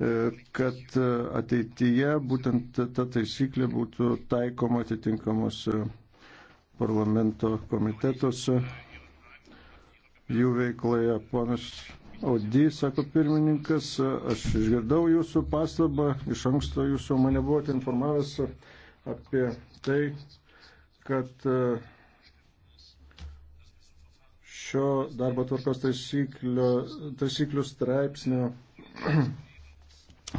E, kad e, ateityje būtent ta taisyklė būtų taikoma atitinkamuose parlamento komitetuose jų veikloje. Ponas Audy, sako pirmininkas, aš išgirdau jūsų pastabą, iš anksto jūsų mane buvote informavęs apie tai, kad e, šio darbo tvarkos taisyklių straipsnio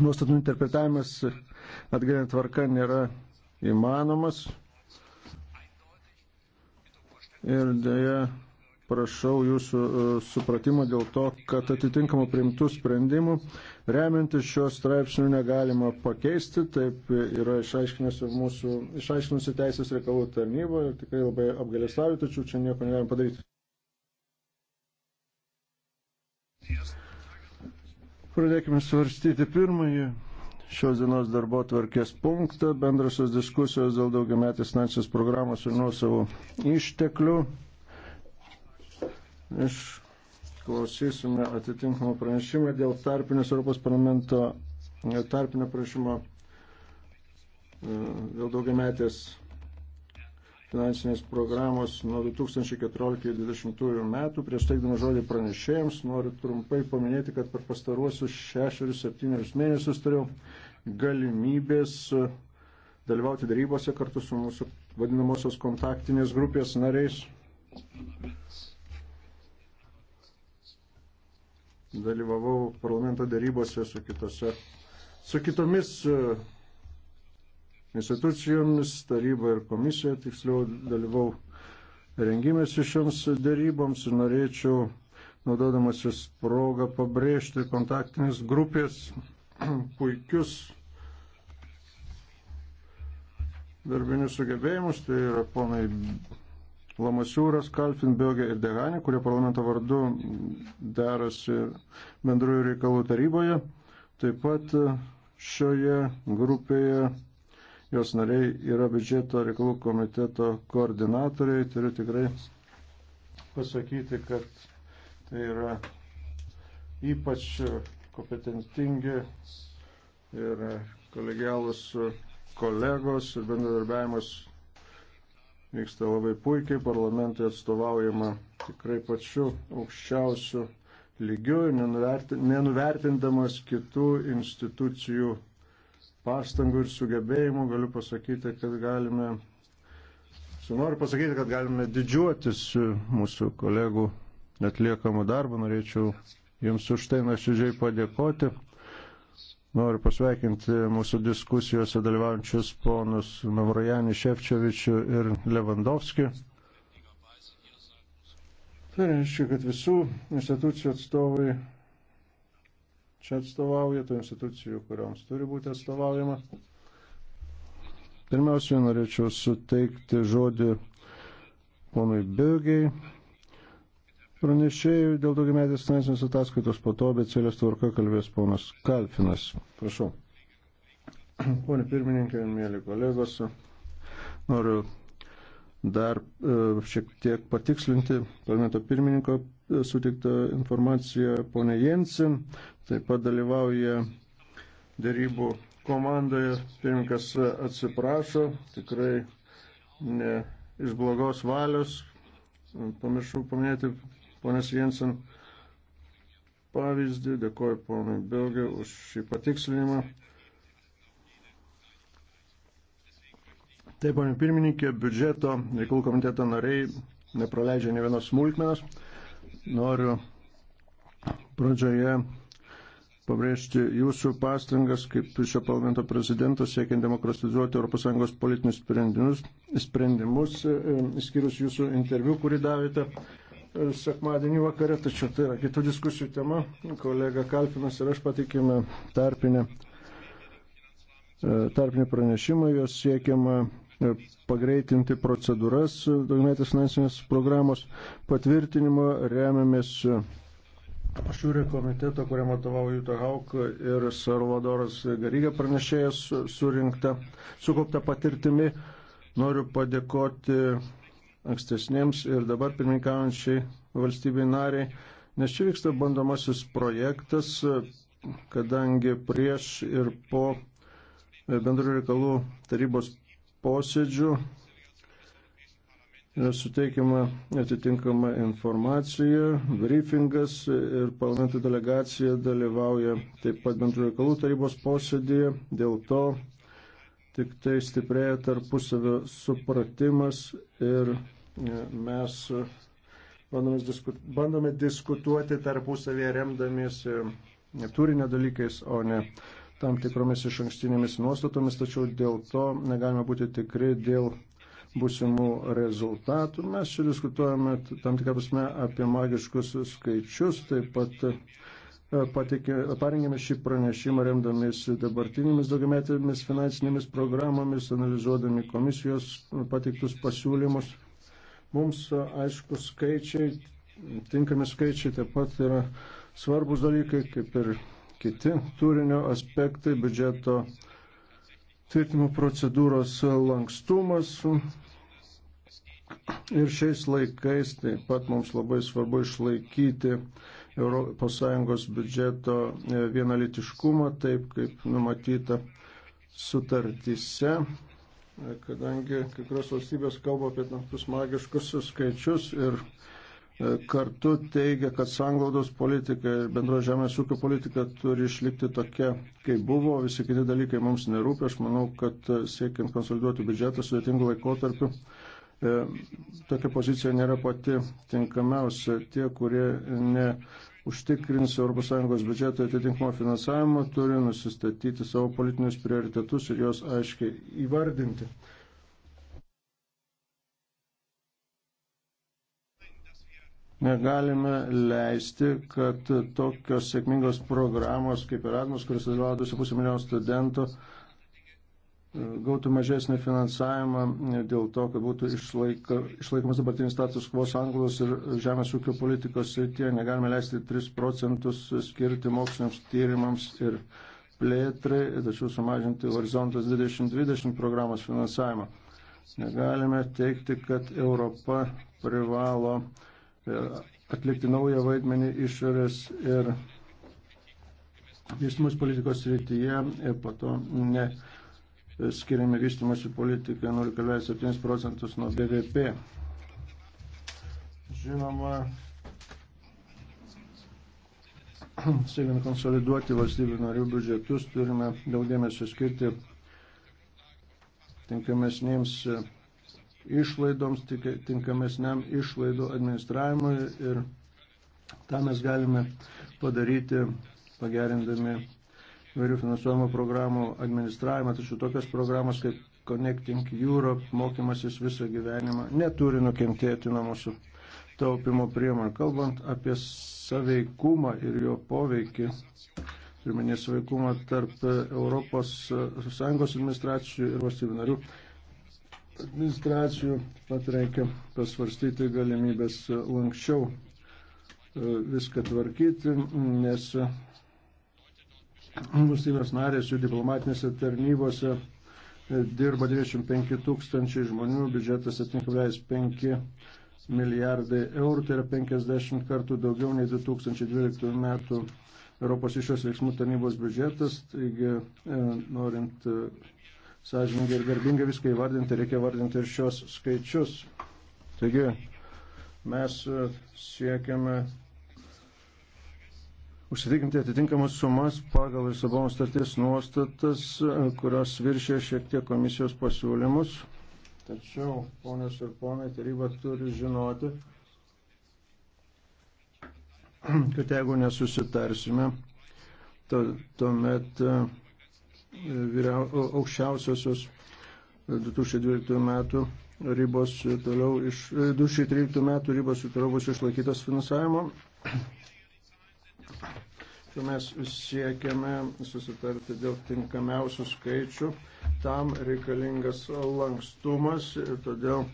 nuostatų interpretavimas atgalinė tvarka nėra įmanomas. Ir dėja prašau jūsų e, supratimo dėl to, kad atitinkamų priimtų sprendimų remiantis šio straipsnių negalima pakeisti. Taip yra išaiškinusi mūsų, išaiškinusi Teisės reikalų tarnyba ir tikrai labai apgalėstaviu, tačiau čia nieko negalima padaryti. Yes. Pradėkime svarstyti pirmąjį šios dienos darbo tvarkės punktą, bendrasios diskusijos dėl daugiametės finansinės programos ir nuosavų išteklių. Išklausysime atitinkamą pranešimą dėl tarpinės Europos parlamento tarpinio prašymo e, dėl daugiametės finansinės programos nuo 2014-2020 metų. Prieš teikdama žodį pranešėjams noriu trumpai paminėti, kad per pastaruosius 6-7 mėnesius turėjau galimybės dalyvauti darybose kartu su mūsų vadinamosios kontaktinės grupės nariais. Dalyvavau parlamento darybose su, kitose, su kitomis institucijomis, taryba ir komisija, tiksliau dalyvau rengimėsi šioms daryboms ir norėčiau, naudodamasis progą, pabrėžti kontaktinės grupės puikius darbinius sugebėjimus, tai yra ponai Lamasiūras, Kalfinbegė ir Deganė, kurie parlamento vardu derasi bendrųjų reikalų taryboje. Taip pat šioje grupėje jos nariai yra biudžeto reikalų komiteto koordinatoriai. Turiu tikrai pasakyti, kad tai yra ypač kompetentingi ir kolegialus kolegos ir bendradarbiavimas vyksta labai puikiai, parlamentai atstovaujama tikrai pačiu aukščiausiu lygiu, nenuvertindamas kitų institucijų pastangų ir sugebėjimų galiu pasakyti, kad galime, noriu pasakyti, kad galime didžiuotis mūsų kolegų atliekamų darbų. Norėčiau Jums už tai nuoširdžiai padėkoti. Noriu pasveikinti mūsų diskusijose dalyvaujančius ponus Navrojanį Ševčiovičių ir Levandovskį. Tai reiškia, kad visų institucijų atstovai čia atstovauja, tų institucijų, kurioms turi būti atstovaujama. Pirmiausia, norėčiau suteikti žodį ponui Bilgiai, pranešėjų dėl daugiametės finansinės ataskaitos, po to abecelės tvarka kalbės ponas Kalfinas. Prašau. Pone pirmininkai, mėly kolegos, noriu dar e, šiek tiek patikslinti parlamento pirmininko e, sutiktą informaciją ponė Jensen taip pat dalyvauja darybų komandoje. Pirmininkas atsiprašo, tikrai ne iš blogos valios. Pamiršau paminėti ponas Jensen pavyzdį. Dėkoju ponui Belgiu už šį patikslinimą. Taip, ponė pirmininkė, biudžeto reikalų komiteto nariai nepraleidžia ne vienos smulkmenos. Noriu pradžioje pabrėžti jūsų pastangas kaip šio parlamento prezidento siekiant demokratizuoti ES politinius sprendimus, e, sprendimus skirius jūsų interviu, kurį davėte e, sekmadienį vakare, tačiau tai yra kitų diskusijų tema. Kolega Kalpinas ir aš patikime tarpinę, e, tarpinį pranešimą, jos siekiama pagreitinti procedūras daugmetės finansinės programos patvirtinimo, remiamės Šiūrė komiteto, kuriam atovau Jūta Hauk ir Salvadoras Garyga pranešėjas surinkta, sukaupta patirtimi. Noriu padėkoti ankstesniems ir dabar pirmininkaujančiai valstybei nariai, nes čia vyksta bandomasis projektas, kadangi prieš ir po bendrų reikalų tarybos posėdžių suteikiama atitinkama informacija, briefingas ir parlamento delegacija dalyvauja taip pat bendrų reikalų tarybos posėdėje. Dėl to tik tai stiprėja tarpusavio supratimas ir e, mes bandome, disku, bandome diskutuoti tarpusavėje remdamiesi turinio dalykais, o ne tam tikromis iš ankstinėmis nuostatomis, tačiau dėl to negalime būti tikri dėl būsimų rezultatų. Mes čia diskutuojame tam tikrą prasme apie magiškus skaičius, taip pat e, parengėme šį pranešimą remdamiesi dabartinėmis daugiametėmis finansinėmis programomis, analizuodami komisijos pateiktus pasiūlymus. Mums, e, aišku, skaičiai, tinkami skaičiai taip pat yra svarbus dalykai, kaip ir kiti turinio aspektai, biudžeto tvirtinimo procedūros lankstumas, Ir šiais laikais taip pat mums labai svarbu išlaikyti ES biudžeto e, vienalitiškumą, taip kaip numatyta sutartyse, e, kadangi kai kurios valstybės kalba apie tam tikrus magiškus skaičius ir e, kartu teigia, kad sanglaudos politika ir bendro žemės ūkio politika turi išlikti tokia, kaip buvo, visi kiti dalykai mums nerūpia. Aš manau, kad siekiant konsoliduoti biudžetą sudėtingų laikotarpių E, tokia pozicija nėra pati tinkamiausia. Tie, kurie neužtikrins ES biudžeto atitinkamo finansavimo, turi nusistatyti savo politinius prioritetus ir juos aiškiai įvardinti. Negalime leisti, kad tokios sėkmingos programos kaip Erasmus, kuris dalyvauja 2,5 milijonų studentų, gautų mažesnį finansavimą dėl to, kad būtų išlaika, išlaikomas dabartinis status quo anglos ir žemės ūkio politikos srityje. Negalime leisti 3 procentus skirti moksliniams tyrimams ir plėtrai, tačiau sumažinti horizontas 2020 programos finansavimą. Negalime teikti, kad Europa privalo e, atlikti naują vaidmenį išorės ir vystymus politikos srityje ir po to ne skiriami vystimosi politikai 0,7 procentus nuo BVP. Žinoma, siekiant konsoliduoti valstybių narių biudžetus, turime daug dėmesio skirti tinkamesnėms išlaidoms, tinkamesniam išlaidų administravimui ir tą mes galime padaryti pagerindami įvairių finansuojamų programų administravimą, tačiau tokios programos kaip Connecting Europe, mokymasis visą gyvenimą, neturi nukentėti nuo mūsų taupimo priemonių. Kalbant apie saveikumą ir jo poveikį, pirminį saveikumą tarp ES administracijų ir valstybių narių administracijų, pat reikia pasvarstyti galimybės lankščiau e, viską tvarkyti, nes valstybės narės jų diplomatinėse tarnybose e, dirba 25 tūkstančiai žmonių, biudžetas 7,5 milijardai eurų, tai yra 50 kartų daugiau nei 2012 metų Europos išos veiksmų tarnybos biudžetas. Taigi, e, norint e, sąžininkai ir garbingai viską įvardinti, reikia vardinti ir šios skaičius. Taigi, mes siekiame užsitikrinti atitinkamas sumas pagal Lisabono starties nuostatas, kurios viršė šiek tiek komisijos pasiūlymus. Tačiau, ponės ir ponai, taryba turi žinoti, kad jeigu nesusitarsime, to, tuomet e, vyria, aukščiausiosios 2012 metų ribos toliau iš 2013 e, metų ribos ir toliau bus išlaikytas finansavimo Čia tai mes siekiame susitarti dėl tinkamiausių skaičių, tam reikalingas lankstumas ir todėl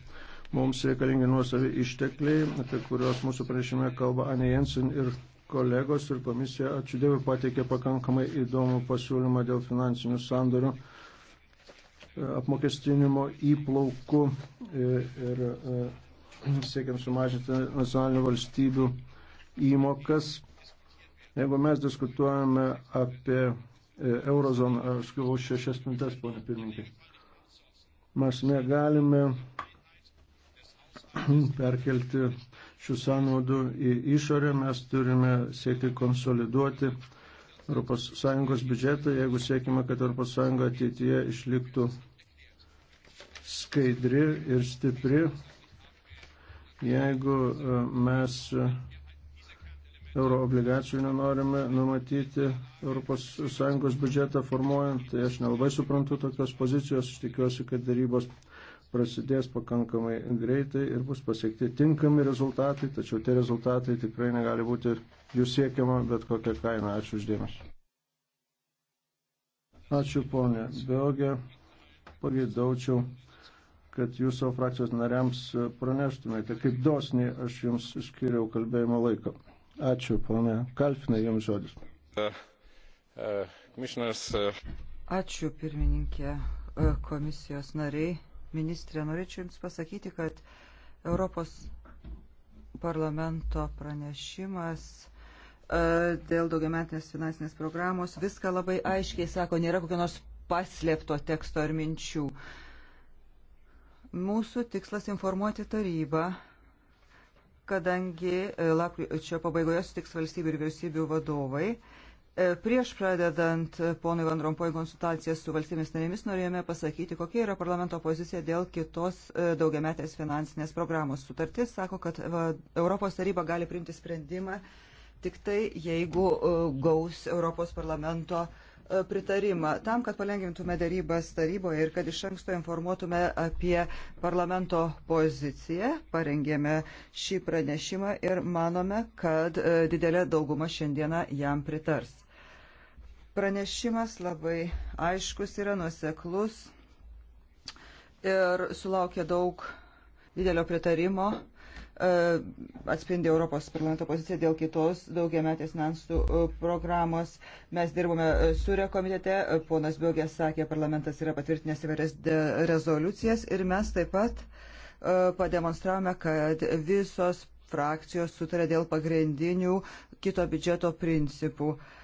mums reikalingi nuosavi ištekliai, apie kuriuos mūsų pranešime kalba Anė Jensen ir kolegos ir komisija, ačiū Dievui, pateikė pakankamai įdomų pasiūlymą dėl finansinių sandorių e, apmokestinimo įplaukų e, ir, ir e, siekiant sumažinti nacionalinių valstybių įmokas. Jeigu mes diskutuojame apie e, eurozoną, aš gavau šešias mintes, ponė pirmininkė, mes negalime perkelti šių sąnaudų į išorę, mes turime siekti konsoliduoti ES biudžetą, jeigu siekime, kad ES ateityje išliktų skaidri ir stipri, jeigu e, mes euro obligacijų nenorime numatyti ES biudžetą formuojant, tai aš nelabai suprantu tokios pozicijos, aš tikiuosi, kad darybos prasidės pakankamai greitai ir bus pasiekti tinkami rezultatai, tačiau tie rezultatai tikrai negali būti jų siekiama bet kokią kainą. Ačiū uždėmesi. Ačiū ponė Beogė, pagėdaučiau kad jūs savo frakcijos nariams praneštumėte, kaip dosniai aš jums skiriau kalbėjimo laiką. Ačiū, ponė. Kalfinai, jums žodis. Uh, uh, Mišnas. Uh, Ačiū, pirmininkė, komisijos nariai. Ministrė, norėčiau Jums pasakyti, kad Europos parlamento pranešimas dėl daugiametinės finansinės programos viską labai aiškiai sako, nėra kokio nors paslėpto teksto ar minčių. Mūsų tikslas informuoti tarybą kadangi e, lapkričio pabaigoje sutiks valstybių ir vyriausybių vadovai. E, prieš pradedant e, ponui Van Rompoj konsultacijas su valstybės narėmis norėjome pasakyti, kokia yra parlamento pozicija dėl kitos daugiametės finansinės programos. Sutartis sako, kad va, Europos taryba gali priimti sprendimą tik tai, jeigu gaus Europos parlamento uh, E, pritarimą tam, kad palengvintume darybas taryboje ir kad iš anksto informuotume apie parlamento poziciją. Parengėme šį pranešimą ir manome, kad e, didelė dauguma šiandieną jam pritars. Pranešimas labai aiškus yra nuseklus ir sulaukė daug didelio pritarimo E, atspindi Europos parlamento poziciją dėl kitos daugiametės finansų e, programos. Mes dirbome e, surė komitete, ponas Biogės sakė, parlamentas yra patvirtinęs įvairias rezoliucijas ir mes taip pat pademonstravome, kad visos frakcijos sutarė dėl pagrindinių kito biudžeto principų. Uh,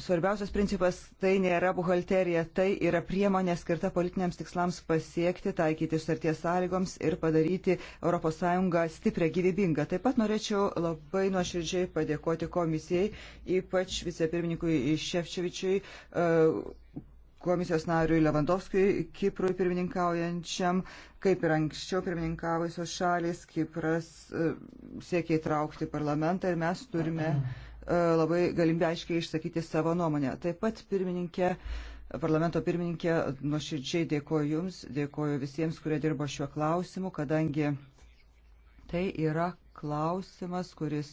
svarbiausias principas tai nėra buhalterija, tai yra priemonė skirta politiniams tikslams pasiekti, taikyti sutarties sąlygoms ir padaryti ES stiprią gyvybingą. Taip pat norėčiau labai nuoširdžiai padėkoti komisijai, ypač vicepirmininkui Šefčevičiui, e, komisijos nariui Levandovskijui, Kiprui pirmininkaujančiam, kaip ir anksčiau pirmininkavusios šalis, Kipras e, siekia įtraukti parlamentą ir mes turime. Mhm E, labai galimybę aiškiai išsakyti savo nuomonę. Taip pat pirmininkė, parlamento pirmininkė, nuoširdžiai dėkoju Jums, dėkoju visiems, kurie dirbo šiuo klausimu, kadangi tai yra klausimas, kuris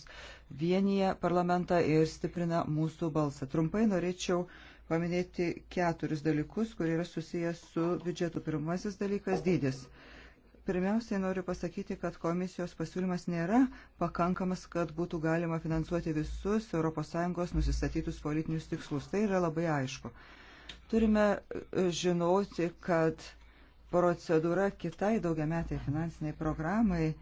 vienyje parlamentą ir stiprina mūsų balsą. Trumpai norėčiau paminėti keturis dalykus, kurie yra susijęs su biudžetu. Pirmasis dalykas - dydis. Pirmiausiai noriu pasakyti, kad komisijos pasiūlymas nėra pakankamas, kad būtų galima finansuoti visus ES nusistatytus politinius tikslus. Tai yra labai aišku. Turime e, žinoti, kad procedūra kitai daugiametiai finansiniai programai e,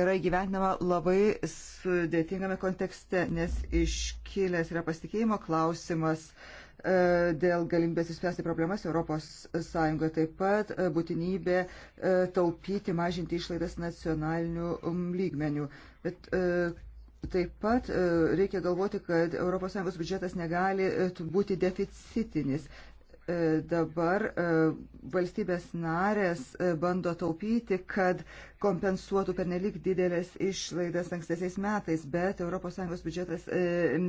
yra gyvenama labai sudėtingame kontekste, nes iškilęs yra pasitikėjimo klausimas. E, E, dėl galimybės išspręsti problemas ES taip pat e, būtinybė e, taupyti, mažinti išlaidas nacionalinių lygmenių. Bet taip pat reikia galvoti, kad ES biudžetas negali būti deficitinis. Dabar valstybės narės bando taupyti, kad kompensuotų pernelik didelės išlaidas ankstesiais metais, bet ES biudžetas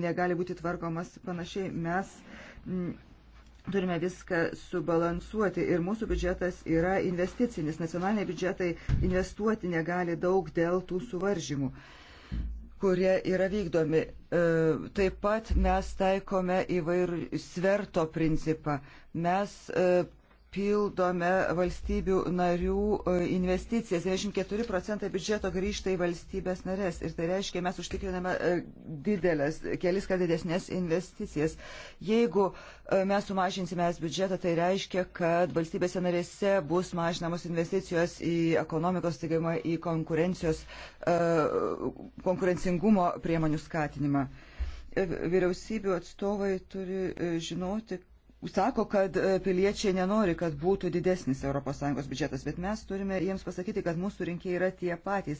negali būti tvarkomas panašiai. Mes Mm, turime viską subalansuoti ir mūsų biudžetas yra investicinis. Nacionaliniai biudžetai investuoti negali daug dėl tų suvaržymų kurie yra vykdomi. E, taip pat mes taikome įvairių sverto principą. Mes e, papildome valstybių narių e, investicijas. 94 procentai biudžeto grįžta į valstybės narės. Ir tai reiškia, mes užtikriname e, didelės, kelis ką didesnės investicijas. Jeigu e, mes sumažinsime biudžetą, tai reiškia, kad valstybėse narėse bus mažinamos investicijos į ekonomikos stigimą, į konkurencijos, konkurencingumo priemonių skatinimą. Vyriausybių atstovai turi žinoti, sako, kad e, piliečiai nenori, kad būtų didesnis ES biudžetas, bet mes turime jiems pasakyti, kad mūsų rinkėjai yra tie patys.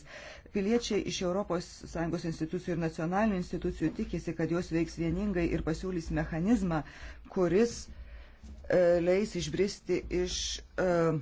Piliečiai iš ES institucijų ir nacionalinių institucijų tikisi, kad jos veiks vieningai ir pasiūlys mechanizmą, kuris e, leis išbristi iš. Uh,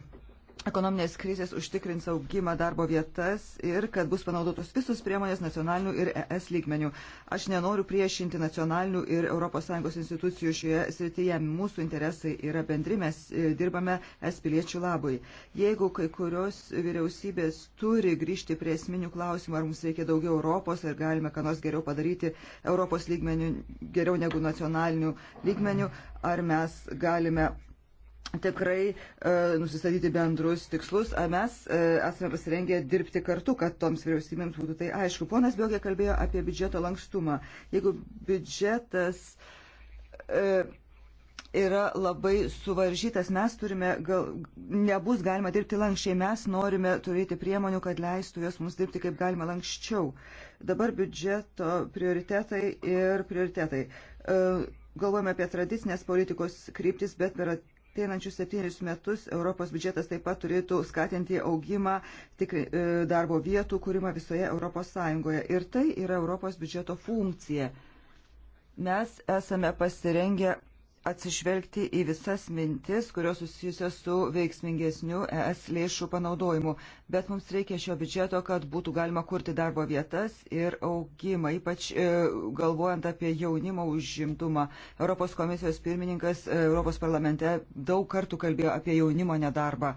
ekonominės krizės užtikrins augimą darbo vietas ir kad bus panaudotos visos priemonės nacionalinių ir ES lygmenių. Aš nenoriu priešinti nacionalinių ir ES institucijų šioje srityje. Mūsų interesai yra bendri, mes e, dirbame es piliečių labui. Jeigu kai kurios vyriausybės turi grįžti prie esminių klausimų, ar mums reikia daugiau Europos, ar galime ką nors geriau padaryti Europos lygmenių geriau negu nacionalinių lygmenių, ar mes galime tikrai e, nusistatyti bendrus tikslus, o mes e, esame pasirengę dirbti kartu, kad toms vyriausybėms būtų tai aišku. Ponas Biogė kalbėjo apie biudžeto lankstumą. Jeigu biudžetas e, yra labai suvaržytas, mes turime, gal, nebus galima dirbti lankščiai, mes norime turėti priemonių, kad leistų jos mums dirbti kaip galima lankščiau. Dabar biudžeto prioritetai ir prioritetai. E, galvojame apie tradicinės politikos kryptis, bet per ateinančius septynius metus Europos biudžetas taip pat turėtų skatinti augimą tikri, e, darbo vietų kūrimą visoje Europos Sąjungoje. Ir tai yra Europos biudžeto funkcija. Mes esame pasirengę atsižvelgti į visas mintis, kurios susijusios su veiksmingesniu ES lėšų panaudojimu. Bet mums reikia šio biudžeto, kad būtų galima kurti darbo vietas ir augimą, ypač e, galvojant apie jaunimo užimtumą. Europos komisijos pirmininkas e, Europos parlamente daug kartų kalbėjo apie jaunimo nedarbą.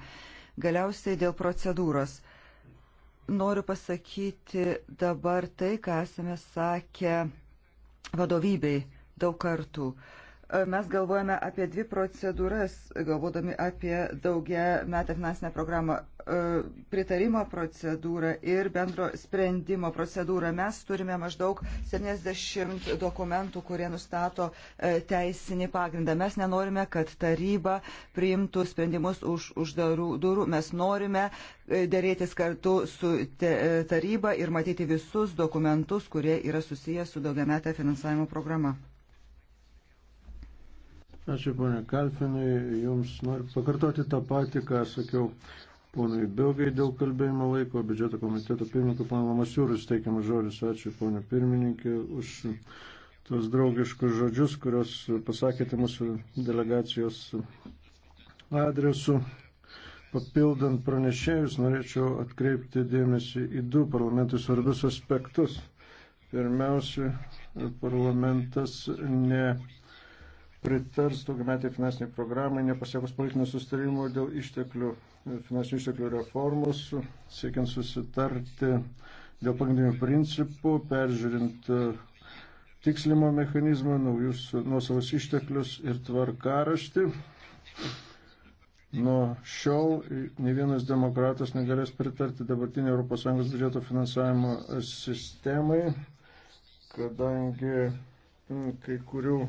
Galiausiai dėl procedūros. Noriu pasakyti dabar tai, ką esame sakę vadovybei daug kartų. E, mes galvojame apie dvi procedūras, galvodami apie daugia metą finansinę programą e, - pritarimo procedūrą ir bendro sprendimo procedūrą. Mes turime maždaug 70 dokumentų, kurie nustato e, teisinį pagrindą. Mes nenorime, kad taryba priimtų sprendimus už uždarų durų. Mes norime e, dėrėtis kartu su taryba ir matyti visus dokumentus, kurie yra susijęs su daugia metą finansavimo programa. Ačiū, ponė Kalfinai. Jums noriu pakartoti tą patį, ką sakiau ponui Bilgai dėl kalbėjimo laiko. Biudžeto komiteto pirmininkui, ponui Lamasiūrus, teikiamas žodis. Ačiū, ponė pirmininkė, už tos draugiškus žodžius, kuriuos pasakėte mūsų delegacijos adresu. Papildant pranešėjus, norėčiau atkreipti dėmesį į du parlamentui svarbius aspektus. Pirmiausia, parlamentas ne pritars daugiametį finansinį programą, nepasiekus politinio sustarimo dėl išteklių, e, finansinių išteklių reformos, siekiant susitarti dėl pagrindinių principų, peržiūrint e, tikslimo mechanizmą, naujus nuosavus išteklius ir tvarkaraštį. Nuo šiol ne vienas demokratas negalės pritarti dabartinį ES biudžeto finansavimo sistemai, kadangi kai kurių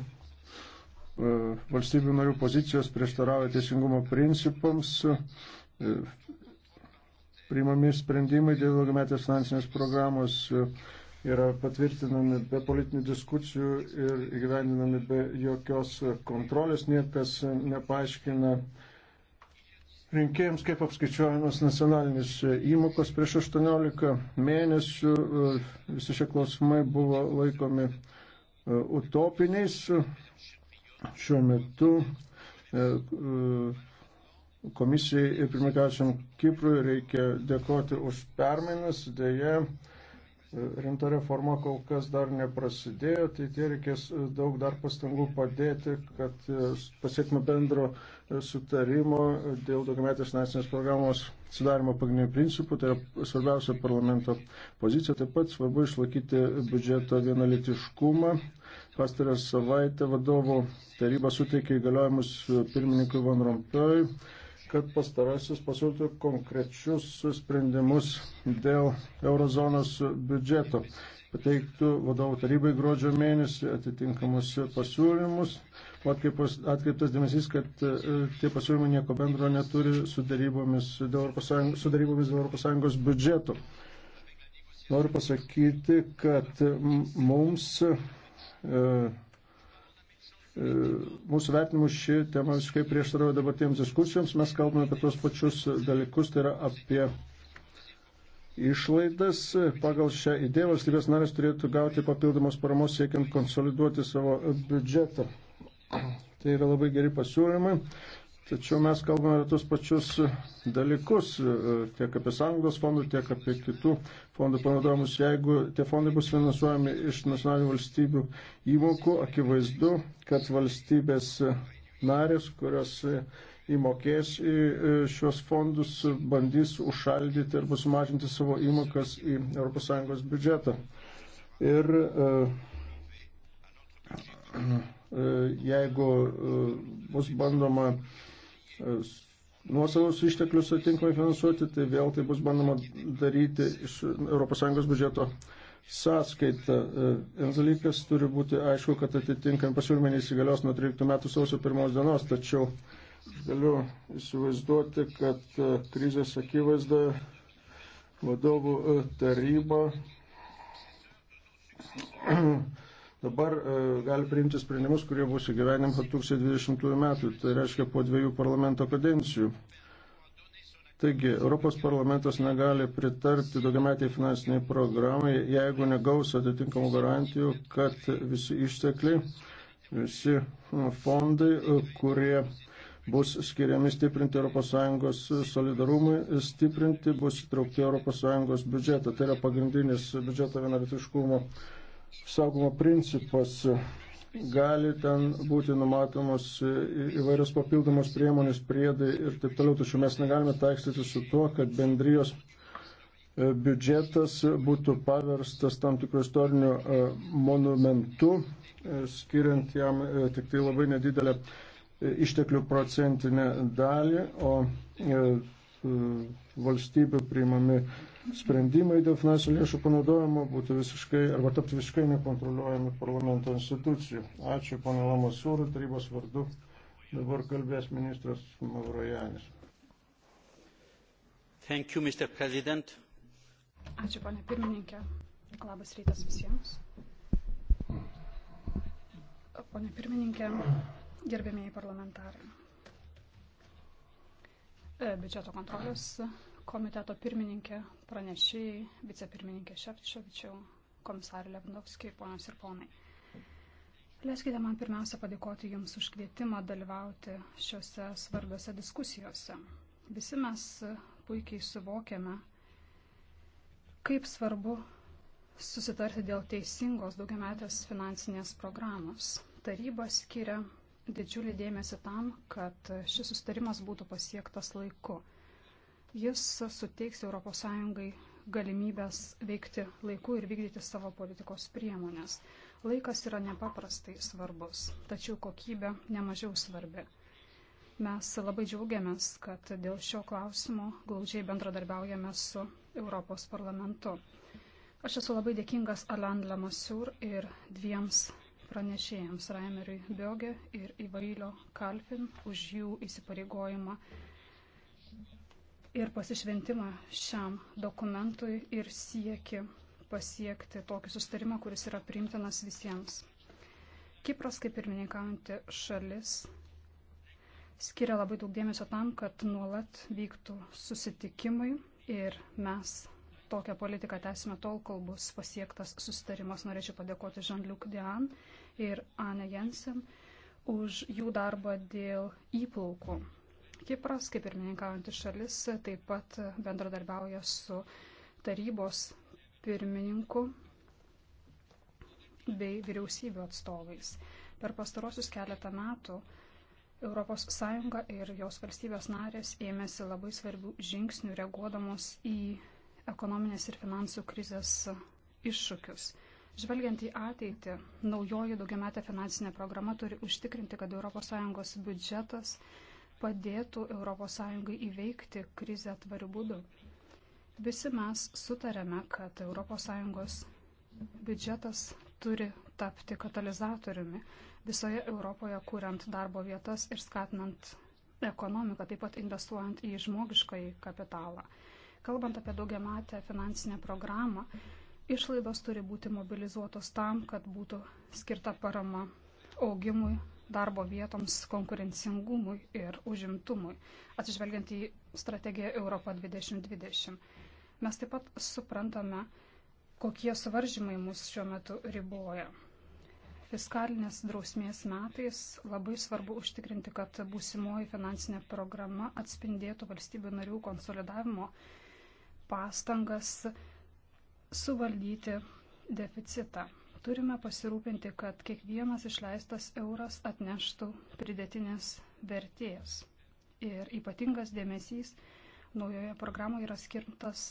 E, valstybių narių pozicijos prieštarauja teisingumo principams, e, priimami sprendimai dėl ilgametės finansinės programos e, yra patvirtinami be politinių diskusijų ir įgyvendinami be jokios kontrolės, niekas nepaaiškina rinkėjams, kaip apskaičiuojamas nacionalinis įmokos prieš 18 mėnesių. Visi šie klausimai buvo laikomi utopiniais šiuo metu e, e, komisijai ir pirmikaučiam Kiprui reikia dėkoti už permainas, dėje rimta reforma kol kas dar neprasidėjo, tai tie reikės e, daug dar pastangų padėti, kad pasiektume bendro sutarimo dėl daugiametės nacinės programos sudarimo pagrindinių principų, tai yra svarbiausia parlamento pozicija, taip pat svarbu išlaikyti biudžeto vienalitiškumą Pastarę savaitę vadovų taryba suteikė įgaliojimus pirmininkui Van Romptojui, kad pastarasis pasiūlytų konkrečius sprendimus dėl eurozonos biudžeto. Pateiktų vadovų tarybai gruodžio mėnesį atitinkamus pasiūlymus. O atkreiptas dėmesys, kad e, tie pasiūlymai nieko bendro neturi su darybomis dėl ES biudžeto. Noriu pasakyti, kad mums E, e, mūsų vertinimu ši tema visiškai prieštarauja dabartiems diskusijoms. Mes kalbame apie tos pačius dalykus, tai yra apie išlaidas. Pagal šią idėją valstybės narės turėtų gauti papildomos paramos siekiant konsoliduoti savo biudžetą. Tai yra labai geri pasiūlymai. Tačiau mes kalbame apie tos pačius dalykus, e, tiek apie sąjungos fondų, tiek apie kitų fondų panaudojimus. Jeigu tie fondai bus finansuojami iš nacionalinių valstybių įmokų, akivaizdu, kad valstybės narės, kurios įmokės į e, šios fondus, bandys užšaldyti arba sumažinti savo įmokas į ES biudžetą. Ir e, jeigu bus bandoma nuosavus išteklius atinkamai finansuoti, tai vėl tai bus bandoma daryti iš ES biudžeto sąskaita. E, vienas dalykas turi būti aišku, kad atitinkami pasiūlymai neįsigalios nuo 13 metų sausio pirmos dienos, tačiau galiu įsivaizduoti, kad e, krizės akivaizda vadovų e, taryba dabar e, gali priimti sprendimus, kurie bus įgyvenim 2020 metų, tai reiškia po dviejų parlamento kadencijų. Taigi, Europos parlamentas negali pritarti daugiametiai finansiniai programai, jeigu negaus atitinkamų garantijų, kad visi ištekliai, visi fondai, e, kurie bus skiriami stiprinti ES solidarumui, stiprinti bus įtraukti ES biudžetą. Tai yra pagrindinis biudžeto vienaritiškumo saugumo principas gali ten būti numatomos įvairios papildomos priemonės, priedai ir taip toliau, tačiau mes negalime taikstyti su tuo, kad bendrijos e, biudžetas būtų paverstas tam tikrų istorinių e, monumentų, e, skiriant jam tik tai labai nedidelę išteklių procentinę dalį, o valstybių priimami sprendimai dėl finansinių lėšų panaudojimo būtų visiškai arba taptų visiškai nekontroliuojami parlamento institucijų. Ačiū, ponė Lamasūrų, tarybos vardu. Dabar kalbės ministras Mavrojanis. Thank you, Mr. President. Ačiū, ponė pirmininkė. Labas rytas visiems. Pone pirmininkė, gerbėmėjai parlamentarai. E, biudžeto kontrolės komiteto pirmininkė, pranešėjai, vicepirmininkė Šepčiovičiau, komisarė Levnovskiai, ponios ir ponai. Leiskite man pirmiausia padėkoti Jums už kvietimą dalyvauti šiuose svarbiose diskusijose. Visi mes puikiai suvokiame, kaip svarbu susitarti dėl teisingos daugiametės finansinės programos. Taryba skiria didžiulį dėmesį tam, kad šis sustarimas būtų pasiektas laiku. Jis suteiks ES galimybės veikti laiku ir vykdyti savo politikos priemonės. Laikas yra nepaprastai svarbus, tačiau kokybė nemažiau svarbi. Mes labai džiaugiamės, kad dėl šio klausimo glaudžiai bendradarbiaujame su Europos parlamentu. Aš esu labai dėkingas Alan Lamasur ir dviems pranešėjams Raimeriui Biogė ir Ivailio Kalfin už jų įsipareigojimą ir pasišventimą šiam dokumentui ir sieki pasiekti tokį sustarimą, kuris yra priimtinas visiems. Kipras, kaip pirmininkaujanti šalis, skiria labai daug dėmesio tam, kad nuolat vyktų susitikimai ir mes tokią politiką tęsime tol, kol bus pasiektas sustarimas. Norėčiau padėkoti Jean-Luc Dean ir Anne Jensen už jų darbą dėl įplaukų Kipras, kaip ir meninkaujantis šalis, taip pat bendradarbiauja su tarybos pirmininku bei vyriausybių atstovais. Per pastarosius keletą metų ES ir jos valstybės narės ėmėsi labai svarbių žingsnių reaguodamos į ekonominės ir finansų krizės iššūkius. Žvelgiant į ateitį, naujoji daugiametė finansinė programa turi užtikrinti, kad ES biudžetas padėtų ES įveikti krizę tvariu būdu. Visi mes sutarėme, kad ES biudžetas turi tapti katalizatoriumi visoje Europoje, kuriant darbo vietas ir skatinant ekonomiką, taip pat investuojant į žmogiškąjį kapitalą. Kalbant apie daugiamatę finansinę programą, išlaidos turi būti mobilizuotos tam, kad būtų skirta parama augimui darbo vietoms, konkurencingumui ir užimtumui, atsižvelgiant į strategiją Europą 2020. Mes taip pat suprantame, kokie suvaržymai mus šiuo metu riboja. Fiskalinės drausmės metais labai svarbu užtikrinti, kad būsimoji finansinė programa atspindėtų valstybių narių konsolidavimo pastangas suvaldyti deficitą. Turime pasirūpinti, kad kiekvienas išleistas euras atneštų pridėtinės vertės. Ir ypatingas dėmesys naujoje programoje yra skirtas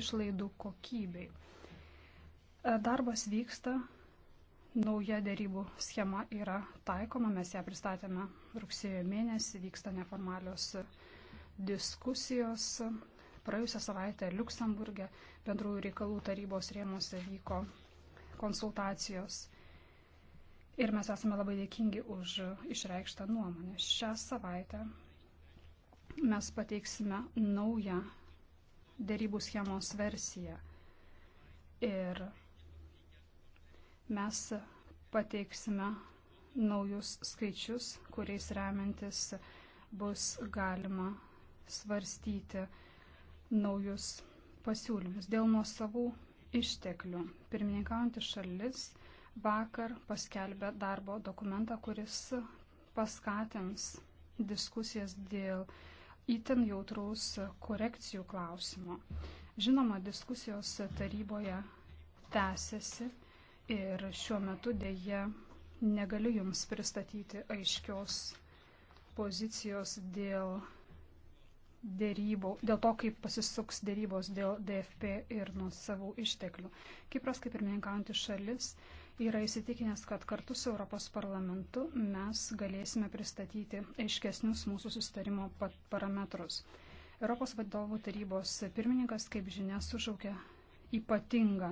išlaidų kokybei. Darbas vyksta, nauja dėrybų schema yra taikoma, mes ją pristatėme rugsėjo mėnesį, vyksta neformalios diskusijos. Praėjusią savaitę Luksemburgė bendrųjų reikalų tarybos rėmose vyko konsultacijos. Ir mes esame labai dėkingi už išreikštą nuomonę. Šią savaitę mes pateiksime naują dėrybų schemos versiją. Ir mes pateiksime naujus skaičius, kuriais remiantis bus galima svarstyti naujus pasiūlymus. Dėl nuo savų išteklių. Pirmininkaujantis šalis vakar paskelbė darbo dokumentą, kuris paskatins diskusijas dėl įten jautraus korekcijų klausimo. Žinoma, diskusijos taryboje tęsiasi ir šiuo metu dėje negaliu Jums pristatyti aiškios pozicijos dėl dėrybo, dėl to, kaip pasisuks dėrybos dėl DFP ir nuo savų išteklių. Kipras, kaip ir meninkaujantis šalis, yra įsitikinęs, kad kartu su Europos parlamentu mes galėsime pristatyti aiškesnius mūsų sustarimo parametrus. Europos vadovų tarybos pirmininkas, kaip žinia, sužaukė ypatingą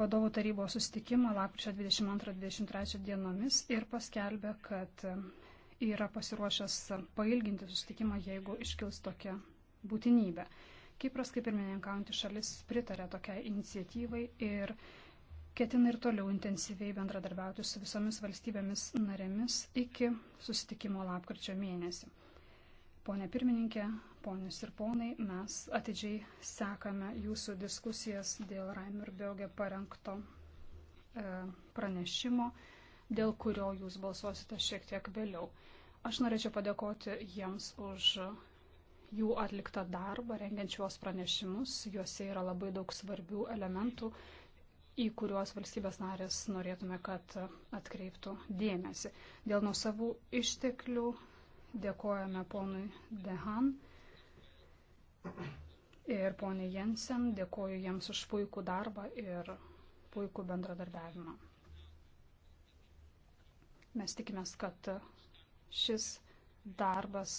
vadovų tarybos sustikimą lapkričio 22-23 dienomis ir paskelbė, kad yra pasiruošęs pailginti susitikimą, jeigu iškils tokia būtinybė. Kipras, kaip ir meninkaujantis šalis, pritarė tokiai iniciatyvai ir ketina ir toliau intensyviai bendradarbiauti su visomis valstybėmis narėmis iki susitikimo lapkričio mėnesį. Pone pirmininkė, ponius ir ponai, mes atidžiai sekame jūsų diskusijas dėl Raimer Bioge parengto e, pranešimo. E, dėl kurio jūs balsuosite šiek tiek vėliau. Aš norėčiau padėkoti jiems už jų atliktą darbą, rengiant šiuos pranešimus. Juose yra labai daug svarbių elementų, į kuriuos valstybės narės norėtume, kad atkreiptų dėmesį. Dėl nusavų išteklių dėkojame ponui Dehan ir poniai Jensen. Dėkoju jiems už puikų darbą ir puikų bendradarbiavimą. Mes tikimės, kad šis darbas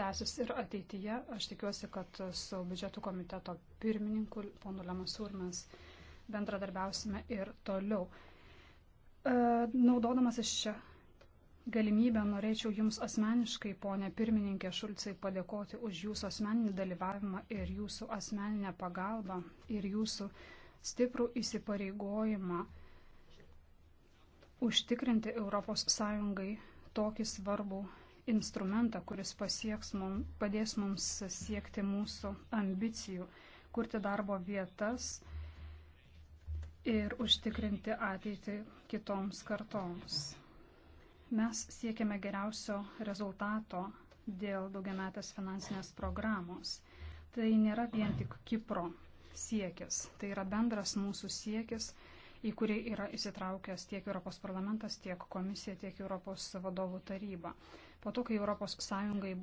tęsis ir ateityje. Aš tikiuosi, kad su biudžeto komiteto pirmininku ponu Lemasur mes bendradarbiausime ir toliau. E, Naudodamas iš čia galimybę norėčiau Jums asmeniškai, ponė pirmininkė Šulcai, padėkoti už Jūsų asmeninį dalyvavimą ir Jūsų asmeninę pagalbą ir Jūsų stiprų įsipareigojimą užtikrinti ES tokį svarbų instrumentą, kuris pasieks mums, padės mums siekti mūsų ambicijų, kurti darbo vietas ir užtikrinti ateitį kitoms kartoms. Mes siekiame geriausio rezultato dėl daugiametės finansinės programos. Tai nėra vien tik Kipro siekis, tai yra bendras mūsų siekis į kurį yra įsitraukęs tiek Europos parlamentas, tiek komisija, tiek Europos vadovų taryba. Po to, kai ES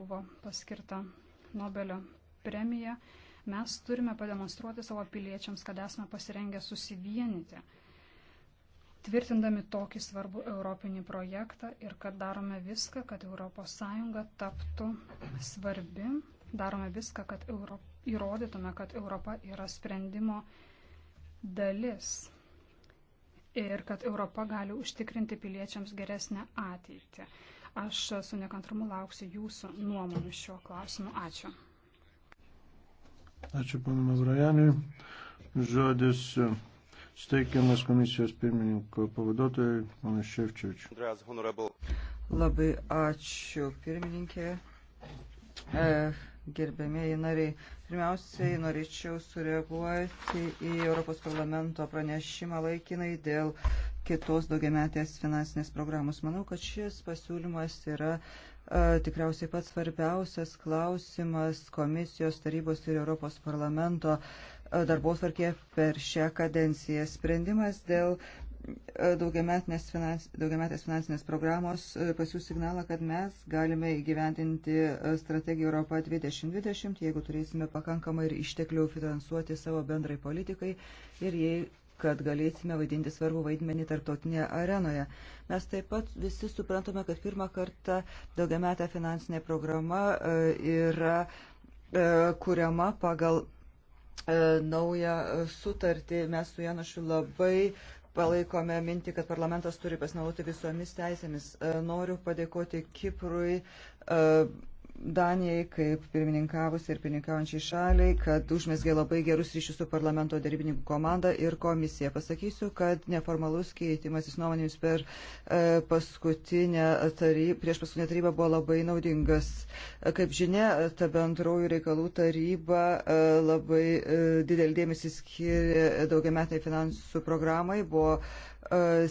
buvo paskirta Nobelio premija, mes turime pademonstruoti savo piliečiams, kad esame pasirengę susivienyti, tvirtindami tokį svarbų europinį projektą ir kad darome viską, kad ES taptų svarbi, darome viską, kad Europ... įrodytume, kad Europa yra sprendimo dalis ir kad Europa gali užtikrinti piliečiams geresnę ateitį. Aš su nekantrumu lauksiu jūsų nuomonių šiuo klausimu. Ačiū. Ačiū panu Mavrajaniui. Žodis steikiamas komisijos pirmininko pavaduotojai, panas Ševčiovičius. Labai ačiū pirmininkė. E, gerbėmėjai nariai. Pirmiausiai norėčiau sureaguoti į Europos parlamento pranešimą laikinai dėl kitos daugiametės finansinės programos. Manau, kad šis pasiūlymas yra a, e, tikriausiai pats svarbiausias klausimas komisijos tarybos ir Europos parlamento e, darbos varkė per šią kadenciją. Sprendimas dėl a, daugiametės finans, finansinės programos e, pasiūs signalą, kad mes galime įgyventinti e, strategiją Europą 2020, jeigu turėsime pakankamai ir išteklių finansuoti savo bendrai politikai ir jei kad galėsime vaidinti svarbu vaidmenį tarptautinėje arenoje. Mes taip pat visi suprantame, kad pirmą kartą daugiametė finansinė programa e, yra kuriama pagal naują sutartį. Mes su Janušu labai palaikome mintį, kad parlamentas turi pasinaudoti visomis teisėmis. E, noriu padėkoti Kiprui e, Danijai, kaip pirmininkavus ir pirmininkaujančiai šaliai, kad užmesgė labai gerus ryšius su parlamento darybininkų komanda ir komisija. Pasakysiu, kad neformalus keitimasis nuomonėmis per e, paskutinę tarybą, prieš paskutinę tarybą buvo labai naudingas. Kaip žinia, ta bendraujų reikalų taryba e, labai e, didelį dėmesį skiria daugiametai finansų programai. Buvo e, E,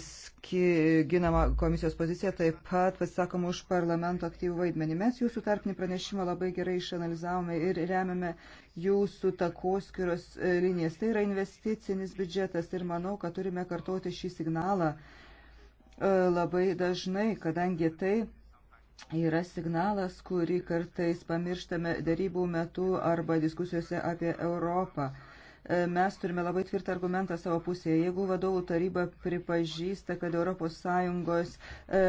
ginama komisijos pozicija, taip pat pasisakom už parlamento aktyvų vaidmenį. Mes jūsų tarpinį pranešimą labai gerai išanalizavome ir remiame jūsų takoskiros e, linijas. Tai yra investicinis biudžetas ir manau, kad turime kartoti šį signalą e, labai dažnai, kadangi tai yra signalas, kurį kartais pamirštame darybų metu arba diskusijose apie Europą. E, mes turime labai tvirtą argumentą savo pusėje. Jeigu vadovų taryba pripažįsta, kad ES e,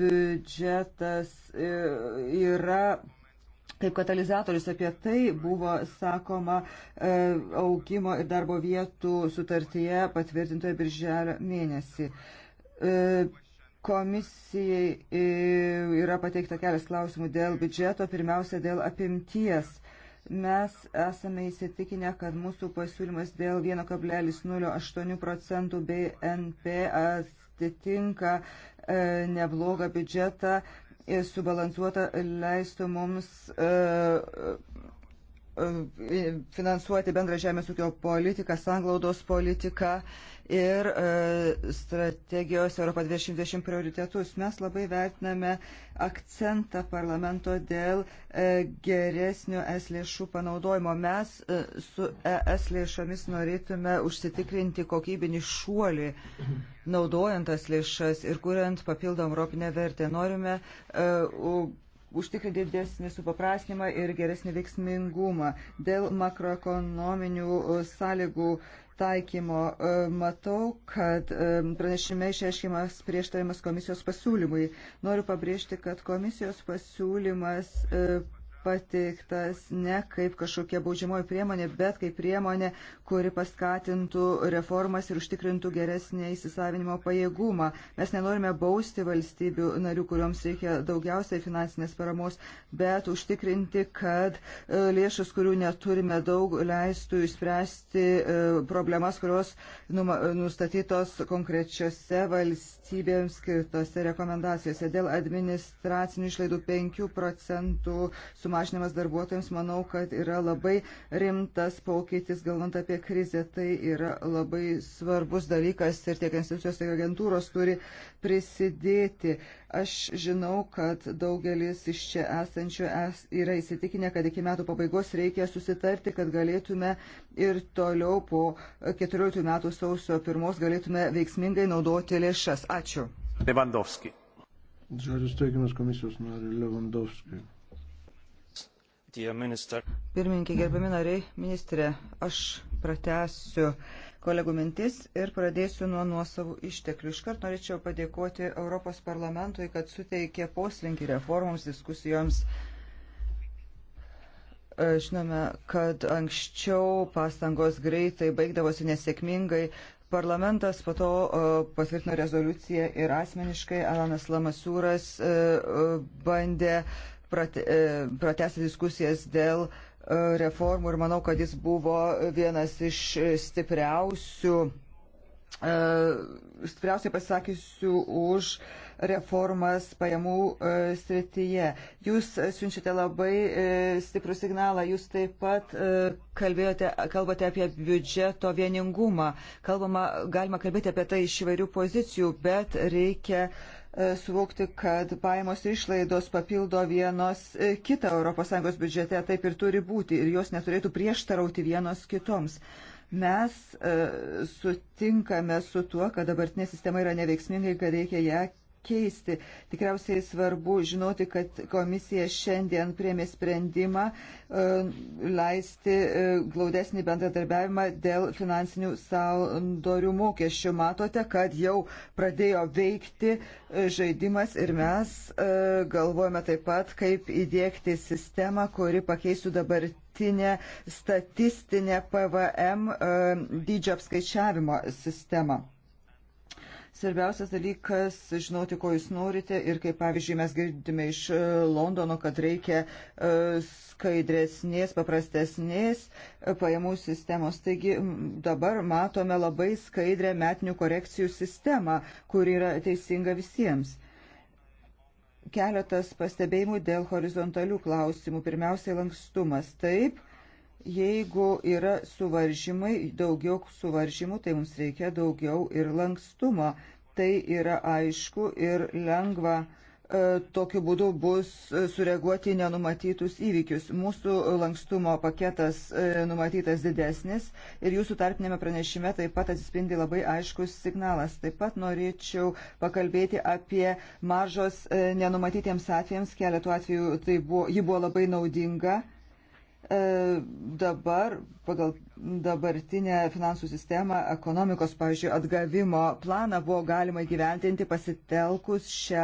biudžetas e, yra kaip katalizatorius apie tai buvo sakoma e, augimo ir darbo vietų sutartyje patvirtintoje birželio mėnesį. E, komisijai yra pateikta kelias klausimų dėl biudžeto, pirmiausia dėl apimties. Mes esame įsitikinę, kad mūsų pasiūlymas dėl 1,08 procentų bei NP atitinka e, neblogą biudžetą ir e, subalansuota leistų mums e, finansuoti bendrą žemės ūkio politiką, sanglaudos politiką ir e, strategijos Europa 2020 prioritetus. Mes labai vertiname akcentą parlamento dėl e, geresnio es lėšų panaudojimo. Mes e, su es lėšomis norėtume užsitikrinti kokybinį šuolį naudojant tas lėšas ir kuriant papildomą europinę vertę. Norime uh, užtikrinti didesnį supaprastinimą ir geresnį veiksmingumą. Dėl makroekonominių sąlygų taikymo. E, matau, kad e, pranešime išreiškimas prieštarimas komisijos pasiūlymui. Noriu pabrėžti, kad komisijos pasiūlymas e, pateiktas ne kaip kažkokia baudžiamoji priemonė, bet kaip priemonė, kuri paskatintų reformas ir užtikrintų geresnį įsisavinimo pajėgumą. Mes nenorime bausti valstybių narių, kurioms reikia daugiausiai finansinės paramos, bet užtikrinti, kad e, lėšas, kurių neturime daug, leistų išspręsti e, problemas, kurios nustatytos konkrečiose valstybėms skirtose rekomendacijose. Dėl administracinių išlaidų 5 procentų sumažinimas darbuotojams, manau, kad yra labai rimtas pokytis, galvant apie krizė tai yra labai svarbus dalykas ir tiek institucijos, tiek agentūros turi prisidėti. Aš žinau, kad daugelis iš čia esančių es, yra įsitikinę, kad iki metų pabaigos reikia susitarti, kad galėtume ir toliau po 14 metų sausio pirmos galėtume veiksmingai naudoti lėšas. Ačiū. Levandovski. Žodžius teikimas komisijos nariui Levandovskiui. Pirmininkė, gerbiami nariai, ministrė, aš pratęsiu kolegų mintis ir pradėsiu nuo nuosavų išteklių. Iškart norėčiau padėkoti Europos parlamentui, kad suteikė poslinkį reformoms, diskusijoms. E, žinome, kad anksčiau pastangos greitai baigdavosi nesėkmingai, Parlamentas po to e, patvirtino rezoliuciją ir asmeniškai Alanas Lamasūras e, bandė E, pratęsti diskusijas dėl e, reformų ir manau, kad jis buvo vienas iš stipriausių, e, stipriausiai pasakysiu už reformas pajamų srityje. Jūs siunčiate labai stiprų signalą, jūs taip pat kalbėjote, kalbate apie biudžeto vieningumą. Kalbama, galima kalbėti apie tai iš įvairių pozicijų, bet reikia uh, E, suvokti, kad pajamos išlaidos papildo vienos e, kitą ES biudžete, taip ir turi būti ir jos neturėtų prieštarauti vienos kitoms. Mes e, sutinkame su tuo, kad dabartinė sistema yra neveiksmingai, kad reikia ją keisti. Tikriausiai svarbu žinoti, kad komisija šiandien priemė sprendimą e, leisti e, glaudesnį bendradarbiavimą dėl finansinių sandorių mokesčių. Matote, kad jau pradėjo veikti e, žaidimas ir mes galvojame taip pat, kaip įdėkti sistemą, kuri pakeistų dabartį dabartinę statistinę PVM dydžio apskaičiavimo sistemą. Svarbiausias dalykas - žinoti, ko jūs norite ir kaip pavyzdžiui mes girdime iš e, Londono, kad reikia e, skaidresnės, paprastesnės e, pajamų sistemos. Taigi dabar matome labai skaidrę metinių korekcijų sistemą, kur yra teisinga visiems. Keletas pastebėjimų dėl horizontalių klausimų. Pirmiausiai lankstumas. Taip, jeigu yra suvaržymai, daugiau suvaržymų, tai mums reikia daugiau ir lankstumo. Tai yra aišku ir lengva e, tokiu būdu bus e, sureaguoti nenumatytus įvykius. Mūsų lankstumo paketas e, numatytas didesnis ir jūsų tarpinėme pranešime taip pat atsispindi labai aiškus signalas. Taip pat norėčiau pakalbėti apie maržos nenumatytiems atvejams. Keletų atvejų tai buvo, ji buvo labai naudinga E, dabar pagal dabartinę finansų sistemą ekonomikos, pavyzdžiui, atgavimo planą buvo galima įgyventinti pasitelkus šią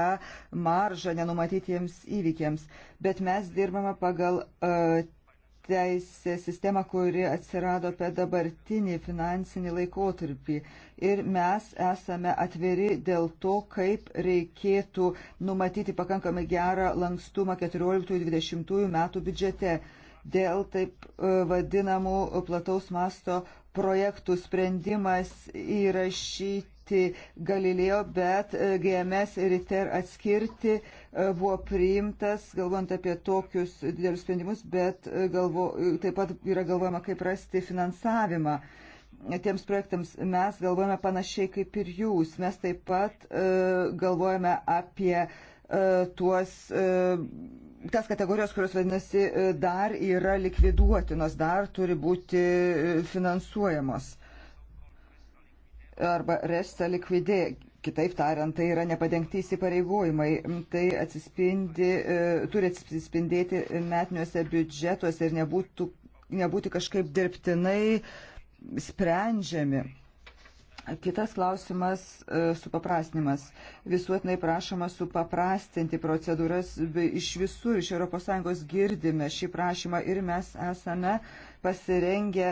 maržą nenumatytiems įvykiams. Bet mes dirbame pagal e, teisę sistemą, kuri atsirado per dabartinį finansinį laikotarpį. Ir mes esame atviri dėl to, kaip reikėtų numatyti pakankamai gerą lankstumą 14-20 metų biudžete dėl taip e, vadinamų plataus masto projektų sprendimas įrašyti Galilėjo, bet e, GMS ir ITER atskirti e, buvo priimtas, galvant apie tokius didelius sprendimus, bet galvo, taip pat yra galvojama, kaip rasti finansavimą tiems projektams mes galvojame panašiai kaip ir jūs. Mes taip pat uh, galvojame apie uh, E, tuos, e, tas kategorijos, kurios vadinasi, e, dar yra likviduotinos, dar turi būti finansuojamos arba resta likvidė. Kitaip tariant, tai yra nepadengti įsipareigojimai. Tai atsispindi, turi atsispindėti metiniuose biudžetuose ir nebūtų, nebūti kažkaip dirbtinai sprendžiami. Kitas klausimas e, - supaprastinimas. Visuotinai prašoma supaprastinti procedūras iš visur, iš ES girdime šį prašymą ir mes esame pasirengę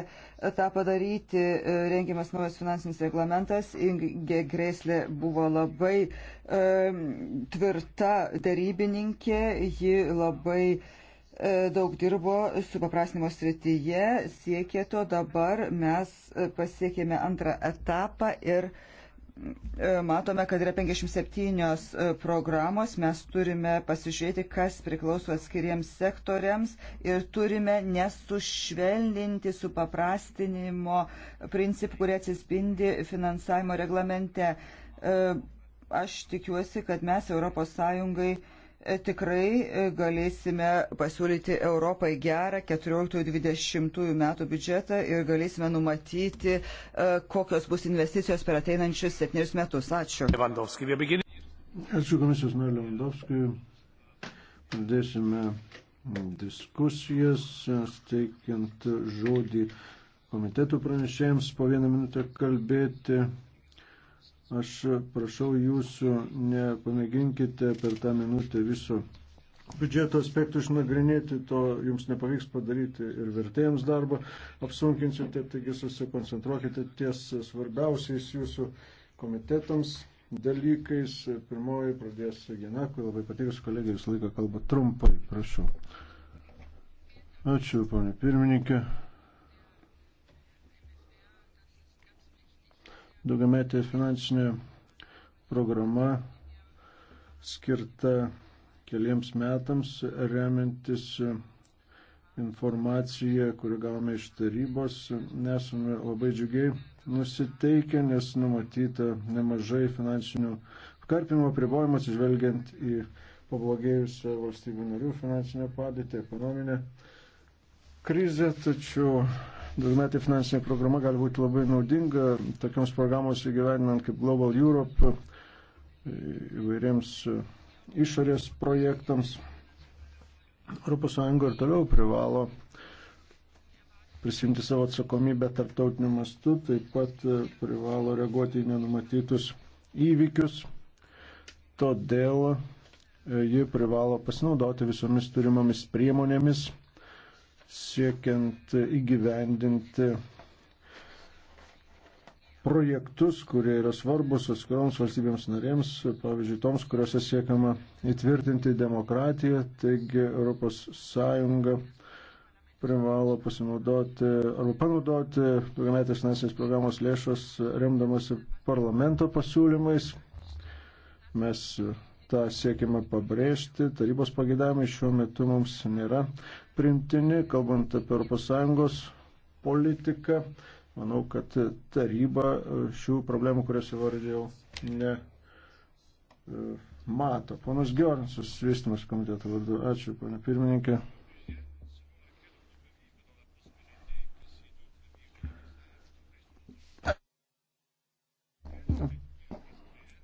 tą padaryti. E, rengiamas naujas finansinis reglamentas. Inge Greslė buvo labai e, tvirta darybininkė, ji labai e, E, daug dirbo su paprasnimo srityje, siekė to, dabar mes e, pasiekėme antrą etapą ir e, matome, kad yra 57 programos, mes turime pasižiūrėti, kas priklauso atskiriems sektoriams ir turime nesušvelninti su paprastinimo principų, kurie atsispindi finansavimo reglamente. Aš tikiuosi, kad mes ES E, tikrai e, galėsime pasiūlyti Europai gerą 14-20 metų biudžetą ir galėsime numatyti, e, kokios bus investicijos per ateinančius septynerius metus. Ačiū. Ačiū komisijos nariu Lewandowskiui. Pradėsime diskusijas, steikiant žodį komitetų pranešėjams po vieną minutę kalbėti. Aš prašau jūsų, nepamėginkite per tą minutę viso biudžeto aspektų išnagrinėti, to jums nepavyks padaryti ir vertėjams darbą apsunkinsite, taigi susikoncentruokite ties svarbiausiais jūsų komitetams dalykais. Pirmoji pradės Gena, kur labai patikus kolegai visą laiką kalba trumpai, prašau. Ačiū, ponė pirmininkė. daugiametė finansinė programa skirta keliems metams remiantis informaciją, kurią gavome iš tarybos, nesame labai džiugiai nusiteikę, nes numatyta nemažai finansinių karpimo pribojimų atsižvelgiant į pablogėjusią valstybių narių finansinę padėtį, ekonominę krizę, tačiau Daugiametė finansinė programa gali būti labai naudinga tokioms programos įgyveninant kaip Global Europe, įvairiems e, išorės projektams. ES ir toliau privalo prisimti savo atsakomybę tarptautiniu mastu, taip pat e, privalo reaguoti į nenumatytus įvykius. Todėl e, ji privalo pasinaudoti visomis turimomis priemonėmis siekiant įgyvendinti projektus, kurie yra svarbus atskiroms valstybėms narėms, pavyzdžiui, toms, kuriuose siekiama įtvirtinti demokratiją, taigi ES privalo pasinaudoti arba panaudoti daugiametės finansinės programos lėšas remdamasi parlamento pasiūlymais. Mes tą siekiame pabrėžti. Tarybos pagėdavimai šiuo metu mums nėra primtini, kalbant apie ES politiką. Manau, kad taryba šių problemų, kurias įvardėjau, ne e, mato. Ponas Giornsas, vystymas komiteto vardu. Ačiū, ponė pirmininkė.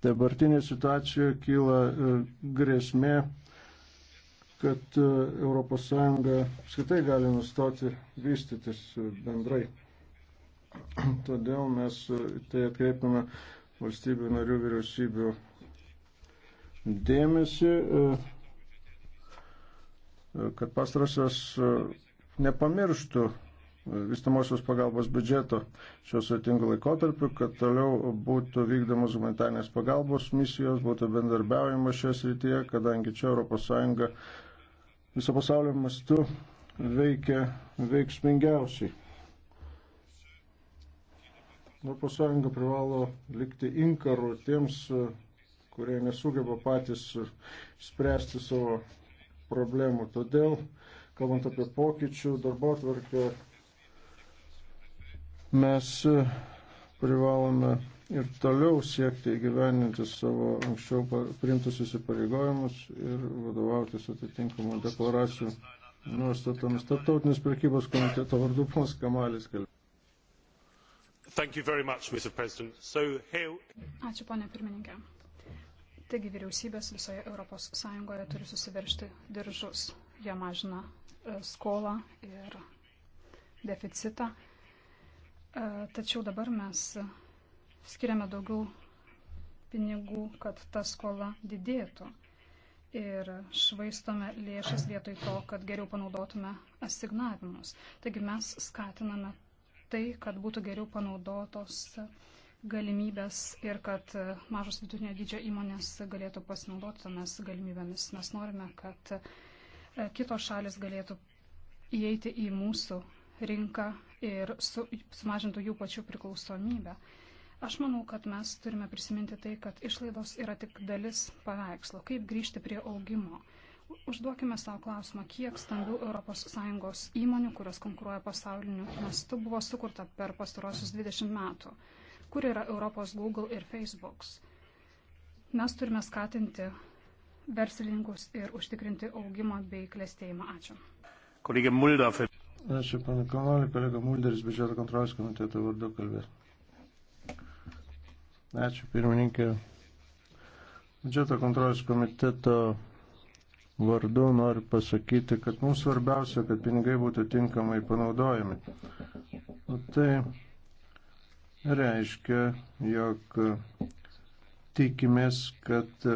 Dabartinė situacija kyla e, grėsmė, kad ES apskritai gali nustoti vystytis e, bendrai. Todėl mes e, tai atkreipiame valstybių narių vyriausybių dėmesį, kad pastarosios nepamirštų vystamosios pagalbos biudžeto šios atingų laikotarpių, kad toliau būtų vykdomos humanitarnės pagalbos misijos, būtų bendarbiaujama šios rytyje, kadangi čia ES viso pasaulio mastu veikia veiksmingiausiai. ES privalo likti inkaru tiems, kurie nesugeba patys spręsti savo problemų. Todėl, kalbant apie pokyčių, darbo atvarkę Mes e, privalome ir toliau siekti įgyveninti savo anksčiau priimtus įsipareigojimus ir vadovautis atitinkamų deklaracijų nuostatomis. Tarptautinis prekybos komiteto vardu ponas Kamalis kalbėjo. Much, so, here... Ačiū, ponė pirmininkė. Taigi vyriausybės visoje ES turi susiveršti diržus. Jie mažina e, skolą ir deficitą E, tačiau dabar mes skiriame daugiau pinigų, kad ta skola didėtų. Ir švaistome lėšas vietoj to, kad geriau panaudotume asignavimus. Taigi mes skatiname tai, kad būtų geriau panaudotos galimybės ir kad mažos vidutinio dydžio įmonės galėtų pasinaudoti tomis galimybėmis. Mes norime, kad kitos šalis galėtų įeiti į mūsų rinką ir su, sumažintų jų pačių priklausomybę. Aš manau, kad mes turime prisiminti tai, kad išlaidos yra tik dalis paveikslo. Kaip grįžti prie augimo? Užduokime savo klausimą, kiek stambių ES įmonių, kurios konkuruoja pasauliniu mastu, buvo sukurta per pastarosius 20 metų. Kur yra Europos Google ir Facebook's? Mes turime skatinti verslininkus ir užtikrinti augimą bei klėstėjimą. Ačiū. Kolegė Mulda. Ačiū, pana Kalnolį, kolega Mulderis, biudžeto kontrolės komiteto vardu kalbės. Ačiū, pirmininkė. Biudžeto kontrolės komiteto vardu noriu pasakyti, kad mums svarbiausia, kad pinigai būtų tinkamai panaudojami. O tai reiškia, jog tikimės, kad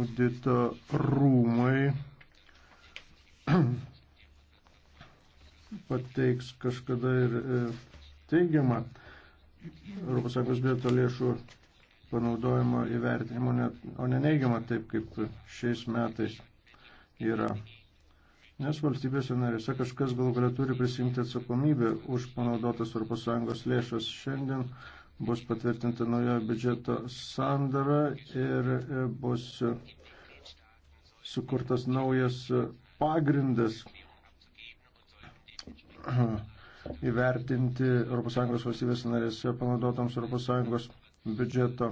audito rūmai pateiks kažkada ir e, teigiamą ES biudžeto lėšų panaudojimo įvertinimo, o ne neigiamą taip, kaip šiais metais yra. Nes valstybėse narėse kažkas galų galia turi prisimti atsakomybę už panaudotas ES lėšas. Šiandien bus patvirtinta nauja biudžeto sandara ir e, bus sukurtas naujas pagrindas įvertinti ES valstybės narėse panaudotams ES biudžeto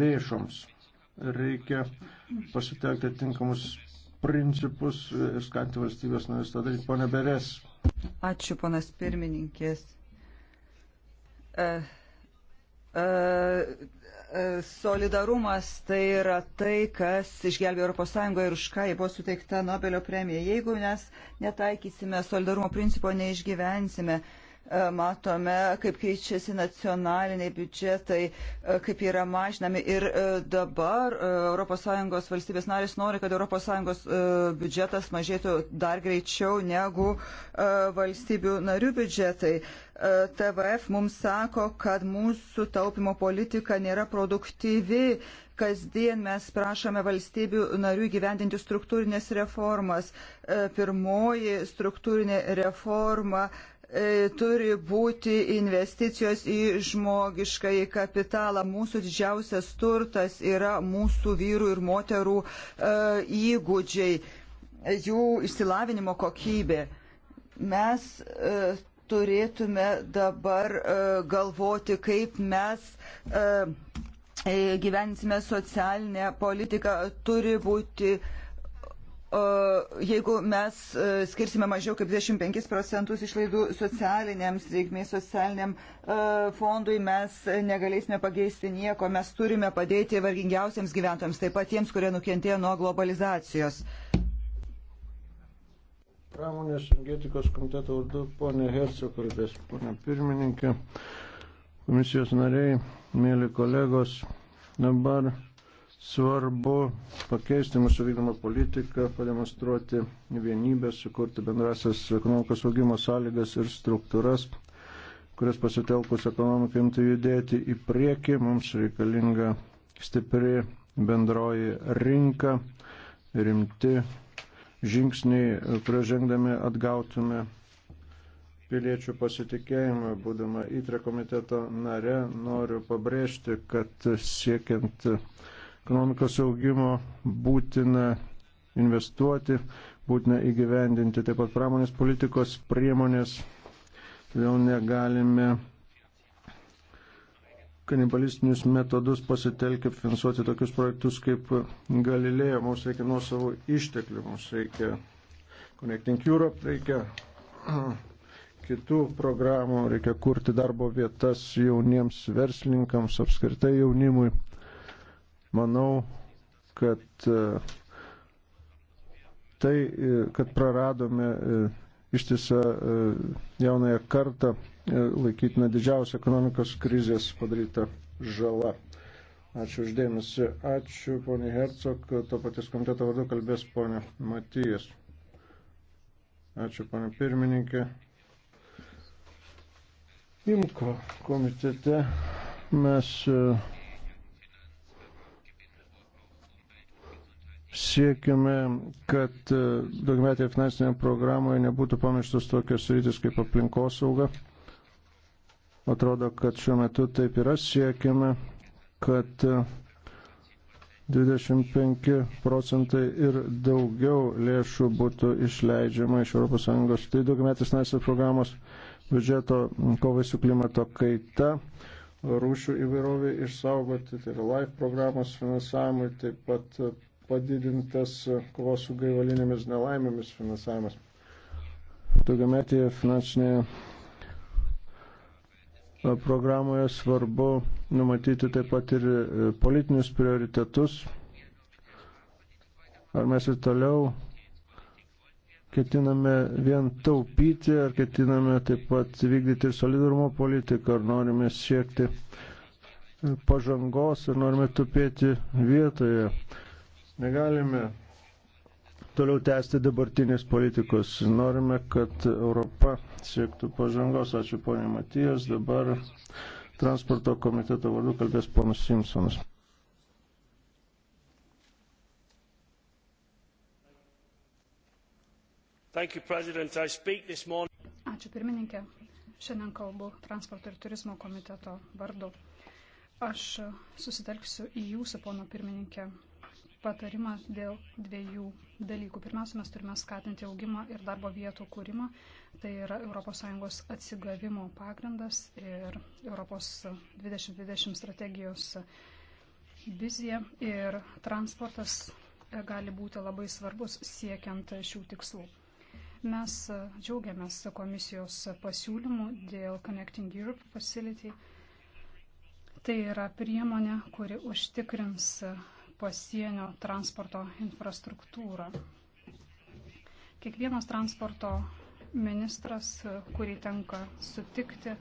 lėšoms. Reikia pasitelkti tinkamus principus ir skatinti valstybės narės tą daryti. Pone Beres. Ačiū, ponas pirmininkės. Uh, uh, E, solidarumas tai yra tai, kas išgelbėjo ES ir už ką jai buvo suteikta Nobelio premija. Jeigu mes netaikysime solidarumo principo, neišgyvensime. E, matome, kaip keičiasi nacionaliniai biudžetai, e, kaip yra mažinami. Ir e, dabar ES valstybės narės nori, kad ES biudžetas mažėtų dar greičiau negu valstybių narių biudžetai. TVF mums sako, kad mūsų taupimo politika nėra produktyvi. Kasdien mes prašome valstybių narių gyvendinti struktūrinės reformas. Pirmoji struktūrinė reforma E, turi būti investicijos į žmogiškąjį kapitalą. Mūsų didžiausias turtas yra mūsų vyrų ir moterų e, įgūdžiai, jų išsilavinimo kokybė. Mes e, turėtume dabar galvoti, kaip mes gyvensime socialinę politiką. Turi būti uh, jeigu mes e, skirsime mažiau kaip 25 procentus išlaidų socialiniams reikmės, socialiniam e, fondui, mes negalėsime pageisti nieko. Mes turime padėti vargingiausiams gyventojams, taip pat tiems, kurie nukentėjo nuo globalizacijos. Pramonės energetikos komiteto vardu ponė Herco kalbės, ponė pirmininkė, komisijos nariai, mėly kolegos. Dabar Svarbu pakeisti mūsų vykdomą politiką, pademonstruoti vienybę, sukurti bendrasias ekonomikos augimo sąlygas ir struktūras, kurias pasitelkus ekonomikai imtų judėti į priekį. Mums reikalinga stipri bendroji rinka, rimti žingsniai, kurie žengdami atgautume piliečių pasitikėjimą, būdama įtre komiteto nare, noriu pabrėžti, kad siekiant ekonomikos augimo, būtina investuoti, būtina įgyvendinti taip pat pramonės politikos priemonės, todėl negalime kanibalistinius metodus pasitelkę finansuoti tokius projektus kaip Galilėja. Mums reikia nuo savo išteklių, mums reikia Connecting Europe, reikia kitų programų, reikia kurti darbo vietas jauniems verslininkams, apskritai jaunimui. Manau, kad e, tai, e, kad praradome e, ištisą jaunąją kartą, laikytina didžiausia ekonomikos krizės padaryta žala. Ačiū uždėmesi. Ačiū, ponė Hercog. To paties komiteto vardu kalbės ponė Matijas. Ačiū, ponė pirmininkė. Imko komitete mes Siekime, kad e, daugiametėje finansinėje programoje nebūtų pamirštos tokios rytis kaip aplinkosauga. Atrodo, kad šiuo metu taip yra siekime, kad 25 e, procentai ir daugiau lėšų būtų išleidžiama iš ES. Tai daugiametis naisės programos biudžeto kovai su klimato kaita, rūšių įvairovė išsaugoti, tai yra LIFE programos finansavimui, taip pat padidintas kovos su gaivalinėmis nelaimėmis finansavimas. Daugiametėje finansinėje e, programoje svarbu numatyti taip pat ir e, politinius prioritetus. Ar mes ir toliau ketiname vien taupyti, ar ketiname taip pat vykdyti ir solidarumo politiką, ar norime siekti pažangos ir norime tupėti vietoje. Negalime toliau tęsti dabartinės politikos. Norime, kad Europa siektų pažangos. Ačiū ponė Matijas. Dabar transporto komiteto vardu kalbės ponas Simpsonas. You, Ačiū pirmininkė. Šiandien kalbu transporto ir turizmo komiteto vardu. Aš susitelksiu į jūsų, pono pirmininkė, patarimą dėl dviejų dalykų. Pirmiausia, mes turime skatinti augimą ir darbo vietų kūrimą. Tai yra ES atsigavimo pagrindas ir ES 2020 strategijos vizija. Ir transportas gali būti labai svarbus siekiant šių tikslų. Mes džiaugiamės komisijos pasiūlymų dėl Connecting Europe Facility. Tai yra priemonė, kuri užtikrins pasienio transporto infrastruktūrą. Kiekvienas transporto ministras, kurį tenka sutikti,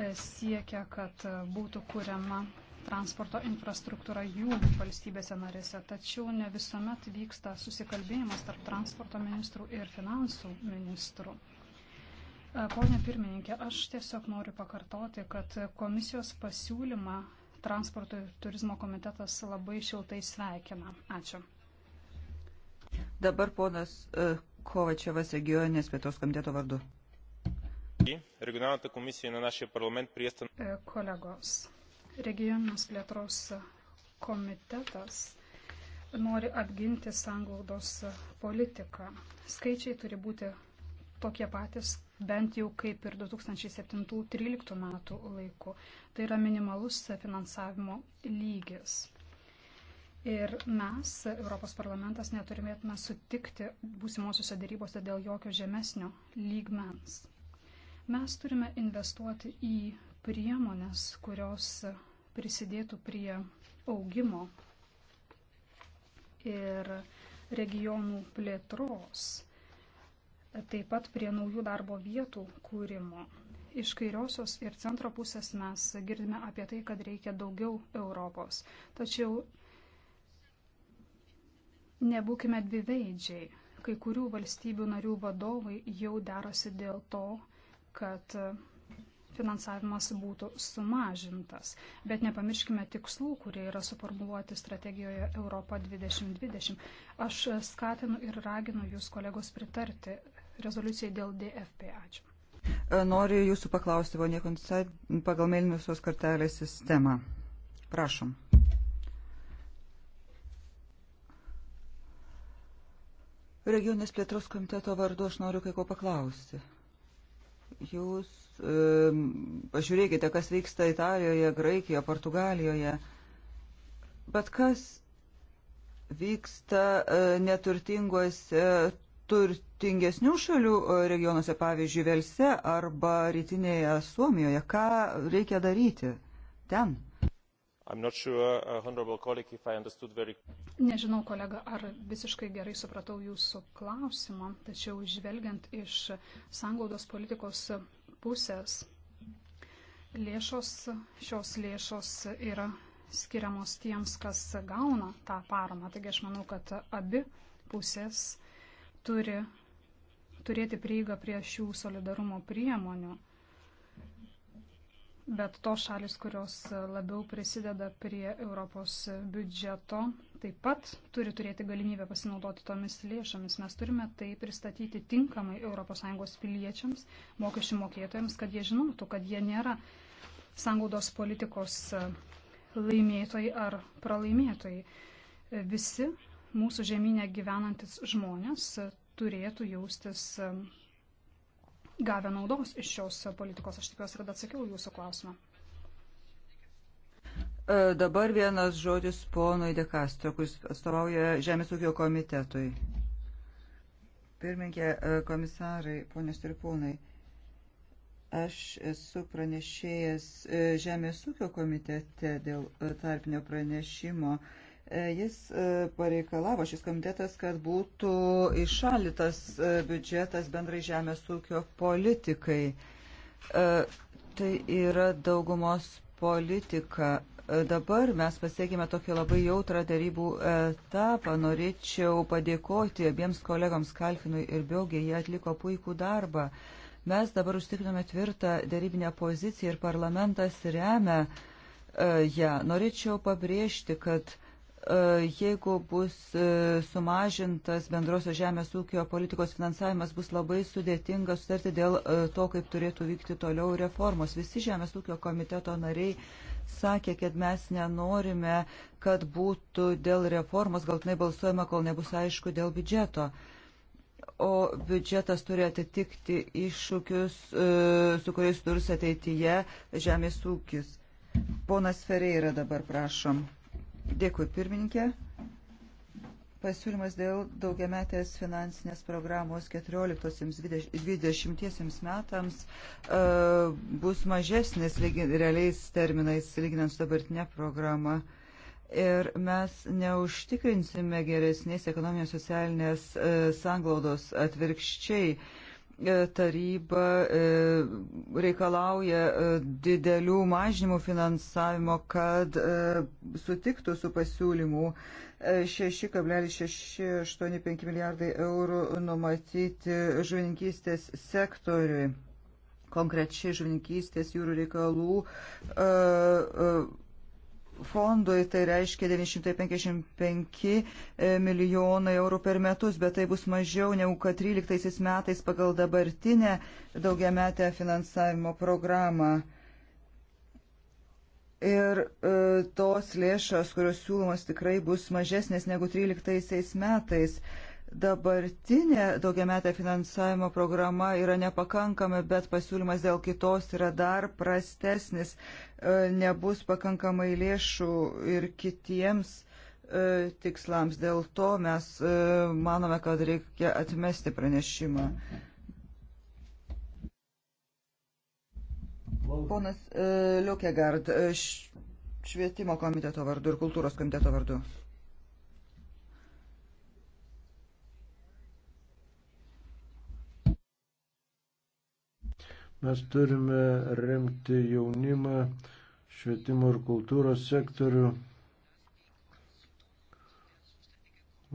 e, siekia, kad e, būtų kuriama transporto infrastruktūra jų valstybėse narėse, tačiau ne visuomet vyksta susikalbėjimas tarp transporto ministrų ir finansų ministrų. E, pone pirmininkė, aš tiesiog noriu pakartoti, kad komisijos pasiūlymą transporto ir turizmo komitetas labai šiltai sveikina. Ačiū. Dabar ponas e, Kovačiavas regioninės pietos komiteto vardu. Regionalinė komisija na našė parlament priesta. E, kolegos, regioninės plėtros komitetas nori apginti sanglaudos politiką. Skaičiai turi būti tokie patys bent jau kaip ir 2007-2013 metų laiku. Tai yra minimalus finansavimo lygis. Ir mes, Europos parlamentas, neturimėtume sutikti būsimosiuose darybose dėl jokio žemesnio lygmens. Mes turime investuoti į priemonės, kurios prisidėtų prie augimo ir regionų plėtros taip pat prie naujų darbo vietų kūrimo. Iš kairiosios ir centro pusės mes girdime apie tai, kad reikia daugiau Europos. Tačiau nebūkime dviveidžiai. Kai kurių valstybių narių vadovai jau derasi dėl to, kad finansavimas būtų sumažintas. Bet nepamirškime tikslų, kurie yra suformuluoti strategijoje Europa 2020. Aš skatinu ir raginu jūs, kolegos, pritarti rezoliucijai dėl DFP. Ačiū. E, noriu jūsų paklausti, ponė Konsai, pagal mėlynosios kartelės sistemą. Prašom. Regionės plėtros komiteto vardu aš noriu kai ko paklausti. Jūs e, pažiūrėkite, kas vyksta Italijoje, Graikijoje, Portugalijoje. Bet kas vyksta e, neturtingose turtingesnių šalių e, regionuose, pavyzdžiui, Velse arba rytinėje Suomijoje. Ką reikia daryti ten? Sure, uh, very... Nežinau, kolega, ar visiškai gerai supratau jūsų klausimą, tačiau žvelgiant iš sanglaudos politikos pusės, lėšos, šios lėšos yra skiriamos tiems, kas gauna tą paramą. Taigi aš manau, kad abi pusės turi turėti prieigą prie šių solidarumo priemonių. Bet tos šalis, kurios labiau prisideda prie Europos biudžeto, taip pat turi turėti galimybę pasinaudoti tomis lėšomis. Mes turime tai pristatyti tinkamai ES piliečiams, mokesčių mokėtojams, kad jie žinotų, kad jie nėra sangaudos politikos laimėtojai ar pralaimėtojai. Visi mūsų žemynė gyvenantis žmonės turėtų jaustis um, gavę naudos iš šios politikos. Aš tikiuosi, kad atsakiau jūsų klausimą. E, dabar vienas žodis ponui Dekastro, kuris atstovauja Žemės ūkio komitetui. Pirminkė, e, komisarai, ponės ir ponai, aš esu pranešėjęs e, Žemės ūkio komitete dėl tarpinio pranešimo E, jis e, pareikalavo šis komitetas, kad būtų išalytas e, biudžetas bendrai žemės ūkio politikai. Tai yra daugumos politika. Dabar mes pasiekime tokį labai jautrą darybų etapą. Norėčiau padėkoti abiems kolegams Kalfinui ir Biogė, jie atliko puikų darbą. Mes dabar užtikriname tvirtą darybinę poziciją ir parlamentas remia ją. Ja, norėčiau pabrėžti, kad E, jeigu bus e, sumažintas bendrosios žemės ūkio politikos finansavimas, bus labai sudėtinga sutarti dėl e, to, kaip turėtų vykti toliau reformos. Visi žemės ūkio komiteto nariai sakė, kad mes nenorime, kad būtų dėl reformos galtinai balsuojama, kol nebus aišku dėl biudžeto. O biudžetas turi atitikti iššūkius, su kuriais turs ateityje žemės ūkis. Ponas Ferreira dabar prašom. Dėkui pirmininkė. Pasiūlymas dėl daugiametės finansinės programos 14-20 metams e, bus mažesnis realiais terminais lyginant su dabartinė programa. Ir mes neužtikrinsime geresnės ekonominės socialinės e, sanglaudos atvirkščiai. Uh, E, taryba e, reikalauja e, didelių mažinimų finansavimo, kad sutiktų su pasiūlymu 6,685 milijardai eurų numatyti žuvininkystės sektoriui, konkrečiai žuvininkystės jūrų reikalų. Uh, uh, fondui tai reiškia 955 e, milijonai eurų per metus, bet tai bus mažiau negu kad 13 metais pagal dabartinę daugiametę finansavimo programą. Ir e, tos lėšos, kurios siūlomos, tikrai bus mažesnės negu 13 metais dabartinė daugiametė finansavimo programa yra nepakankama, bet pasiūlymas dėl kitos yra dar prastesnis. E, nebus pakankamai lėšų ir kitiems e, tikslams. Dėl to mes e, manome, kad reikia atmesti pranešimą. Ponas Liukegard, švietimo komiteto vardu ir kultūros komiteto vardu. Mes turime remti jaunimą, švietimo ir kultūros sektorių.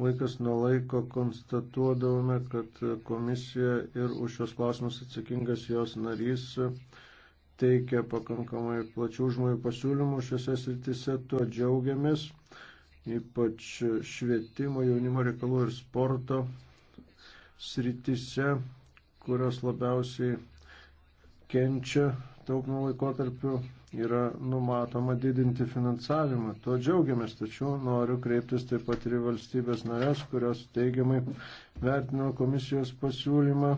Laikas nuo laiko konstatuodavome, kad komisija ir už šios klausimus atsakingas jos narys teikia pakankamai plačių žmonių pasiūlymų šiose sritise, tuo džiaugiamės, ypač švietimo, jaunimo reikalų ir sporto sritise, kurios labiausiai kenčia daug nuo laikotarpių, yra numatoma didinti finansavimą. To džiaugiamės, tačiau noriu kreiptis taip pat ir į valstybės narės, kurios teigiamai vertino komisijos pasiūlymą.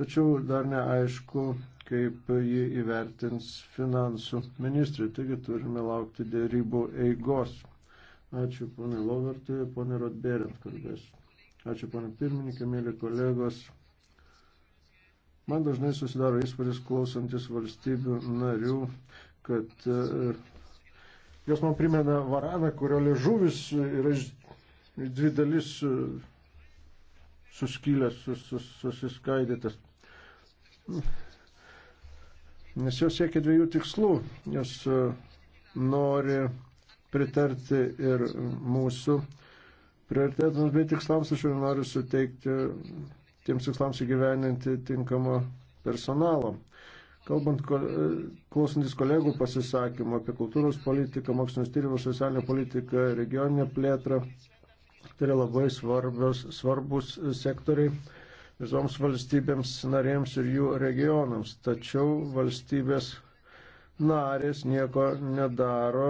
Tačiau dar neaišku, kaip jį įvertins finansų ministrai. Taigi turime laukti dėrybų eigos. Ačiū ponai Lovertui, ponai Rodberint kalbės. Ačiū ponai pirmininkė, mėly kolegos. Man dažnai susidaro įspūdis klausantis valstybių narių, kad e, jos man primena varaną, kurio liežuvis yra dvi dalis e, suskylęs, sus, sus, susiskaidytas. Nes jos siekia dviejų tikslų. Jos e, nori pritarti ir mūsų prioritetams bei tikslams, aš jau noriu suteikti tiems tikslams įgyveninti tinkamo personalo. Kalbant, klausantis kolegų pasisakymą apie kultūros politiką, mokslinius tyrimus, socialinę politiką, regioninę plėtrą, tai yra labai svarbios, svarbus sektoriai visoms valstybėms narėms ir jų regionams. Tačiau valstybės narės nieko nedaro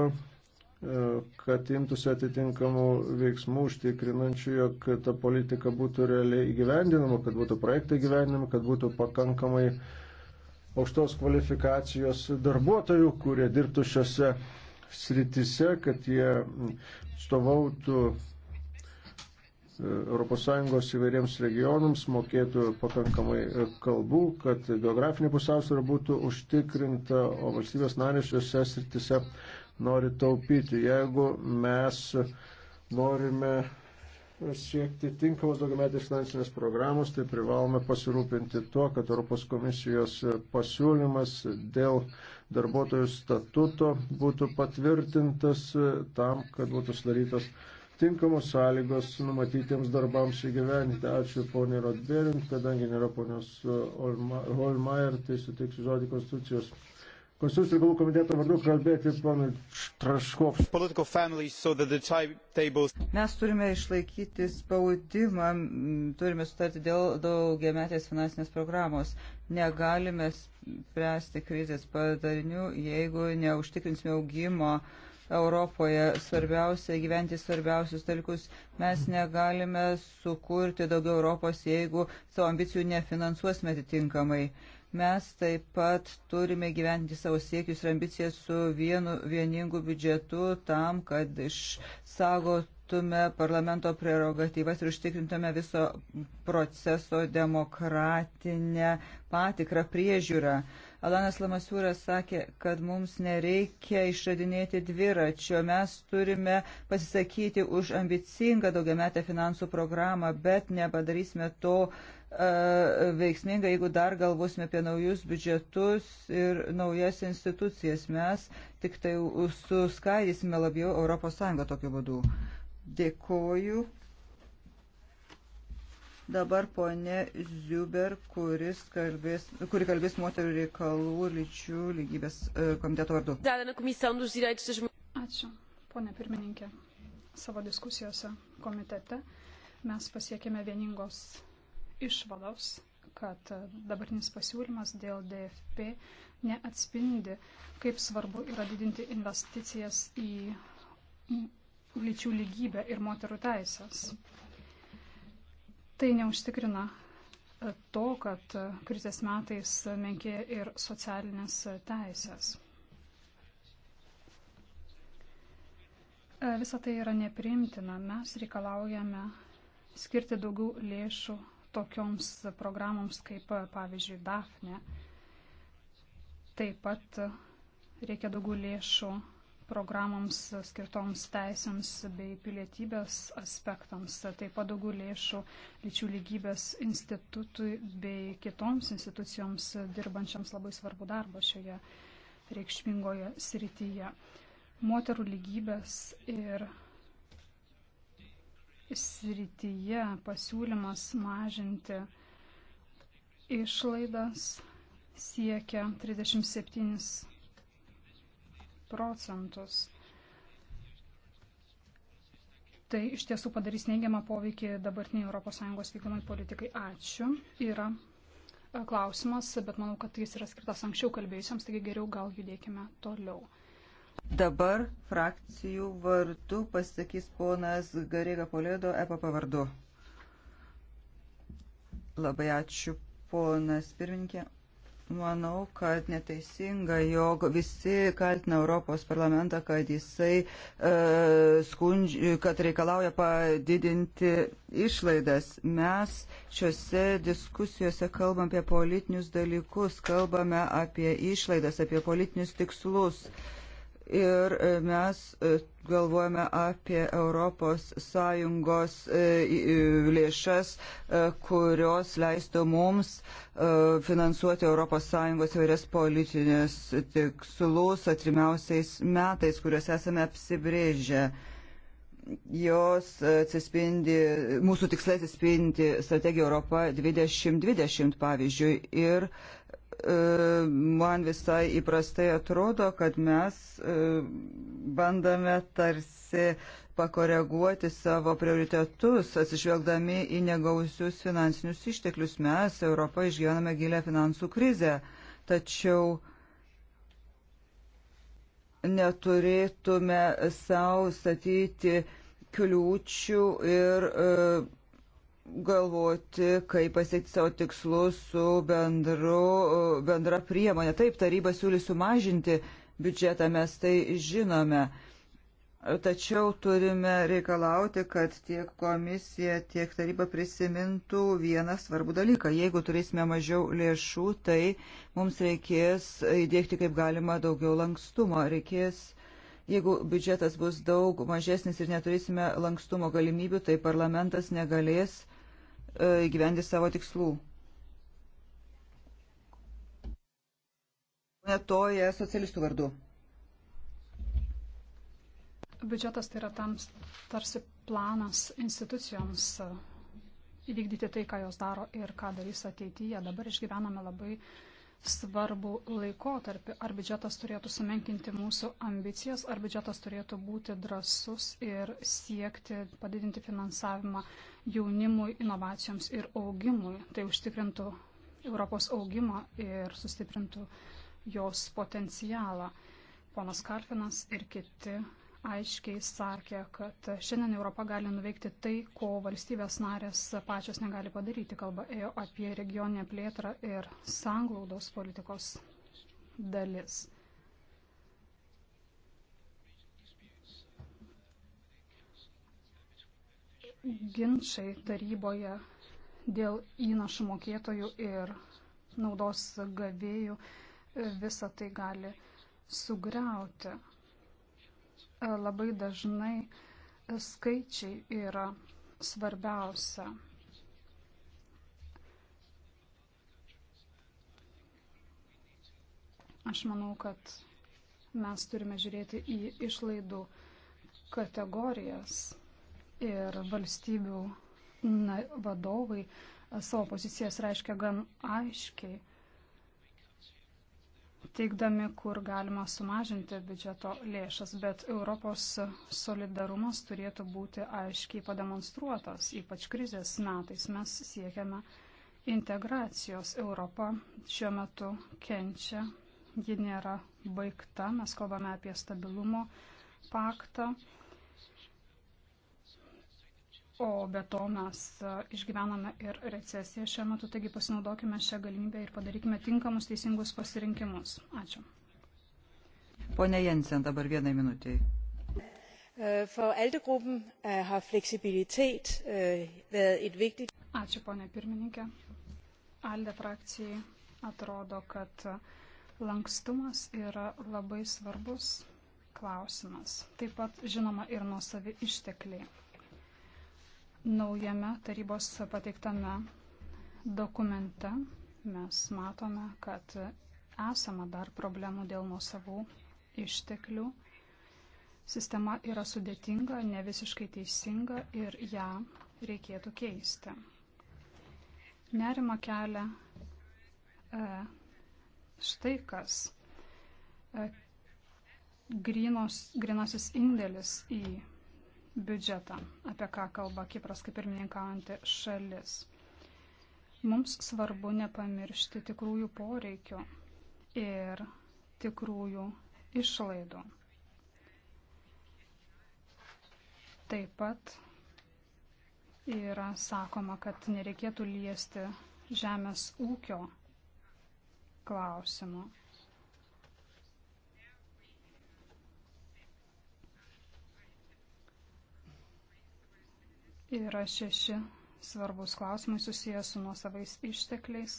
kad imtųsi atitinkamų veiksmų užtikrinančių, jog ta politika būtų realiai įgyvendinama, kad būtų projektai įgyvendinami, kad būtų pakankamai aukštos kvalifikacijos darbuotojų, kurie dirbtų šiose sritise, kad jie stovautų ES įvairiems regionams, mokėtų pakankamai e, kalbų, kad geografinė pusiausvėra būtų užtikrinta, o valstybės narės šiuose sritise nori taupyti. Jeigu mes norime siekti tinkamos daugiametės finansinės programos, tai privalome pasirūpinti tuo, kad Europos komisijos pasiūlymas dėl darbuotojų statuto būtų patvirtintas tam, kad būtų sudarytas tinkamos sąlygos numatytiems darbams įgyveninti. Ačiū poniai Rodberin, kadangi nėra ponios Holmeier, tai suteiksiu žodį konstitucijos Konstitucijų reikalų komiteto vardu kalbėti ponui Traškovskis. Mes turime išlaikyti spaudimą, turime sutarti dėl daugiametės finansinės programos. Negalime spręsti krizės padarinių, jeigu neužtikrinsime augimo. Europoje svarbiausia gyventi svarbiausius dalykus. Mes negalime sukurti daugiau Europos, jeigu savo ambicijų nefinansuosime atitinkamai. Uh, Mes taip pat turime gyventi savo siekius ir ambicijas su vienu vieningu biudžetu tam, kad išsaugotume parlamento prerogatyvas ir užtikrintume viso proceso demokratinę patikrą priežiūrą. Alanas Lamasiūras sakė, kad mums nereikia išradinėti dviračio, mes turime pasisakyti už ambicingą daugiametę finansų programą, bet nepadarysime to E, veiksminga, jeigu dar galvosime apie naujus biudžetus ir naujas institucijas. Mes tik tai suskaidysime labiau ES tokiu būdu. Dėkoju. Dabar ponė Ziuber, kalbės, kuri kalbės moterų reikalų lyčių lygybės e, komiteto vardu. Ačiū, ponė pirmininkė. Savo diskusijose komitete mes pasiekėme vieningos išvados, kad dabartinis pasiūlymas dėl DFP neatspindi, kaip svarbu yra didinti investicijas į lyčių lygybę ir moterų teisės. Tai neužtikrina to, kad krizės metais menkėja ir socialinės teisės. Visą tai yra neprimtina. Mes reikalaujame skirti daugiau lėšų tokioms programoms kaip, pavyzdžiui, DAFNE. Taip pat reikia daugiau lėšų programoms skirtoms teisėms bei pilietybės aspektams, taip pat daugiau lėšų lyčių lygybės institutui bei kitoms institucijoms dirbančiams labai svarbu darbą šioje reikšmingoje srityje. Moterų lygybės ir srityje pasiūlymas mažinti išlaidas siekia 37 procentus. Tai iš tiesų padarys neigiamą poveikį dabartiniai ES vykdomai politikai. Ačiū. Yra e, klausimas, bet manau, kad jis yra skirtas anksčiau kalbėjusiems, taigi geriau gal judėkime toliau. Dabar frakcijų vardu pasakys ponas Garega Polėdo EPP vardu. Labai ačiū, ponas pirmininkė. Manau, kad neteisinga, jog visi kaltina Europos parlamentą, kad jisai e, skundži, kad reikalauja padidinti išlaidas. Mes šiuose diskusijose kalbam apie politinius dalykus, kalbame apie išlaidas, apie politinius tikslus. E, ir e, mes e, galvojame apie ES e, lėšas, kurios leisto mums finansuoti ES įvairias politinės tikslus atrimiausiais metais, kuriuos esame apsibrėžę. Jos atsispindi, mūsų tikslai atsispindi strategija Europa 2020 pavyzdžiui ir uh, E, man visai įprastai atrodo, kad mes e, bandame tarsi pakoreguoti savo prioritetus, atsižvelgdami į negausius finansinius išteklius. Mes Europą išgyvename gilę finansų krizę, tačiau neturėtume savo statyti kliūčių ir uh, galvoti, kaip pasiekti savo tikslus su bendru, bendra priemonė. Taip, taryba siūlys sumažinti biudžetą, mes tai žinome. Tačiau turime reikalauti, kad tiek komisija, tiek taryba prisimintų vieną svarbų dalyką. Jeigu turėsime mažiau lėšų, tai mums reikės įdėkti kaip galima daugiau lankstumo. Reikės Jeigu biudžetas bus daug mažesnis ir neturėsime lankstumo galimybių, tai parlamentas negalės E, įgyvendi savo tikslų. Netoje socialistų vardu. Biudžetas tai yra tam tarsi planas institucijoms e, įvykdyti tai, ką jos daro ir ką darys ateityje. Dabar išgyvename labai uh, svarbų laikotarpį. Ar biudžetas turėtų sumenkinti mūsų ambicijas, ar biudžetas turėtų būti drasus ir siekti padidinti finansavimą jaunimui, inovacijoms ir augimui. Tai užtikrintų Europos augimą ir sustiprintų jos potencialą. Ponas Karfinas ir kiti aiškiai sakė, kad šiandien Europa gali nuveikti tai, ko valstybės narės pačios negali padaryti. Kalba ėjo apie regioninę plėtrą ir sanglaudos politikos dalis. Ginčiai taryboje dėl įnašų mokėtojų ir naudos gavėjų visą tai gali sugriauti labai dažnai skaičiai yra svarbiausia. Aš manau, kad mes turime žiūrėti į išlaidų kategorijas ir valstybių na, vadovai savo pozicijas reiškia gan aiškiai teikdami, kur galima sumažinti biudžeto lėšas, bet Europos solidarumas turėtų būti aiškiai pademonstruotas, ypač krizės metais mes siekiame integracijos. Europa šiuo metu kenčia, ji nėra baigta, mes kalbame apie stabilumo paktą. O be to mes e, išgyvename ir recesiją šiuo metu, taigi pasinaudokime šią galimybę ir padarykime tinkamus teisingus pasirinkimus. Ačiū. Pone Jensen, dabar vienai minutiai. E, for aldergruppen e, har fleksibilitet været et vigtigt. Ačiū, ponė pirmininkė. Alde frakcijai atrodo, kad lankstumas yra labai svarbus klausimas. Taip pat, žinoma, ir nuosavi ištekliai. Naujame tarybos pateiktame dokumente mes matome, kad esama dar problemų dėl nuosavų išteklių. Sistema yra sudėtinga, ne visiškai teisinga ir ją reikėtų keisti. Nerima kelia e, štai kas. E, grinos, grinasis indėlis į biudžetą, apie ką kalba Kipras kaip pirmininkaujanti šalis. Mums svarbu nepamiršti tikrųjų poreikių ir tikrųjų išlaidų. Taip pat yra sakoma, kad nereikėtų liesti žemės ūkio klausimo. Yra šeši svarbus klausimai susijęs su nuosavais ištekliais.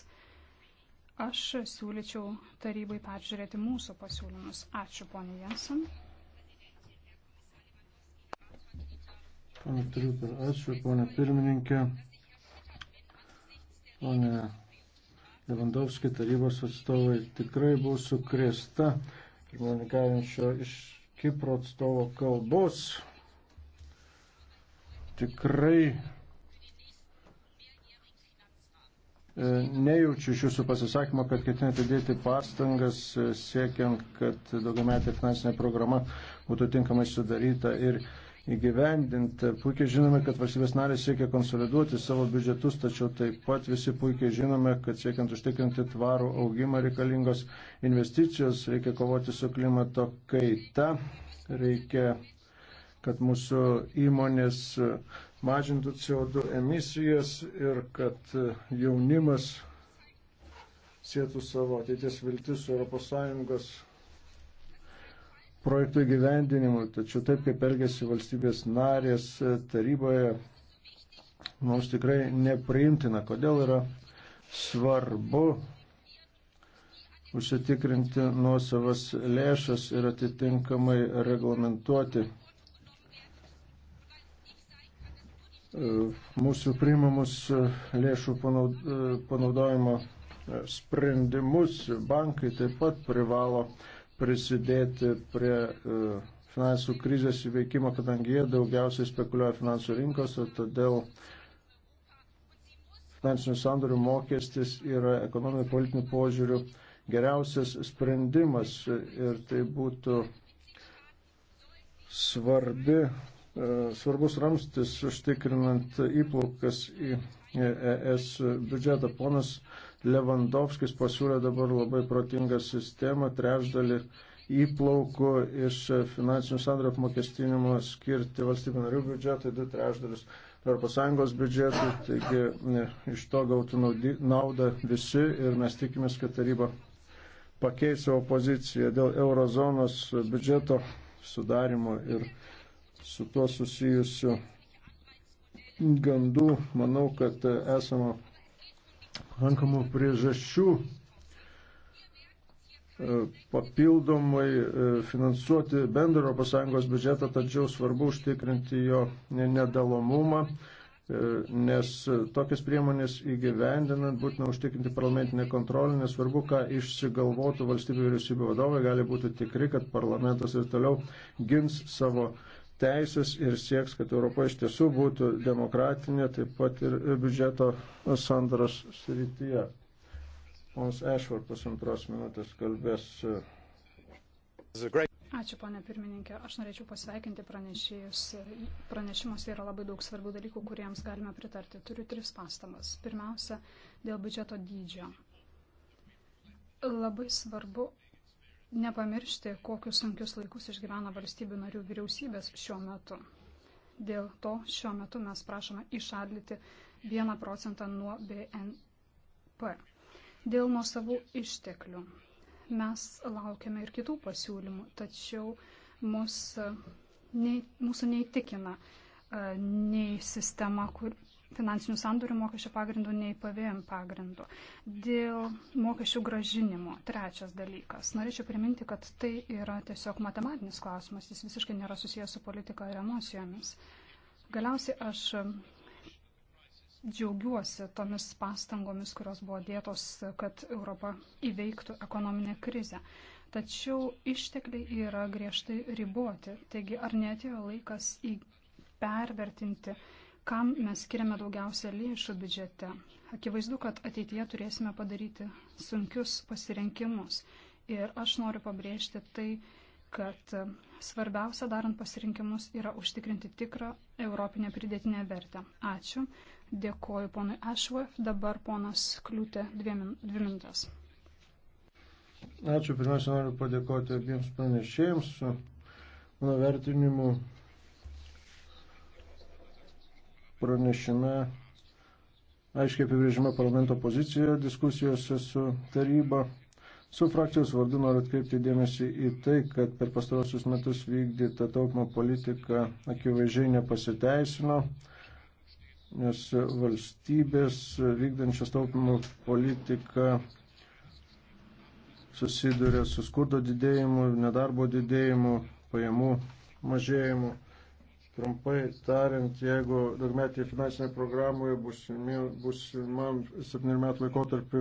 Aš siūlyčiau tarybai peržiūrėti mūsų pasiūlymus. Ačiū, ponė Jensen. Pane Triuper, ačiū, ponė pirmininkė. Pone Levandovski tarybos atstovai tikrai buvo sukrėsta pirmininkaujančio iš Kipro atstovo kalbos tikrai e, nejaučiu iš jūsų pasisakymo, kad ketinate dėti pastangas e, siekiant, kad daugiametė finansinė programa būtų tinkamai sudaryta ir įgyvendinti. Puikiai žinome, kad valstybės narės siekia konsoliduoti savo biudžetus, tačiau taip pat visi puikiai žinome, kad siekiant užtikrinti tvarų augimą reikalingos investicijos, reikia kovoti su klimato kaita, reikia kad mūsų įmonės mažintų CO2 emisijas ir kad jaunimas sėtų savo ateities viltis su ES projektų įgyvendinimu. Tačiau taip kaip elgesi valstybės narės taryboje, mums tikrai nepriimtina. Kodėl yra svarbu užsitikrinti nuosavas lėšas ir atitinkamai reglamentuoti mūsų priimamus e, lėšų e, panaudojimo e, sprendimus. Bankai taip pat privalo prisidėti prie finansų krizės įveikimo, kadangi jie daugiausiai spekuliuoja finansų rinkos, todėl finansinių sandorių mokestis yra ekonominių politinių požiūrių geriausias sprendimas ir tai būtų svarbi E, svarbus ramstis užtikrinant įplaukas į ES e biudžetą. Ponas Levandovskis pasiūlė dabar labai protingą sistemą, trečdalį įplaukų iš finansinių sandorių apmokestinimo skirti valstybių narių biudžetui, du trečdalius ES biudžetui, taigi iš to gautų naudą visi ir mes tikimės, kad taryba pakeis savo poziciją dėl eurozonos biudžeto sudarimo ir su tuo susijusių gandų. Manau, kad esama pakankamų priežasčių e, papildomai e, finansuoti bendro ES biudžetą, tačiau svarbu užtikrinti jo nedalomumą, e, nes tokias priemonės įgyvendinant būtina užtikrinti parlamentinę kontrolę, nesvarbu, ką išsigalvotų valstybių vyriausybių vadovai, gali būti tikri, kad parlamentas ir toliau gins savo teisės ir sieks, kad Europa iš tiesų būtų demokratinė, taip pat ir biudžeto sandaros srityje. Pons Ešvartas antros minutės kalbės. Ačiū, ponė pirmininkė. Aš norėčiau pasveikinti pranešėjus. Pranešimuose yra labai daug svarbių dalykų, kuriems galime pritarti. Turiu tris pastabas. Pirmiausia, dėl biudžeto dydžio. Labai svarbu nepamiršti, kokius sunkius laikus išgyvena valstybių narių vyriausybės šiuo metu. Dėl to šiuo metu mes prašome išadlyti 1 procentą nuo BNP. Dėl nuosavų išteklių mes laukiame ir kitų pasiūlymų, tačiau mus, nei, mūsų neįtikina e, nei sistema, kur, finansinių sandorių mokesčio pagrindų nei PVM pagrindų. Dėl mokesčių gražinimo, trečias dalykas. Norėčiau priminti, kad tai yra tiesiog matematinis klausimas, jis visiškai nėra susijęs su politika ir emocijomis. Galiausiai aš džiaugiuosi tomis pastangomis, kurios buvo dėtos, kad Europa įveiktų ekonominę krizę. Tačiau ištekliai yra griežtai riboti. Taigi, ar netėjo laikas į pervertinti uh, kam mes skiriame daugiausia lėšų biudžete. Akivaizdu, kad ateityje turėsime padaryti sunkius pasirinkimus. Ir aš noriu pabrėžti tai, kad svarbiausia darant pasirinkimus yra užtikrinti tikrą europinę pridėtinę vertę. Ačiū. Dėkoju ponui Ashworth. Dabar ponas Kliūtė dvi minutės. Ačiū. Pirmiausia, noriu padėkoti abiems pranešėjams. Mano vertinimu Pranešime aiškiai apibrėžime parlamento poziciją diskusijose su taryba. Su frakcijos vardu noriu atkreipti dėmesį į tai, kad per pastarosius metus vykdyta taupimo politika akivaizdžiai nepasiteisino, nes valstybės vykdančios taupimo politiką susiduria su skurdo didėjimu, nedarbo didėjimu, pajamų mažėjimu. Trumpai tariant, jeigu daugmetėje finansinėje programoje būsimam septynių metų laikotarpiu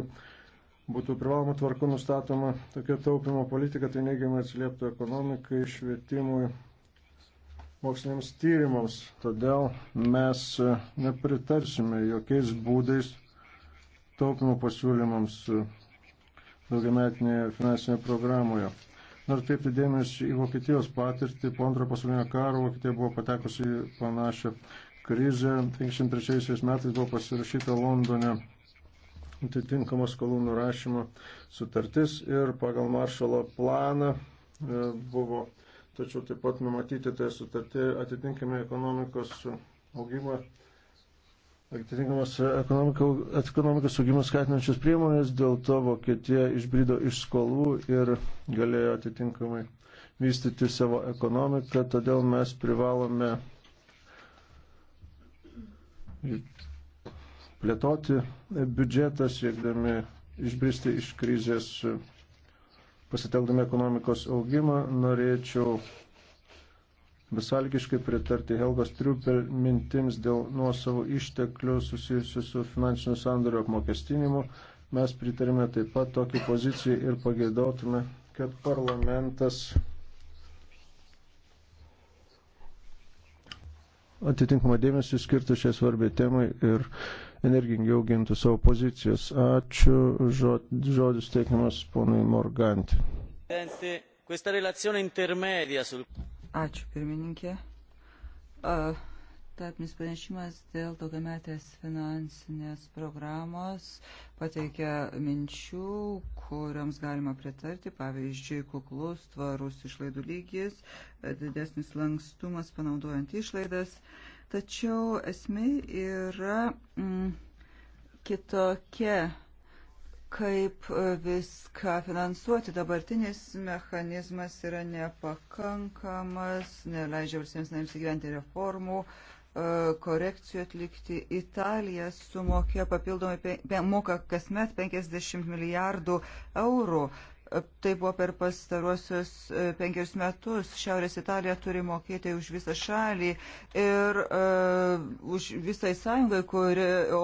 būtų privaloma tvarku nustatoma tokia taupimo politika, tai neigiamai atsilieptų ekonomikai, švietimui, moksliniams tyrimams. Todėl mes nepritarsime jokiais būdais taupimo pasiūlymams daugiametinėje finansinėje programoje. Noriu atkreipti dėmesį į Vokietijos patirtį. Po antrojo pasaulinio karo Vokietija buvo patekusi į panašią krizę. 1953 metais buvo pasirašyta Londone atitinkama skolų nurašymo sutartis ir pagal maršalo planą e, buvo, tačiau taip pat numatyti tai sutartį atitinkami ekonomikos augimą atitinkamas ekonomikos augimas skatinančios priemonės, dėl to Vokietija išbrido iš skolų ir galėjo atitinkamai vystyti savo ekonomiką, todėl mes privalome plėtoti biudžetą, siekdami išbristi iš krizės pasitelkdami ekonomikos augimą, norėčiau besalgiškai pritarti Helgos Triupel mintims dėl nuosavų išteklių susijusių su finansinių sandorių apmokestinimu. Mes pritarime taip pat tokį poziciją ir pageidautume, kad parlamentas atitinkamą dėmesį skirtų šią svarbę temai ir energingiau gintų savo pozicijas. Ačiū, žodis teikiamas ponui Morganti. Ačiū, pirmininkė. Tarpinis pranešimas dėl daugiametės finansinės programos pateikia minčių, kuriams galima pritarti, pavyzdžiui, kuklus, tvarus išlaidų lygis, didesnis lankstumas panaudojant išlaidas. Tačiau esmė yra mm, kitokia kaip e, viską finansuoti. Dabartinis mechanizmas yra nepakankamas, neleidžia valstybėms narėms įgyventi reformų, e, korekcijų atlikti. Italija sumokė papildomai, moka kasmet 50 milijardų eurų Tai buvo per pastaruosius e, penkerius metus. Šiaurės Italija turi mokėti už visą šalį ir uh, už visai sąjungai, kuri, o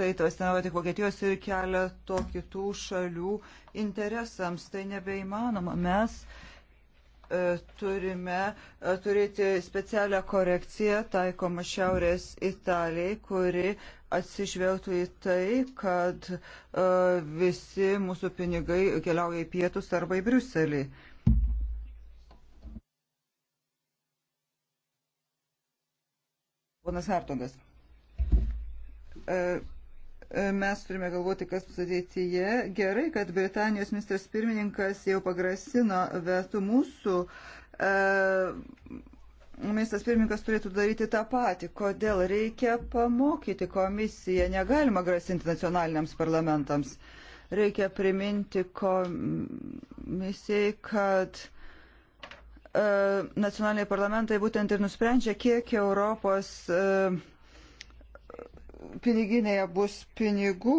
tai tvasinavo tik Vokietijos ir keletą kitų šalių interesams. Tai nebeįmanoma. Mes uh, E, turime e, turėti specialią korekciją taikomą Šiaurės Italijai, kuri atsižvelgtų į tai, kad e, visi mūsų pinigai keliauja į pietus arba į Briuselį. Ponas Hartogas mes turime galvoti, kas bus ateityje. Gerai, kad Britanijos ministras pirmininkas jau pagrasino vetų mūsų. E, ministras pirmininkas turėtų daryti tą patį. Kodėl reikia pamokyti komisiją? Negalima grasinti nacionaliniams parlamentams. Reikia priminti komisijai, kad e, nacionaliniai parlamentai būtent ir nusprendžia, kiek Europos. E, piniginėje bus pinigų.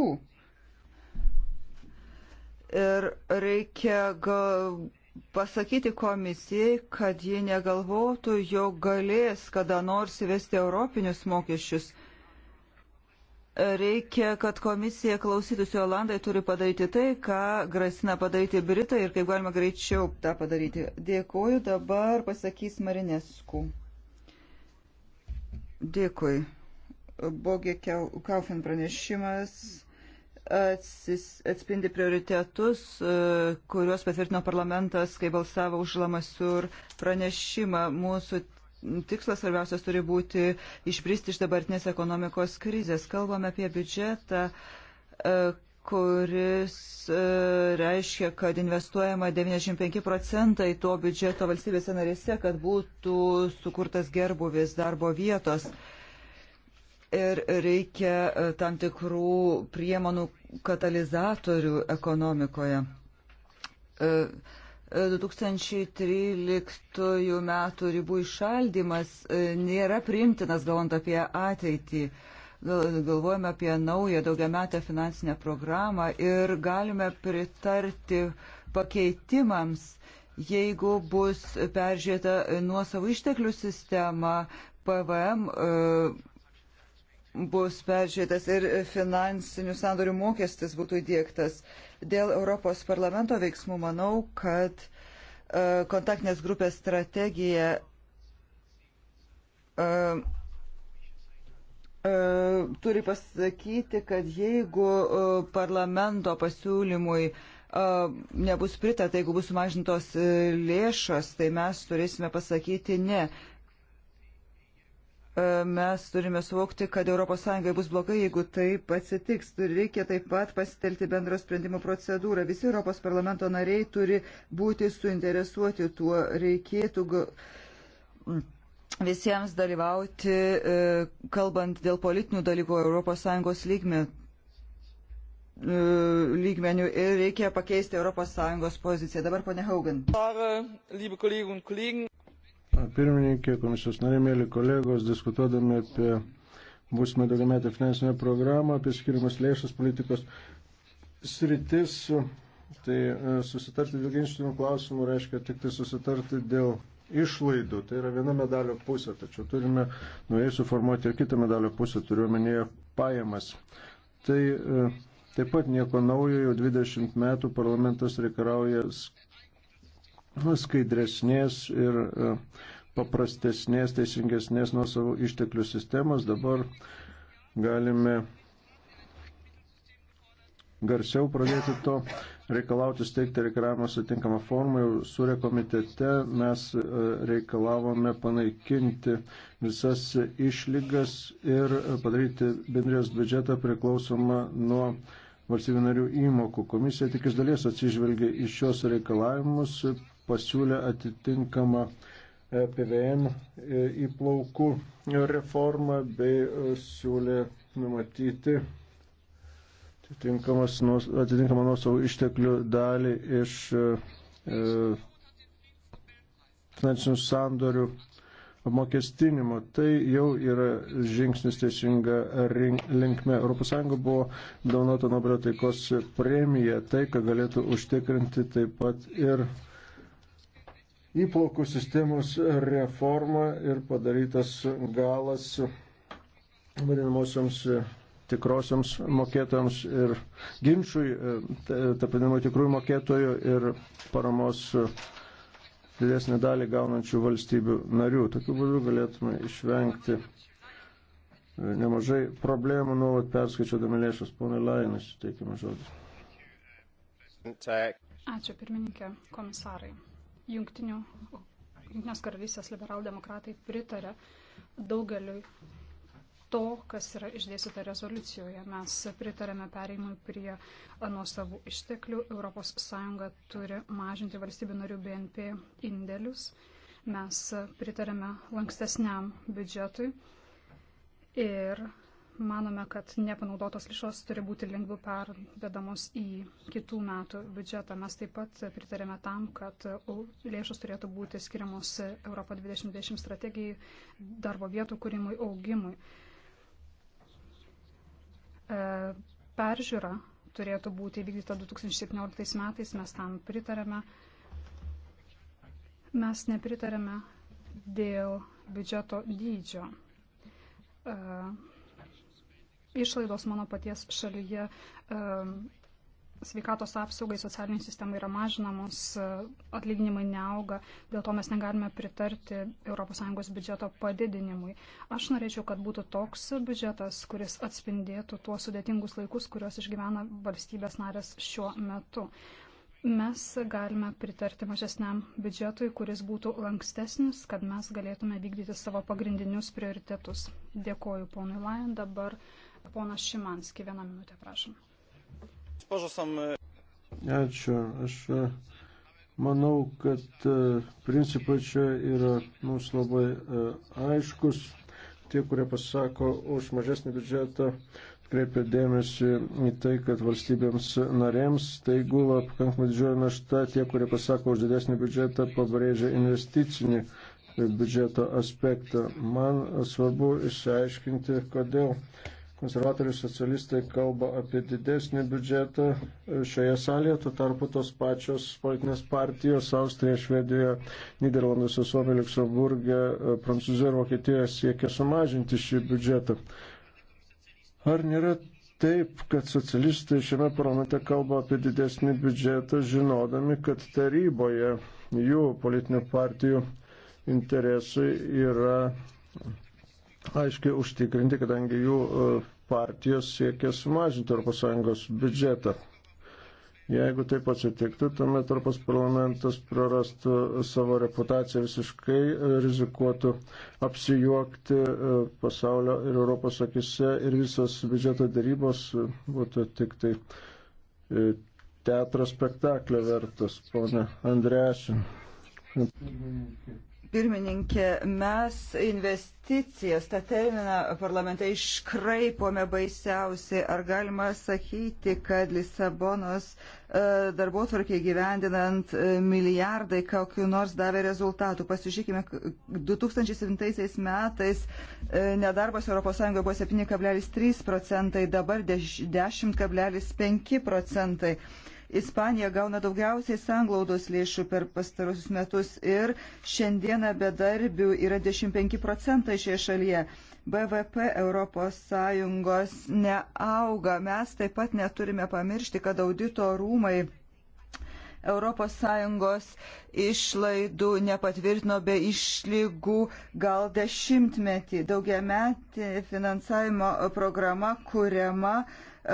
Ir reikia gal pasakyti komisijai, kad ji negalvotų, jog galės kada nors įvesti europinius mokesčius. Reikia, kad komisija klausytųsi, Olandai turi padaryti tai, ką grasina padaryti Britai ir kaip galima greičiau tą padaryti. Dėkuoju, dabar pasakys Marinesku. Dėkui. Bogė Kaufin pranešimas atspindi prioritetus, e, kuriuos patvirtino parlamentas, kai balsavo už Lamasur pranešimą. Mūsų tikslas svarbiausias turi būti išbristi iš dabartinės ekonomikos krizės. Kalbame apie biudžetą e, kuris e, reiškia, kad investuojama 95 procentai to biudžeto valstybėse narėse, kad būtų sukurtas gerbuvis darbo vietos. Uh, ir reikia e, tam tikrų priemonų katalizatorių ekonomikoje. 2013 e, e, metų ribų išaldymas nėra priimtinas, galvant apie ateitį. Galvojame apie naują daugiametę finansinę programą ir galime pritarti pakeitimams, jeigu bus peržiūrėta nuosavų išteklių sistema, PVM bus peržiūrėtas ir finansinių sandorių mokestis būtų įdėktas. Dėl Europos parlamento veiksmų manau, kad e, kontaktinės grupės strategija e, e, turi pasakyti, kad jeigu parlamento pasiūlymui nebus pritarta, jeigu bus sumažintos lėšos, tai mes turėsime pasakyti ne mes turime suvokti, kad ES bus blogai, jeigu taip atsitiks. Reikia taip pat pasitelti bendro sprendimo procedūrą. Visi ES nariai turi būti suinteresuoti tuo. Reikėtų visiems dalyvauti, e, kalbant dėl politinių dalykų ES lygmenių e, lygmenių ir reikia pakeisti ES poziciją. Dabar, ponė Haugen pirmininkė, komisijos nariai, mėly kolegos, diskutuodami apie būsimą daugiametę finansinę programą, apie skirimas lėšas politikos sritis, tai e, susitarti dėl ginčytinų klausimų reiškia tik tai susitarti dėl išlaidų. Tai yra viena medalio pusė, tačiau turime nuėjai suformuoti ir kitą medalio pusę, turiuomenėje pajamas. Tai e, taip pat nieko naujo, jau 20 metų parlamentas reikarauja skaidresnės ir e, paprastesnės, teisingesnės nuo savo išteklių sistemos. Dabar galime garsiau pradėti to reikalauti steigti reikalavimą sutinkamą formą. Jau surė komitete mes e, reikalavome panaikinti visas išlygas ir padaryti bendrijos biudžetą priklausomą nuo valstybių narių įmokų. Komisija tik iš dalies atsižvelgia iš šios reikalavimus, pasiūlė atitinkamą e, PVM e, įplaukų reformą bei e, siūlė numatyti atitinkamą nuo savo išteklių dalį iš finansinių sandorių apmokestinimo. Tai jau yra žingsnis teisinga linkme. ES buvo daunota Nobelio taikos premija, tai, ką galėtų užtikrinti taip pat ir įplaukų sistemos reforma ir padarytas galas vadinamosioms tikrosiams mokėtojams ir ginčiui, e, taip vadinamų tikrųjų mokėtojų ir paramos didesnį dalį gaunančių valstybių narių. Tokiu būdu galėtume išvengti nemažai problemų nuolat perskaičiuodami lėšas. Pone Lainas, teikime žodį. Ačiū pirmininkė, komisarai. Jungtinių, Jungtinės karalystės liberaldemokratai pritarė daugeliu to, kas yra išdėstyta rezoliucijoje. Mes pritarėme pereimui prie nuosavų išteklių. ES turi mažinti valstybių narių BNP indėlius. Mes pritarėme lankstesniam biudžetui ir manome, kad nepanaudotos lišos turi būti lengviau pervedamos į kitų metų biudžetą. Mes taip pat pritarėme tam, kad lėšos turėtų būti skiriamos Europo 2020 strategijai, darbo vietų kūrimui, augimui. E, peržiūra turėtų būti įvykdyta 2017 metais, mes tam pritarėme. Mes nepritarėme dėl biudžeto dydžio. Uh, išlaidos mano paties šalyje sveikatos apsaugai, socialiniai sistemai yra mažinamos, atlyginimai neauga, dėl to mes negalime pritarti ES biudžeto padidinimui. Aš norėčiau, kad būtų toks biudžetas, kuris atspindėtų tuos sudėtingus laikus, kuriuos išgyvena valstybės narės šiuo metu. Mes galime pritarti mažesniam biudžetui, kuris būtų lankstesnis, kad mes galėtume vykdyti savo pagrindinius prioritetus. Dėkoju ponui Lajan, dabar uh, Ponas Šimanski, vieną minutę, prašom. E, Ačiū. Aš e, manau, kad e, principai čia yra mums labai aiškus. Tie, kurie pasako už mažesnį biudžetą, kreipia dėmesį į tai, kad valstybėms narėms tai gula pakankamai didžioji našta, tie, kurie pasako už didesnį biudžetą, pabrėžia investicinį biudžeto aspektą. Man svarbu išsiaiškinti, kodėl konservatoriai socialistai kalba apie didesnį biudžetą e, šioje salėje, tuo tarpu tos pačios politinės partijos Austrija, Švedija, Niderlanduose, Suomija, Luxemburgė, e, Prancūzija ir Vokietija siekia sumažinti šį biudžetą. Ar nėra taip, kad socialistai šiame parlamente kalba apie didesnį biudžetą, žinodami, kad taryboje jų politinių partijų interesai yra aiškiai užtikrinti, kadangi jų e, partijos siekia sumažinti ES biudžetą. Jeigu taip atsitiktų, tuomet Europos parlamentas prarastų savo reputaciją visiškai, e, rizikuotų apsijuokti e, pasaulio ir Europos akise ir visas biudžeto darybos būtų tik tai teatro spektaklio vertas, ponė Andrešin pirmininkė, mes investicijas, tą terminą parlamente iškraipome baisiausiai. Ar galima sakyti, kad Lisabonos e, darbo tvarkė gyvendinant e, milijardai kokiu nors davė rezultatų? Pasižiūrėkime, 2007 metais e, nedarbas ES buvo 7,3 procentai, dabar 10,5 procentai. Ispanija gauna daugiausiai sanglaudos lėšų per pastarosius metus ir šiandieną bedarbių yra 15 procentai šioje šalyje. BVP ES neauga. Mes taip pat neturime pamiršti, kad audito rūmai ES išlaidų nepatvirtino be išlygų gal dešimtmetį. Daugiametė finansavimo programa kuriama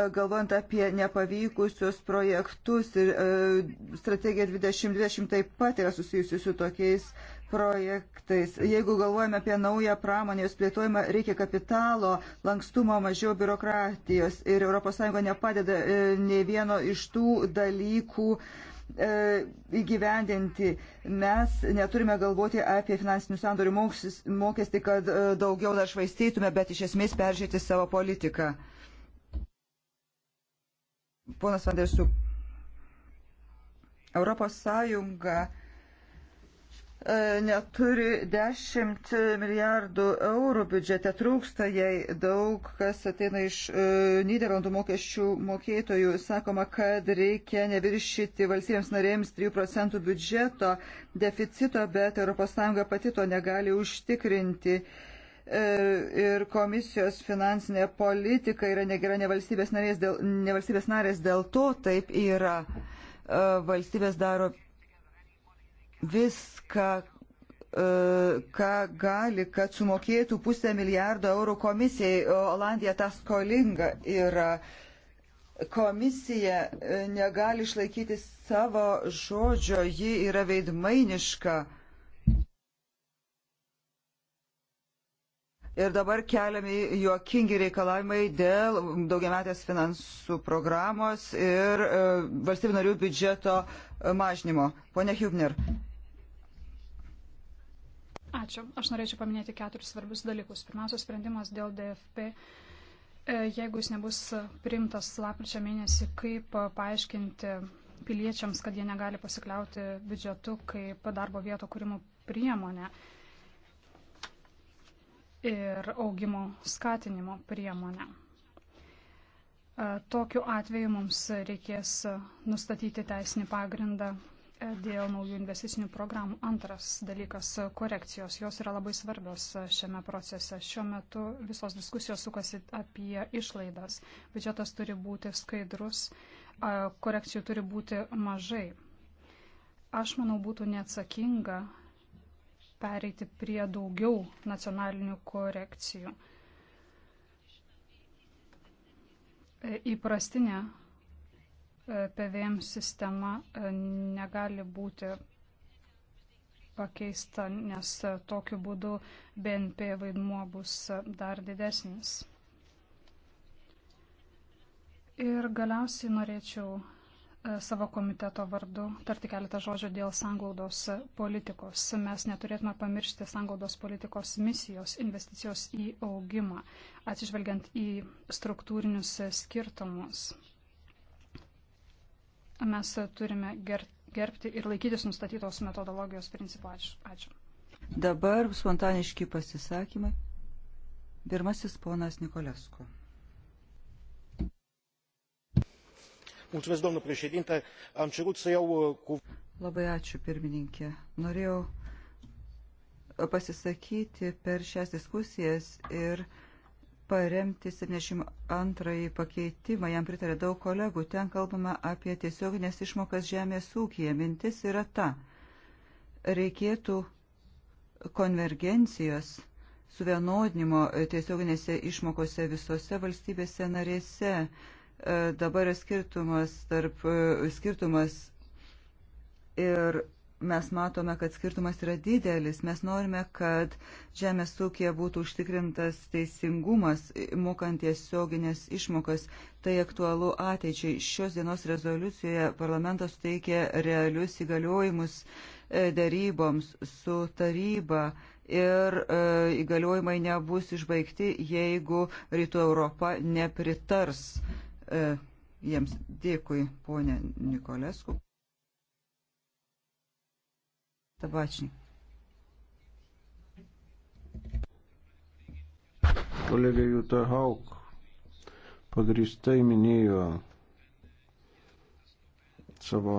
galvojant apie nepavykusius projektus ir e, strategija 2020 taip pat yra susijusi su tokiais projektais. Jeigu galvojame apie naują pramonę, jos plėtojimą, reikia kapitalo, lankstumo, mažiau biurokratijos ir ES nepadeda e, nei vieno iš tų dalykų e, įgyvendinti. Mes neturime galvoti apie finansinių sandorių mokestį, kad daugiau dar švaistytume, bet iš esmės peržiūrėti savo politiką. Ponas Vandersiuk, Europos Sąjunga e, neturi 10 milijardų eurų biudžete, trūksta jai daug, kas ateina iš e, Niderlandų mokesčių mokėtojų. Sakoma, kad reikia neviršyti valstybėms narėms 3 procentų biudžeto deficito, bet ES pati to negali užtikrinti. E, ir komisijos finansinė politika yra negera ne valstybės narės dėl, ne valstybės narės dėl to taip yra. E, valstybės daro viską, e, ką gali, kad sumokėtų pusę milijardo eurų komisijai. Olandija tas skolinga yra. Komisija negali išlaikyti savo žodžio, ji yra veidmainiška. Ir dabar keliami juokingi reikalavimai dėl daugiametės finansų programos ir e, valstybių narių biudžeto e, mažnymo. Pone Hubner. Ačiū. Aš norėčiau paminėti keturis svarbius dalykus. Pirmiausia, sprendimas dėl DFP. E, jeigu jis nebus priimtas lapkričio mėnesį, kaip paaiškinti piliečiams, kad jie negali pasikliauti biudžetu kaip darbo vieto kūrimo priemonę. E, ir augimo skatinimo priemonę. E, tokiu atveju mums reikės nustatyti teisinį pagrindą e, dėl naujų investicinių programų. Antras dalykas - korekcijos. Jos yra labai svarbios e, šiame procese. Šiuo metu visos diskusijos sukasi apie išlaidas. Biudžetas turi būti skaidrus, korekcijų turi būti mažai. Aš manau, būtų neatsakinga pereiti prie daugiau nacionalinių korekcijų. E, įprastinė e, PVM sistema e, negali būti pakeista, nes tokiu būdu BNP vaidmuo bus dar didesnis. Ir galiausiai norėčiau E, savo komiteto vardu tarti keletą žodžių dėl sanglaudos politikos. Mes neturėtume pamiršti sanglaudos politikos misijos investicijos į augimą, atsižvelgiant į struktūrinius skirtumus. Mes turime gerbti ir laikytis nustatytos metodologijos principų. Ačiū. Ačiū. Dabar spontaniški pasisakymai. Pirmasis ponas Nikolesko. am cerut să iau uh, cuvântul. Labai ačiū, pirmininkė. Norėjau uh, pasisakyti per šias diskusijas ir paremti 72 pakeitimą. Jam pritarė daug kolegų. Ten kalbama apie tiesioginės išmokas žemės ūkyje. Mintis yra ta. Reikėtų konvergencijos suvienodinimo tiesioginėse išmokose visose valstybėse narėse. E, dabar yra skirtumas tarp e, skirtumas ir mes matome, kad skirtumas yra didelis. Mes norime, kad žemės ūkija būtų užtikrintas teisingumas, mokant tiesioginės išmokas. Tai aktualu ateičiai. Šios dienos rezoliucijoje parlamentas suteikė realius įgaliojimus e, daryboms su taryba ir e, įgaliojimai nebus išbaigti, jeigu Rytų Europa nepritars e, jiems. Dėkui, ponė Nikolesku. Tabačny. Kolegė Juta Hauk pagristai minėjo savo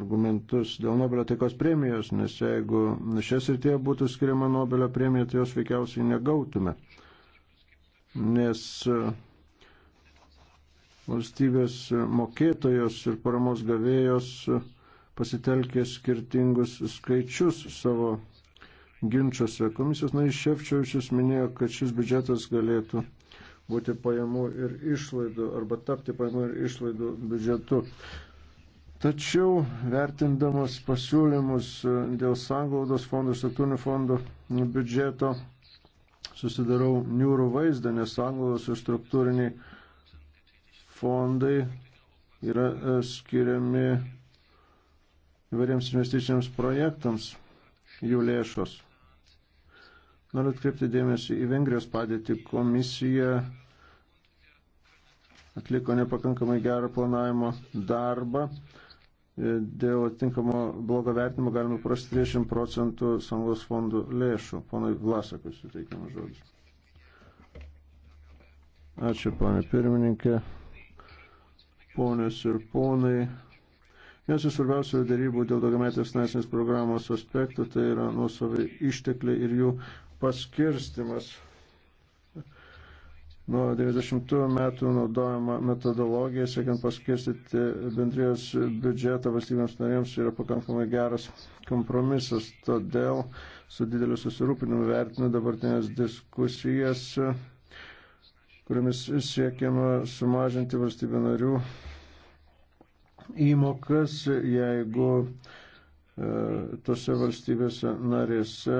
argumentus dėl Nobelio taikos premijos, nes jeigu šias ir tie būtų skiriama Nobelio premija, tai jos veikiausiai negautume nes e, valstybės mokėtojos ir paramos gavėjos e, pasitelkė skirtingus skaičius savo ginčiuose. Komisijos narys Šefčiovičius minėjo, kad šis biudžetas galėtų būti pajamų ir išlaidų arba tapti pajamų ir išlaidų biudžetu. Tačiau vertindamas pasiūlymus e, dėl sanglaudos fondų, struktūrinių fondų biudžeto susidarau niūrų vaizdą, nes anglos ir struktūriniai fondai yra e, skiriami įvairiems investiciniams projektams jų lėšos. Noriu atkreipti dėmesį į Vengrijos padėtį. Komisija atliko nepakankamai gerą planavimo darbą dėl tinkamo blogo vertinimo galima prasti 30 procentų sąjungos fondų lėšų. Ponai Vlasakui suteikiamas žodis. Ačiū, ponė pirmininkė. Ponės ir ponai. Vienas iš svarbiausių darybų dėl daugiametės finansinės programos aspektų tai yra nuosavai ištekliai ir jų paskirstimas nuo 90 metų naudojama metodologija, siekiant paskirstyti bendrijos biudžetą valstybėms narėms, yra pakankamai geras kompromisas. Todėl su dideliu susirūpinimu vertinu dabartinės diskusijas, kuriamis siekiama sumažinti valstybė narių įmokas, jeigu uh, E, tose valstybėse narėse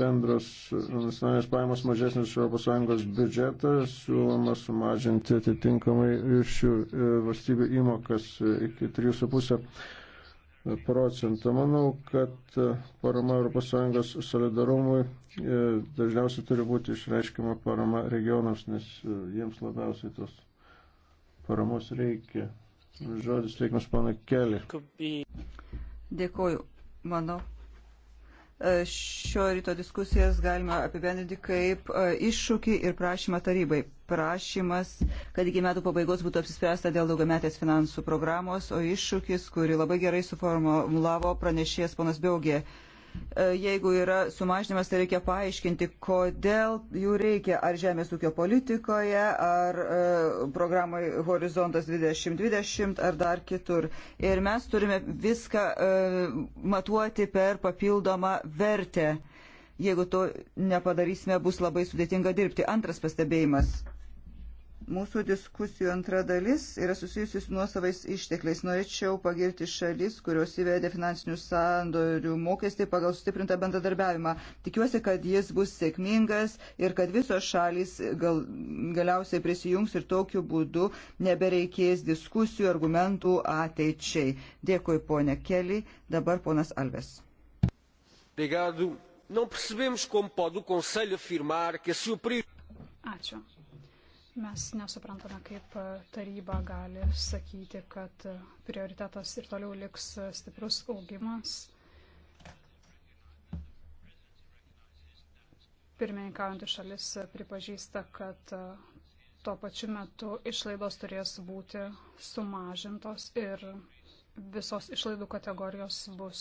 bendros nacionalinės pajamos mažesnis Europos Sąjungos biudžetas siūloma sumažinti atitinkamai šių e, valstybių įmokas iki 3,5 procento. Manau, kad e, parama Europos Sąjungos solidarumui dažniausiai turi būti išreiškima parama regionams, nes jiems labiausiai tos paramos reikia. Žodis teikimas pana Kelį. Dėkoju. Manau, e, šio ryto diskusijas galima apibendinti kaip e, iššūkį ir prašymą tarybai. Prašymas, kad iki metų pabaigos būtų apsispręsta dėl daugiametės finansų programos, o iššūkis, kurį labai gerai suformulavo pranešėjas ponas Beugė. E, jeigu yra sumažinimas, tai reikia paaiškinti, kodėl jų reikia, ar žemės ūkio politikoje, ar e, programai Horizontas 2020, ar dar kitur. Ir mes turime viską e, matuoti per papildomą vertę. Jeigu to nepadarysime, bus labai sudėtinga dirbti. Antras pastebėjimas. Mūsų diskusijų antra dalis yra susijusi su nuosavais ištekliais. Norėčiau pagirti šalis, kurios įvedė finansinių sandorių mokestį pagal sustiprintą bendradarbiavimą. Tikiuosi, kad jis bus sėkmingas ir kad visos šalis gal, galiausiai prisijungs ir tokiu būdu nebereikės diskusijų, argumentų ateičiai. Dėkui, ponė Keli. Dabar ponas Alves. Obrigado. Não percebemos como pode o Conselho afirmar que a sua prioridade. Ačiū. Mes nesuprantame, kaip taryba gali sakyti, kad prioritetas ir toliau liks stiprus augimas. Pirmininkaujantys šalis pripažįsta, kad tuo pačiu metu išlaidos turės būti sumažintos ir visos išlaidų kategorijos bus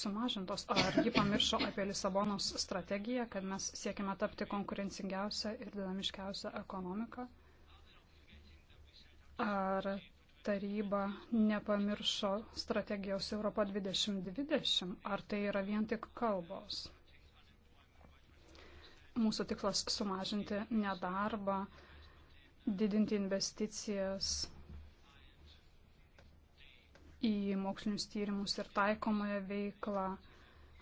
sumažintos. Ar ji pamiršo apie Lisabonos strategiją, kad mes siekime tapti konkurencingiausią ir dinamiškiausią ekonomiką? Ar taryba nepamiršo strategijos Europa 2020? Ar tai yra vien tik kalbos? Mūsų tikslas sumažinti nedarbą, didinti investicijas, į mokslinius tyrimus ir taikomąją veiklą.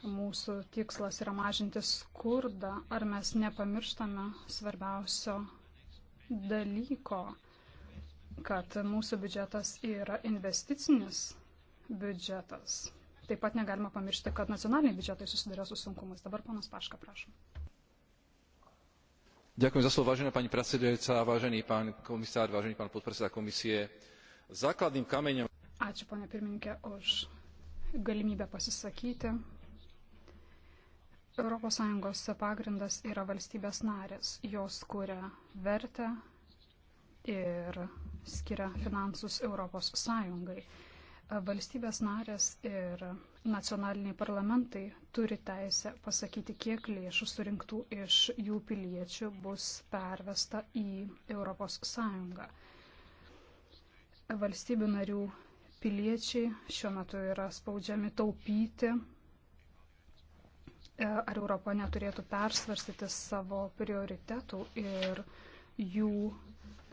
Mūsų tikslas yra mažinti skurdą, ar mes nepamirštame svarbiausio dalyko, kad mūsų biudžetas yra investicinis biudžetas. Taip pat negalima pamiršti, kad nacionaliniai biudžetai susiduria su sunkumais. Dabar panas Paška, prašom. Ďakujem za slovo, vážená pani predsedajúca, vážený pán komisár, vážený pán podpredseda komisie. Základným kameňom Ačiū, ponė pirmininkė, už galimybę pasisakyti. ES pagrindas yra valstybės narės. Jos kuria vertę ir skiria finansus ES. Valstybės narės ir nacionaliniai parlamentai turi teisę pasakyti, kiek lėšų surinktų iš jų piliečių bus pervesta į ES. Valstybių narių piliečiai šiuo metu yra spaudžiami taupyti. E, ar Europa neturėtų persvarstyti savo prioritetų ir jų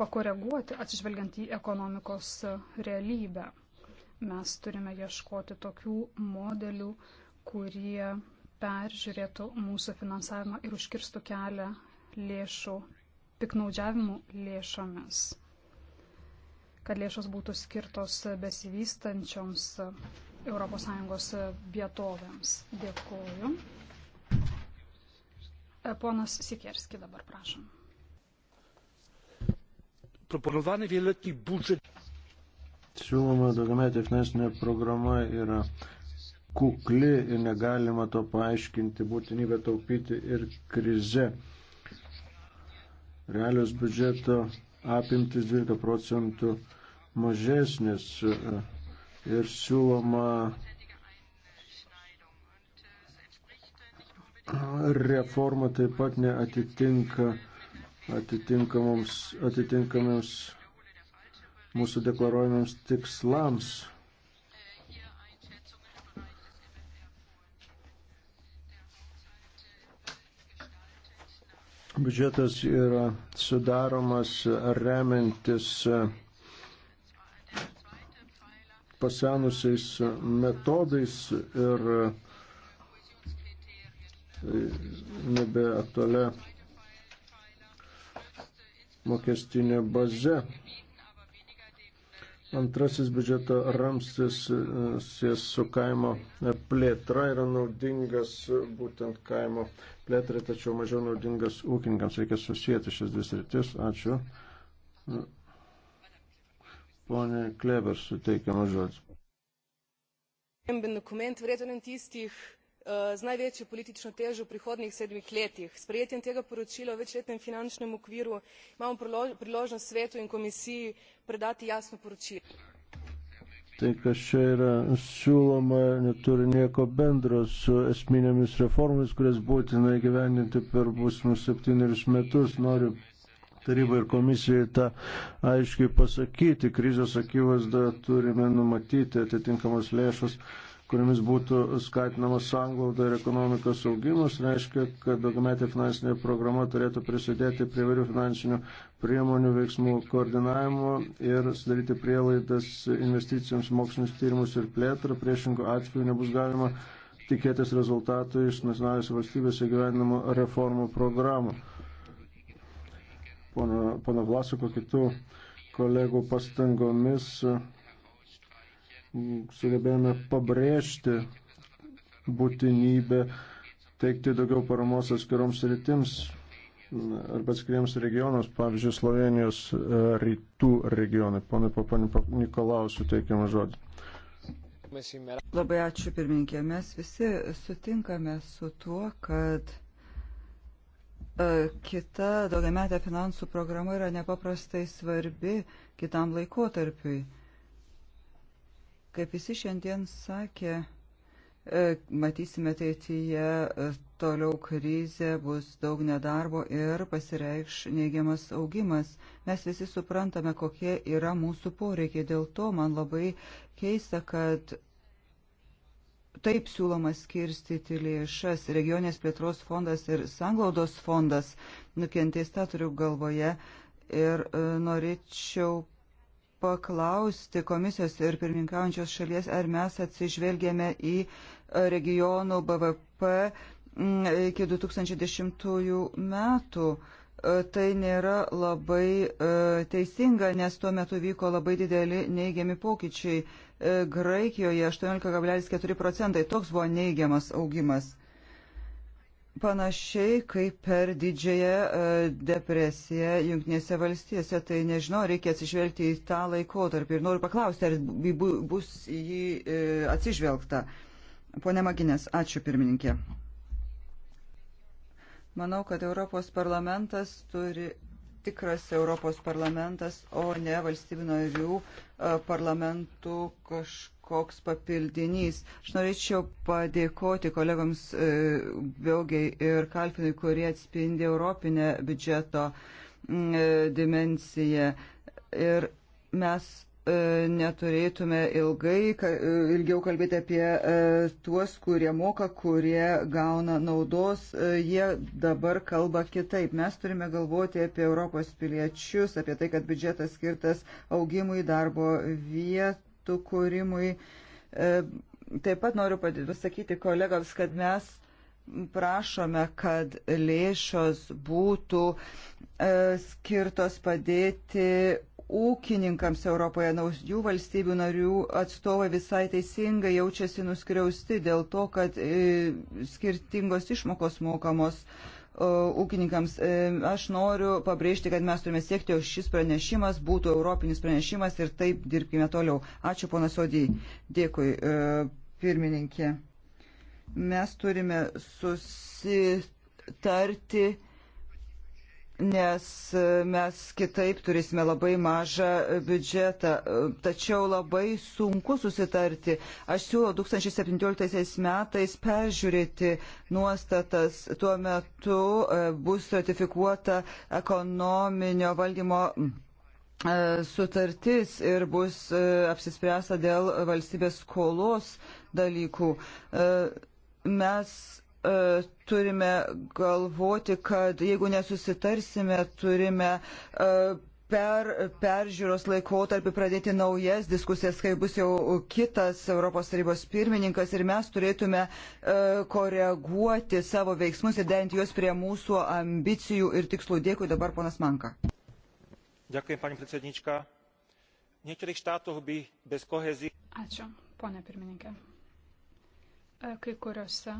pakoreguoti atsižvelgiant į ekonomikos realybę? Mes turime ieškoti tokių modelių, kurie peržiūrėtų mūsų finansavimą ir užkirstų kelią lėšų piknaudžiavimų lėšomis kad lėšos būtų skirtos besivystančioms ES vietovėms. Dėkuoju. E, ponas Sikerski dabar prašom. Proponowany wieloletni budżet. Siūloma daugiametė finansinė programa yra kukli ir negalima to paaiškinti būtinybę taupyti ir krize. Realios biudžeto apimtis 12 procentų mažesnis e, ir siūloma reforma taip pat neatitinka atitinkamams mūsų deklaruojamiems tikslams Biudžetas yra sudaromas remiantis pasenusiais metodais ir nebeaktualia mokestinė baze. Antrasis biudžeto ramstis e, sės su kaimo e, plėtra yra naudingas e, būtent kaimo plėtrai, tačiau mažiau naudingas ūkininkams. Reikia susijęti šias dvi sritis. Ačiū. Pone Kleber suteikiamas žodis z največjo politično težo v prihodnjih sedmih letih. s sprejetjem tega poročila o večletnem finančnem okviru imamo priložnost svetu in komisiji predati jasno poročilo. Tai, kas čia yra siūloma, neturi nieko bendro su esminėmis reformomis, kurias būtina įgyveninti per būsimus septynerius metus. Noriu tarybai ir komisijai tą aiškiai pasakyti. Krizės akivaizdoje turime numatyti atitinkamas lėšas kuriomis būtų skatinamas sanglauda ir ekonomikos augimas, reiškia, kad daugiametė finansinė programa turėtų prisidėti prie vairių finansinių priemonių veiksmų koordinavimo ir sudaryti prielaidas investicijoms mokslinius tyrimus ir plėtrą. Priešingų atveju nebus galima tikėtis rezultatų iš nacionalinės valstybės įgyvenimo reformų programų. Pono, pono Vlasiko kitų kolegų pastangomis sugebėjome pabrėžti būtinybę teikti daugiau paramos atskiroms rytims arba atskiriems regionams, pavyzdžiui, Slovenijos e, rytų regionai. Pone Papanį Nikolau suteikiamą žodį. Labai ačiū pirmininkė. Mes visi sutinkame su tuo, kad e, kita daugiametė finansų programa yra nepaprastai svarbi kitam laikotarpiui. Kaip visi šiandien sakė, e, matysime ateityje e, toliau krizė, bus daug nedarbo ir pasireikš neigiamas augimas. Mes visi suprantame, kokie yra mūsų poreikiai. Dėl to man labai keista, kad taip siūloma skirstyti lėšas. Regionės plėtros fondas ir sanglaudos fondas nukentės, tą turiu galvoje. Ir e, norėčiau paklausti komisijos ir pirmininkaujančios šalies, ar mes atsižvelgėme į e, regionų BVP iki 2010 metų. E, tai nėra labai e, teisinga, nes tuo metu vyko labai dideli neigiami pokyčiai. Graikijoje 18,4 procentai toks buvo neigiamas augimas panašiai kaip per didžiąją e, depresiją Junktinėse valstijose. Tai nežinau, reikia atsižvelgti į tą laikotarpį ir noriu paklausti, ar bus į jį e, atsižvelgta. Pone Maginės, ačiū pirmininkė. Manau, kad Europos parlamentas turi tikras Europos parlamentas, o ne valstybių narių e, parlamentų kažkokiu koks papildinys. Aš norėčiau padėkoti kolegoms e, Biogiai ir Kalfinui, kurie atspindi Europinę biudžeto mm, e, dimensiją. Ir mes e, neturėtume ilgai, ka, e, ilgiau kalbėti apie e, tuos, kurie moka, kurie gauna naudos. E, jie dabar kalba kitaip. Mes turime galvoti apie Europos piliečius, apie tai, kad biudžetas skirtas augimui darbo vietų vietų kūrimui. E, taip pat noriu pasakyti kolegams, kad mes prašome, kad lėšos būtų e, skirtos padėti ūkininkams Europoje, nors jų valstybių narių atstovai visai teisingai jaučiasi nuskriausti dėl to, kad e, skirtingos išmokos mokamos ūkininkams. E, aš noriu pabrėžti, kad mes turime siekti, jog šis pranešimas būtų europinis pranešimas ir taip dirbkime toliau. Ačiū, pana Sodį. Dėkui, e, pirmininkė. Mes turime susitarti nes e, mes kitaip turėsime labai mažą e, biudžetą. E, tačiau labai sunku susitarti. Aš siūlau 2017 metais peržiūrėti nuostatas. Tuo metu bus ratifikuota ekonominio valdymo sutartis ir bus apsispręsta dėl valstybės skolos dalykų. Mes E, turime galvoti, kad jeigu nesusitarsime, turime e, per peržiūros laikotarpį pradėti naujas diskusijas, kai bus jau kitas Europos tarybos pirmininkas ir mes turėtume e, koreguoti savo veiksmus ir derinti juos prie mūsų ambicijų ir tikslų. Dėkui dabar, ponas Manka. Dėkui, pani predsednička. Niektorých štátoch by bez kohezy... Ačiū, ponia pirmininkė. Kai kuriuose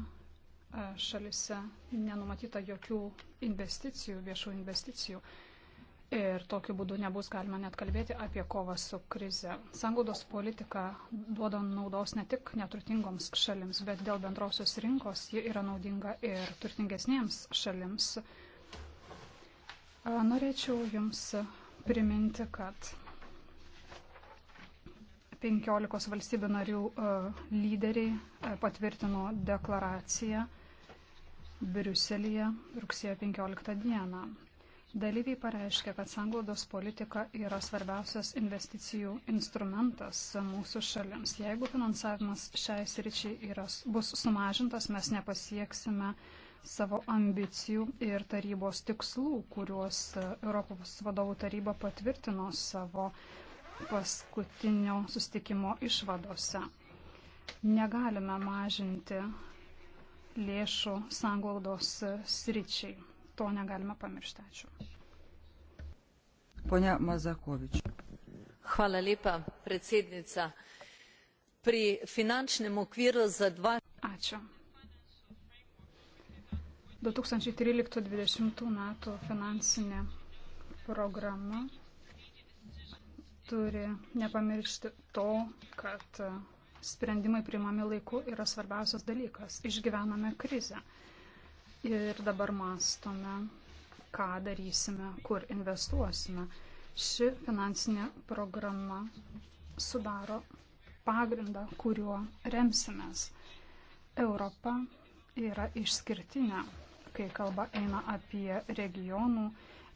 šalise nenumatyta jokių investicijų, viešų investicijų. Ir tokiu būdu nebus galima net kalbėti apie kovą su krize. Sanglaudos politika duoda naudos ne tik neturtingoms šalims, bet dėl bendrosios rinkos ji yra naudinga ir turtingesniems šalims. Norėčiau Jums priminti, kad 15 valstybių narių lyderiai patvirtino deklaraciją Briuselėje rugsėjo 15 dieną. Dalyviai pareiškia, kad sanglaudos politika yra svarbiausias investicijų instrumentas mūsų šalims. Jeigu finansavimas šiai sričiai yra, bus sumažintas, mes nepasieksime savo ambicijų ir tarybos tikslų, kuriuos Europos vadovų taryba patvirtino savo paskutinio sustikimo išvadose. Negalime mažinti lėšų sanglaudos sričiai. To negalima pamiršti. Ačiū. Pone Mazakovič. Hvala lepa, predsednica. Pri finančnem okviru za dva. Ačiū. 2013-2020 metų finansinė programa turi nepamiršti to, kad sprendimai priimami laiku yra svarbiausias dalykas. Išgyvename krizę ir dabar mastome, ką darysime, kur investuosime. Ši finansinė programa sudaro pagrindą, kuriuo remsimės. Europa yra išskirtinė, kai kalba eina apie regionų,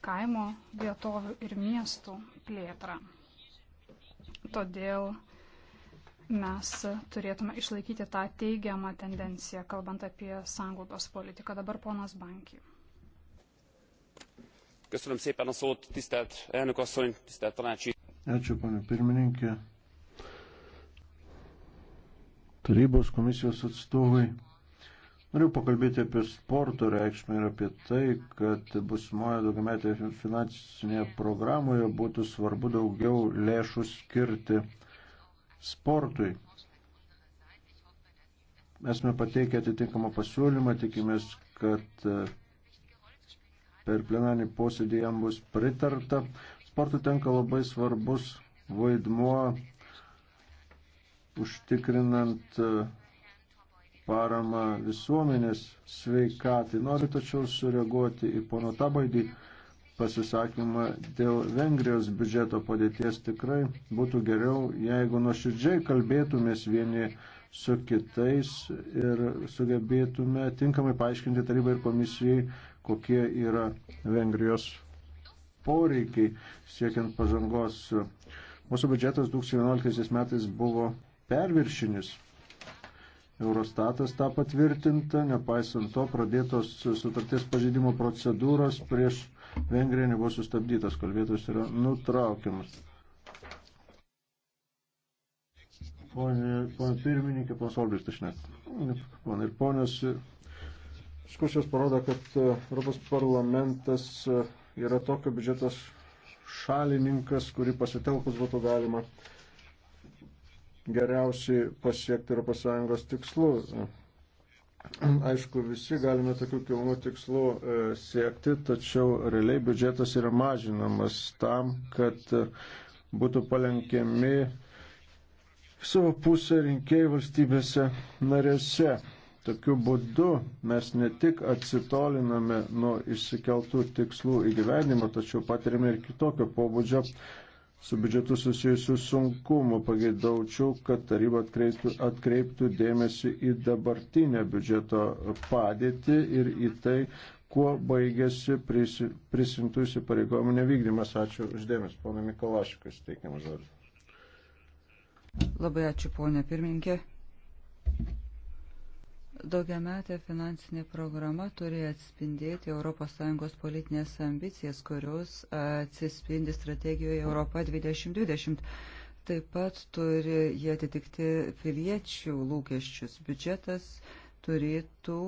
kaimo vietovių ir miestų plėtrą. Todėl mes turėtume išlaikyti tą teigiamą tendenciją, kalbant apie sanglaudos politiką. Dabar ponas Banki. Köszönöm szépen a szót, tisztelt elnök asszony, tisztelt tanácsi. Ačiū, ponė pirmininkė. Tarybos komisijos atstovai. Noriu pakalbėti apie sporto reikšmę ir apie tai, kad busimoje daugiametėje finansinėje programoje būtų svarbu daugiau lėšų skirti sportui. Esame pateikę atitinkamą pasiūlymą, tikimės, kad e, per plenarį posėdį jam bus pritarta. Sportui tenka labai svarbus vaidmuo užtikrinant e, paramą visuomenės sveikatai. Noriu tačiau sureaguoti į pono Tabaidį pasisakymą dėl Vengrijos biudžeto padėties tikrai būtų geriau, jeigu nuoširdžiai kalbėtumės vieni su kitais ir sugebėtume tinkamai paaiškinti tarybai ir komisijai, kokie yra Vengrijos poreikiai siekiant pažangos. Mūsų biudžetas 2011 metais buvo perviršinis Eurostatas tą patvirtinta, nepaisant to pradėtos sutarties pažeidimo procedūros prieš Vengriją nebuvo sustabdytas, kalbėtos yra nutraukiamas. Pone, pone pirmininkė, pone Solbris, tašnek. Pone ir ponios, diskusijos parodo, kad e, Europos parlamentas e, yra tokio biudžetos šalininkas, kurį pasitelkus būtų galima uh, geriausiai pasiekti ES tikslų. Aišku, visi galime tokių kilnų tikslų e, siekti, tačiau realiai biudžetas yra mažinamas tam, kad e, būtų palenkiami savo pusę rinkėjai valstybėse narėse. Tokiu būdu mes ne tik atsitoliname nuo išsikeltų tikslų įgyvenimo, tačiau patirime ir kitokio pobūdžio su biudžetu susijusių sunkumų. Pagėdaučiau, kad taryba atkreiptų, atkreiptų dėmesį į dabartinę biudžeto padėtį ir į tai, kuo baigėsi pris, prisimtų įsipareigojimų nevykdymas. Ačiū uždėmesi. Pana Mikolašikas, teikiamas žodis. Labai ačiū, ponė pirmininkė. Daugiametė finansinė programa turi atspindėti ES politinės ambicijas, kurios atsispindi strategijoje Europa 2020. Taip pat turi jie atitikti piliečių lūkesčius. Biudžetas turėtų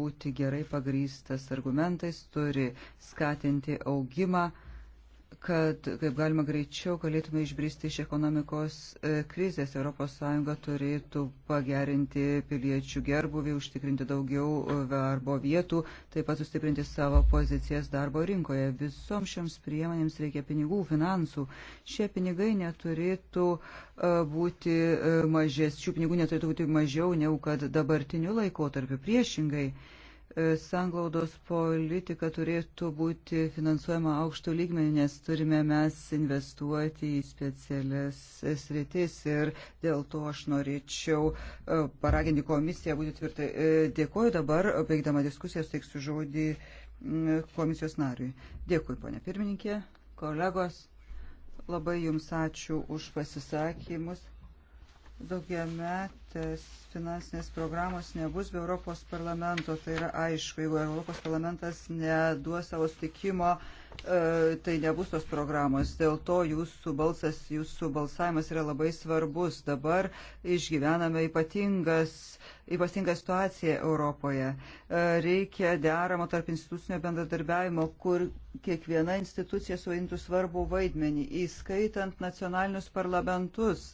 būti gerai pagrystas argumentais, turi skatinti augimą kad kaip galima greičiau galėtume išbristi iš ekonomikos e, krizės. ES turėtų pagerinti piliečių gerbuvį, užtikrinti daugiau e, darbo vietų, taip pat sustiprinti savo pozicijas darbo rinkoje. Visoms šioms priemonėms reikia pinigų, finansų. Šie pinigai neturėtų e, būti mažės, šių pinigų neturėtų būti mažiau negu kad dabartiniu laikotarpiu priešingai. E, sanglaudos politika turėtų būti finansuojama aukštų lygmenį, nes turime mes investuoti į specialias sritis ir dėl to aš norėčiau e, paraginti komisiją būti tvirtai. E, Dėkuoju dabar, baigdama diskusiją, steiksiu žodį komisijos nariui. Dėkui, ponė pirmininkė, kolegos, labai jums ačiū už pasisakymus daugiametės finansinės programos nebus be Europos parlamento. Tai yra aišku, jeigu Europos parlamentas neduos savo stikimo, e, tai nebus tos programos. Dėl to jūsų balsas, jūsų balsavimas yra labai svarbus. Dabar išgyvename ypatingas, ypatingą situaciją Europoje. E, reikia deramo tarp institucinio bendradarbiavimo, kur kiekviena institucija suvaidintų svarbų vaidmenį, įskaitant nacionalinius parlamentus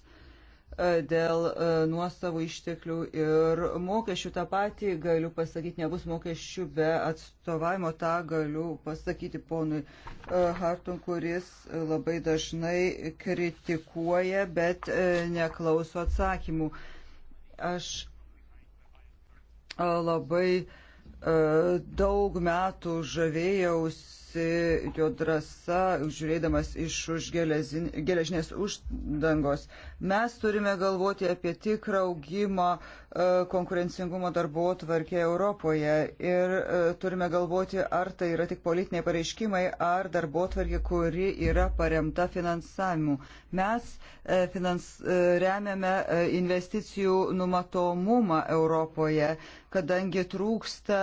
dėl e, nuosavų išteklių ir mokesčių. Ta pati galiu pasakyti, nebus mokesčių be atstovavimo, tą galiu pasakyti ponui e, Hartung, kuris e, labai dažnai kritikuoja, bet neklauso atsakymų. Aš labai daug metų žavėjausi džiaugiuosi jo drąsa, žiūrėdamas iš už geležinės uždangos. Mes turime galvoti apie tikrą augimą e, konkurencingumo darbo tvarkė Europoje ir e, turime galvoti, ar tai yra tik politiniai pareiškimai, ar darbo tvarkė, kuri yra paremta finansavimu. Mes e, finans, remiame investicijų numatomumą Europoje, kadangi trūksta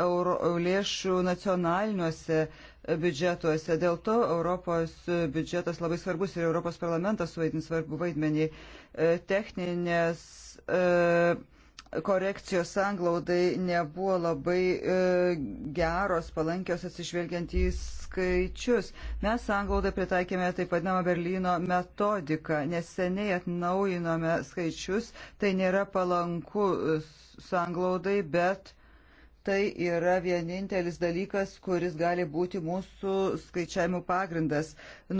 euro, lėšų nacionaliniuose biudžetuose. Dėl to Europos biudžetas labai svarbus ir Europos parlamentas suvaidins svarbu vaidmenį e, techninės. E, korekcijos sanglaudai nebuvo labai e, geros, palankios atsižvelgiant į skaičius. Mes sanglaudą pritaikėme taip vadinamą Berlyno metodiką, nes seniai atnaujinome skaičius, tai nėra palanku sanglaudai, bet tai yra vienintelis dalykas, kuris gali būti mūsų skaičiavimų pagrindas,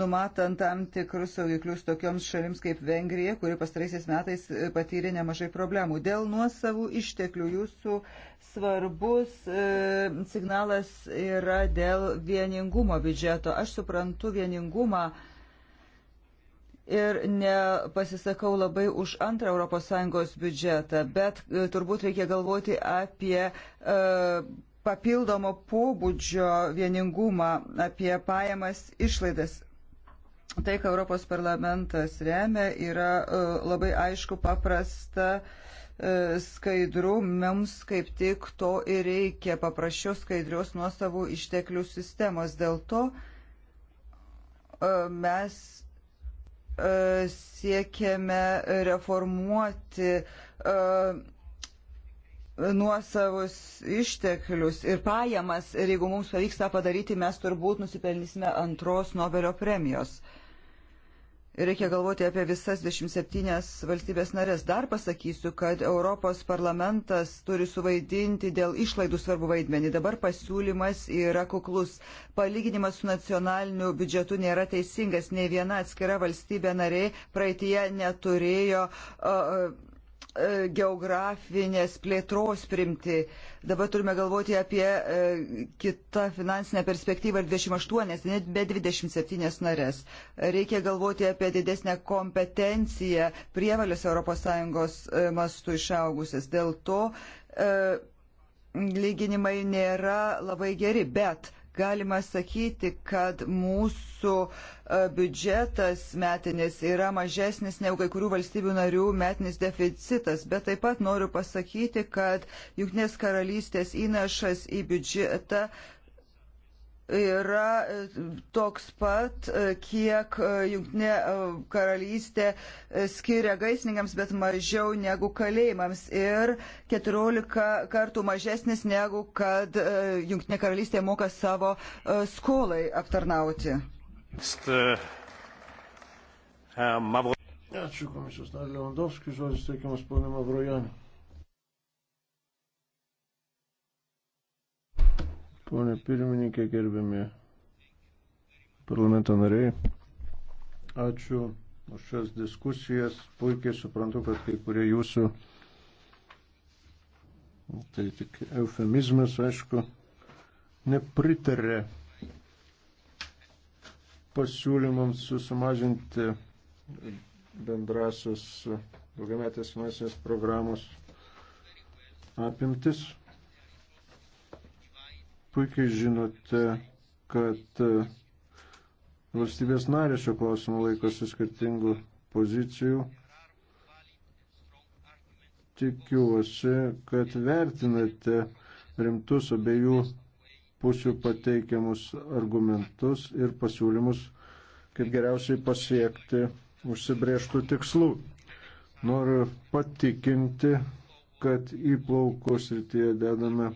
numatant tam tikrus saugiklius tokioms šalims kaip Vengrija, kuri pastaraisiais metais e, patyrė nemažai problemų. Dėl nuosavų išteklių jūsų svarbus e, signalas yra dėl vieningumo biudžeto. Aš suprantu vieningumą ir nepasisakau labai už antrą ES biudžetą, bet e, turbūt reikia galvoti apie uh, papildomo pobūdžio vieningumą, apie pajamas išlaidas. Tai, ką Europos parlamentas remia, yra uh, labai aišku, paprasta, uh, skaidru, mums kaip tik to ir reikia paprasčios skaidrios nuosavų išteklių sistemos. Dėl to mes siekiame reformuoti e, nuosavus išteklius ir pajamas ir jeigu mums pavyks tą padaryti, mes turbūt nusipelnysime antros Nobelio premijos. Uh, Reikia galvoti apie visas 27 valstybės narės. Dar pasakysiu, kad Europos parlamentas turi suvaidinti dėl išlaidų svarbu vaidmenį. Dabar pasiūlymas yra kuklus. Palyginimas su nacionaliniu biudžetu nėra teisingas. Ne viena atskira valstybė nariai praeitie neturėjo. Uh, E, geografinės plėtros primti. Dabar turime galvoti apie e, kitą finansinę perspektyvą ir 28, net be 27 narės. Reikia galvoti apie didesnę kompetenciją prievalės ES e, mastų išaugusias. Dėl to lyginimai nėra labai geri, bet galima sakyti, kad mūsų e, biudžetas metinis yra mažesnis negu kai kurių valstybių narių metinis deficitas, bet taip pat noriu pasakyti, kad Junknės karalystės įnašas į biudžetą yra e, toks pat, e, kiek e, Junktinė karalystė skiria gaisininkams, bet mažiau negu kalėjimams ir 14 kartų mažesnis negu kad Junktinė karalystė moka savo skolai aptarnauti. Ačiū komisijos nariu Lewandowskiu, žodis teikiamas ponui Mavrojanui. Pone pirmininkė, gerbiami parlamento nariai, ačiū už šias diskusijas. Puikiai suprantu, kad kai kurie jūsų, tai tik eufemizmas, aišku, nepritarė pasiūlymams sumažinti bendrasios daugiametės finansinės programos apimtis. Puikiai žinote, kad e, valstybės narės šio klausimo laikosi skirtingų pozicijų. Tikiuosi, kad vertinate rimtus abiejų pusių pateikiamus argumentus ir pasiūlymus, kaip geriausiai pasiekti užsibrieštų tikslų. Noriu patikinti, kad įplaukos rytyje dedame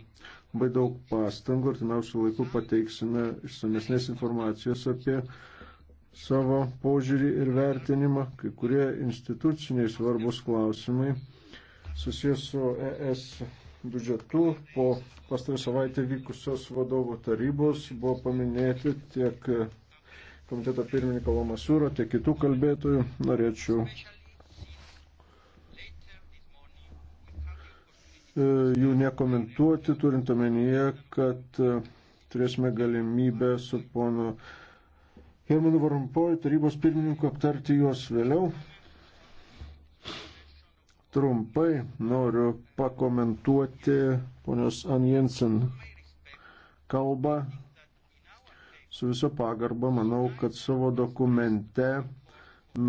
labai daug pastangų, artimiausių laikų pateiksime išsamesnės informacijos apie savo požiūrį ir vertinimą, kai kurie instituciniai svarbus klausimai susijęs su ES biudžetu po pastarą savaitę vykusios vadovų tarybos buvo paminėti tiek komiteto pirmininko Lamasūro, tiek kitų kalbėtojų. Norėčiau E, jų nekomentuoti, turint omenyje, kad e, turėsime galimybę su ponu Hermanu Varumpoju, tarybos pirmininku, aptarti juos vėliau. Trumpai noriu pakomentuoti ponios Anjensen kalbą. Su viso pagarba manau, kad savo dokumente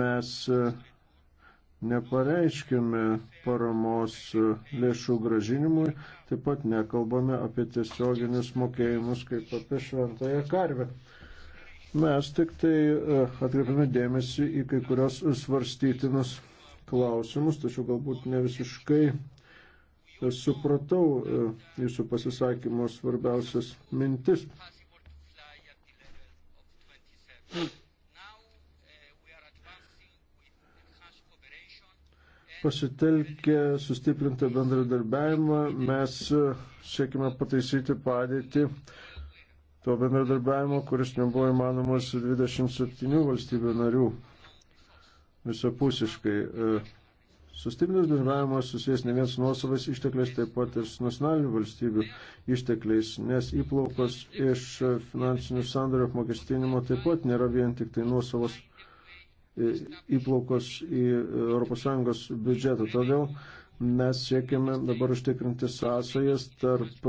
mes e, nepareiškime paramos lėšų gražinimui, taip pat nekalbame apie tiesioginius mokėjimus kaip apie šventąją karvę. Mes tik tai e, atkreipiame dėmesį į kai kurios svarstytinus klausimus, tačiau galbūt ne visiškai e, supratau e, jūsų pasisakymo svarbiausias mintis. Thank you. Pasitelkę sustiprintą bendradarbiavimą mes e, siekime pataisyti padėtį to bendradarbiavimo, kuris nebuvo įmanomas 27 valstybių narių visapusiškai. E, sustiprintas bendravimas susijęs ne vien su nuosavais ištekliais, taip pat ir su nacionalinių valstybių ištekliais, nes įplaukos iš finansinių sandorių apmokestinimo taip pat nėra vien tik tai nuosavos įplaukos į ES biudžetą. Todėl mes siekime dabar užtikrinti sąsajas tarp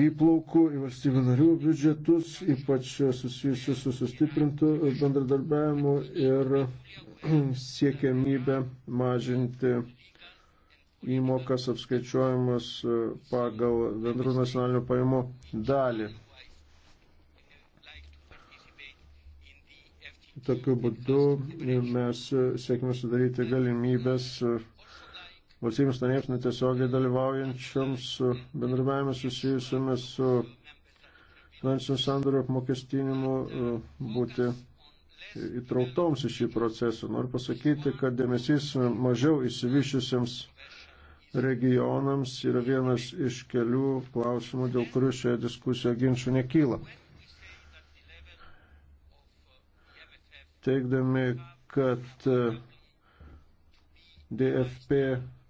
įplaukų į valstybių narių biudžetus, ypač susijusiu su sustiprintu bendradarbiavimu ir siekiamybę mažinti įmokas apskaičiuojamas pagal bendrų nacionalinių pajamų dalį. Tokiu būdu mes siekime sudaryti galimybės valstybės narėms netiesiogiai dalyvaujančioms bendravime susijusiamis su finansinių sandorių apmokestinimu e, būti įtrauktoms į šį procesą. Noriu pasakyti, kad dėmesys mažiau įsivyšiusiems regionams yra vienas iš kelių klausimų, dėl kurių šioje diskusijoje ginčių nekyla. teikdami, kad e, DFP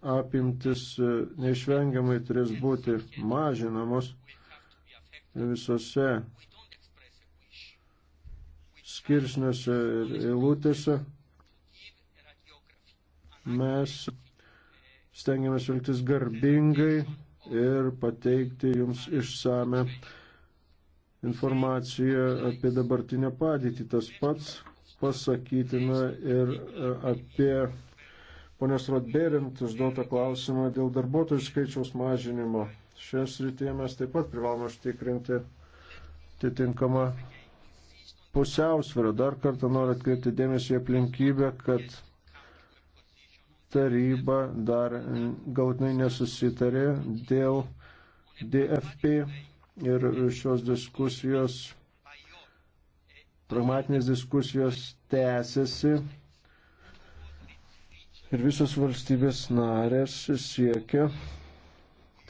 apimtis e, neišvengiamai turės būti mažinamos visose skirsniuose ir eilutėse. Mes stengiamės vilktis garbingai ir pateikti jums išsame informaciją apie dabartinę padėtį. Tas pats pasakytina ir e, apie ponios Rodberint užduotą klausimą dėl darbuotojų skaičiaus mažinimo. Šioje srityje mes taip pat privalome užtikrinti atitinkamą pusiausvyrą. Dar kartą noriu atkreipti dėmesį į aplinkybę, kad taryba dar galtinai nesusitarė dėl DFP ir šios diskusijos Pragmatinės diskusijos tęsiasi ir visos valstybės narės siekia,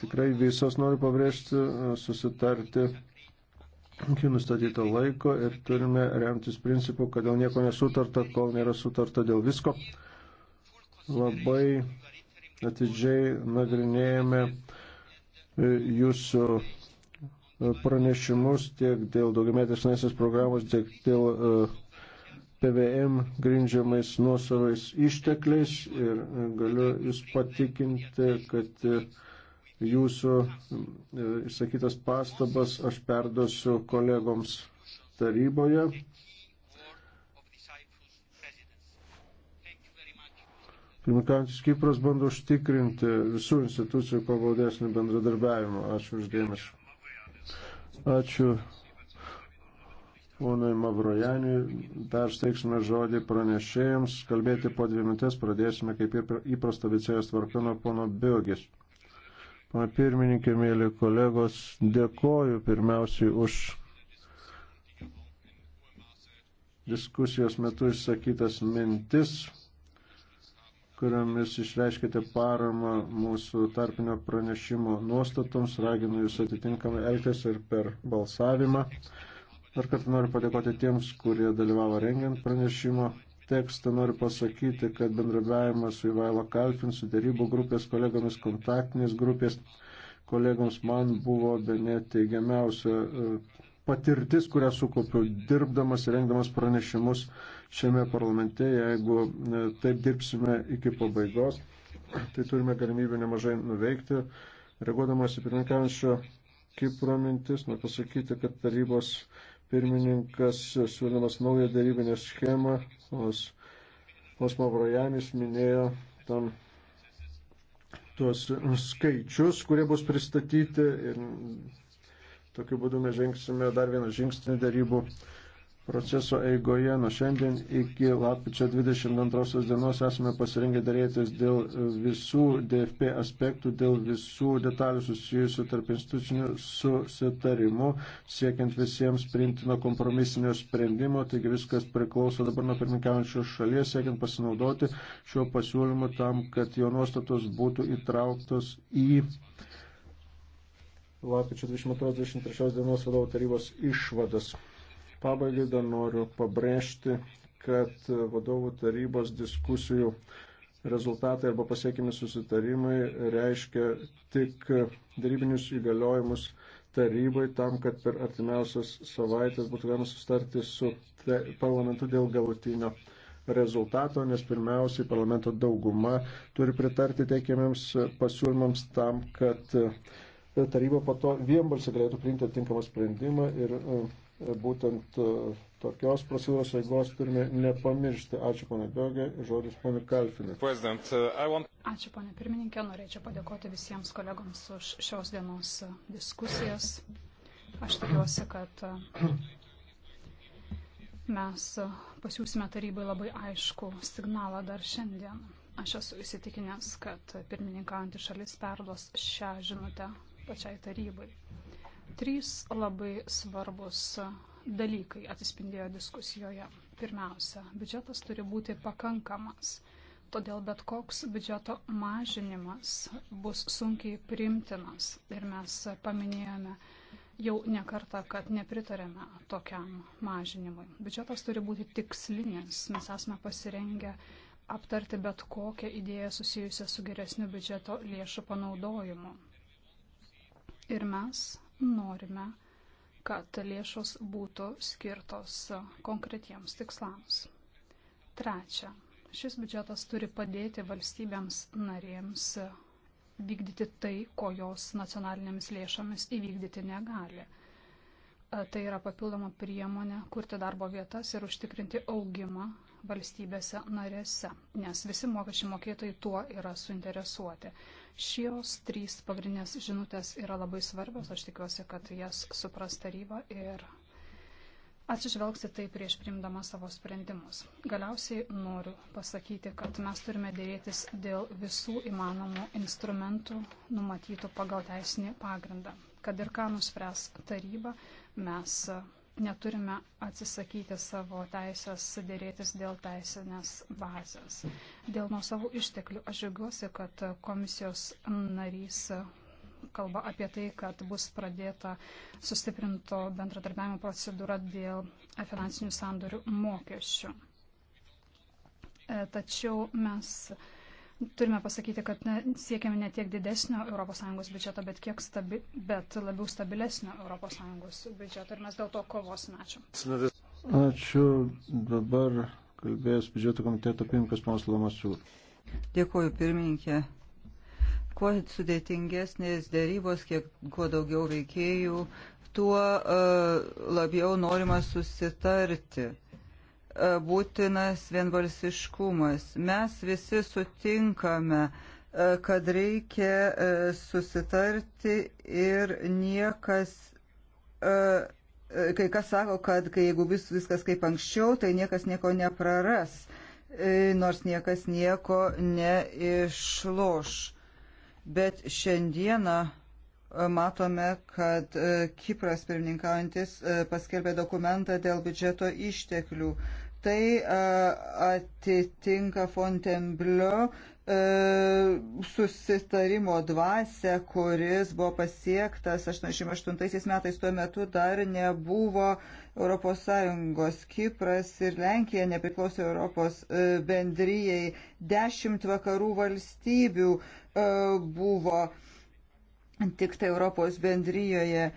tikrai visos noriu pabrėžti, susitarti iki nustatyto laiko ir turime remtis principu, kad dėl nieko nesutarta, kol nėra sutarta dėl visko. Labai atidžiai nagrinėjame e, jūsų E, pranešimus tiek dėl daugiametės finansinės programos, tiek dėl e, PVM grindžiamais nuosavais ištekliais ir e, galiu Jūs patikinti, kad Jūsų išsakytas pastabas aš perduosiu kolegoms taryboje. Pirmininkantis Kipras bando užtikrinti visų institucijų pavaldesnį bendradarbiavimą. Ačiū uždėmesi. Ačiū. Ponui Mavrojaniui persteiksime žodį pranešėjams. Kalbėti po dvi minutės pradėsime kaip ir įprasta vicėjas tvarka nuo pono Biogis. Pana pirmininkė, mėly kolegos, dėkoju pirmiausiai už diskusijos metu išsakytas mintis kuriomis išreiškite paramą mūsų tarpinio pranešimo nuostatoms, raginu jūs atitinkamai elgtis ir per balsavimą. Dar kartą noriu padėkoti tiems, kurie dalyvavo rengiant pranešimo tekstą. Noriu pasakyti, kad bendrabiavimas su Ivailo Kalfin, su darybų grupės kolegomis, kontaktinės grupės kolegoms man buvo be neteigiamiausia patirtis, kurią sukaupiau dirbdamas ir rengdamas pranešimus šiame parlamente. Jeigu e, taip dirbsime iki pabaigos, tai turime galimybę nemažai nuveikti. Reaguodamas į pirmininkiaujančio Kipro mintis, noriu pasakyti, kad tarybos pirmininkas siūlymas naują darybinę schemą, Os Mavrojanis minėjo tam tuos skaičius, kurie bus pristatyti ir Tokiu būdu mes žengsime dar vieną žingsnį darybų proceso eigoje. Nuo šiandien iki lapkričio 22 dienos esame pasirengę darėtis dėl visų DFP aspektų, dėl visų detalių susijusių tarp institucinių susitarimų, siekiant visiems priimtino kompromisinio sprendimo. Taigi viskas priklauso dabar nuo pirmininkiaujančios šalies, siekiant pasinaudoti šiuo pasiūlymu tam, kad jo nuostatos būtų įtrauktos į lapkričio 22-23 dienos vadovų tarybos išvadas. Pabaigai dar noriu pabrėžti, kad vadovų tarybos diskusijų rezultatai arba pasiekimi susitarimai reiškia tik darybinius įgaliojimus tarybai tam, kad per artimiausias savaitės būtų galima sustarti su parlamentu dėl galutinio rezultato, nes pirmiausiai parlamento dauguma turi pritarti teikiamiems pasiūlymams tam, kad taryba po to vienbalsiai galėtų priimti atinkamą sprendimą ir e, e, būtent e, tokios procedūros eigos turime nepamiršti. Ačiū, ponė Biogė, žodis ponė Kalfinė. Ačiū, ponė pirmininkė, norėčiau padėkoti visiems kolegoms už šios dienos diskusijas. Aš tikiuosi, kad mes pasiūsime tarybai labai aišku signalą dar šiandien. Aš esu įsitikinęs, kad pirmininkaujantį šalis perduos šią žinutę pačiai tarybai. Trys labai svarbus dalykai atsispindėjo diskusijoje. Pirmiausia, biudžetas turi būti pakankamas. Todėl bet koks biudžeto mažinimas bus sunkiai primtinas. Ir mes paminėjome jau nekartą, kad nepritarėme tokiam mažinimui. Biudžetas turi būti tikslinis. Mes esame pasirengę aptarti bet kokią idėją susijusią su geresniu biudžeto lėšų panaudojimu. Ir mes norime, kad lėšos būtų skirtos konkretiems tikslams. Trečia, šis biudžetas turi padėti valstybėms narėms vykdyti tai, ko jos nacionalinėmis lėšomis įvykdyti negali. E, tai yra papildoma priemonė kurti darbo vietas ir užtikrinti augimą valstybėse narėse, nes visi mokesčių mokėtojai tuo yra suinteresuoti. Šios trys pagrindinės žinutės yra labai svarbios, aš tikiuosi, kad jas supras taryba ir atsižvelgsi tai prieš primdama savo sprendimus. Galiausiai noriu pasakyti, kad mes turime dėrėtis dėl visų įmanomų instrumentų numatytų pagal teisinį pagrindą. Kad ir ką nuspręs taryba, mes neturime atsisakyti savo teisės dėrėtis dėl teisinės bazės. Dėl nuo savo išteklių aš žiūriuosi, kad komisijos narys kalba apie tai, kad bus pradėta sustiprinto bendradarbiavimo procedūra dėl finansinių sandorių mokesčių. E, tačiau mes Turime pasakyti, kad ne, siekiame ne tiek didesnio ES biudžeto, bet, kiek stabi, bet labiau stabilesnio ES biudžeto ir mes dėl to kovosime. Ačiū. Ačiū. Dabar kalbėjęs biudžeto komiteto pirmininkas Ponas Lomasiū. Dėkuoju pirmininkė. Kuo sudėtingesnės dėrybos, kiek kuo daugiau veikėjų, tuo uh, labiau norima susitarti. Uh, E, būtinas vienbalsiškumas. Mes visi sutinkame, e, kad reikia e, susitarti ir niekas, kai kas sako, kad kai jeigu vis, viskas kaip anksčiau, tai niekas nieko nepraras, nors niekas nieko neišloš. Bet šiandieną matome, kad Kipras pirmininkaujantis paskelbė dokumentą dėl biudžeto išteklių tai atitinka Fontainebleau susitarimo dvasę, kuris buvo pasiektas 88 metais. Tuo metu dar nebuvo ES. Kipras ir Lenkija nepriklausė Europos bendryjai. Dešimt vakarų valstybių buvo tik tai Europos bendryjoje.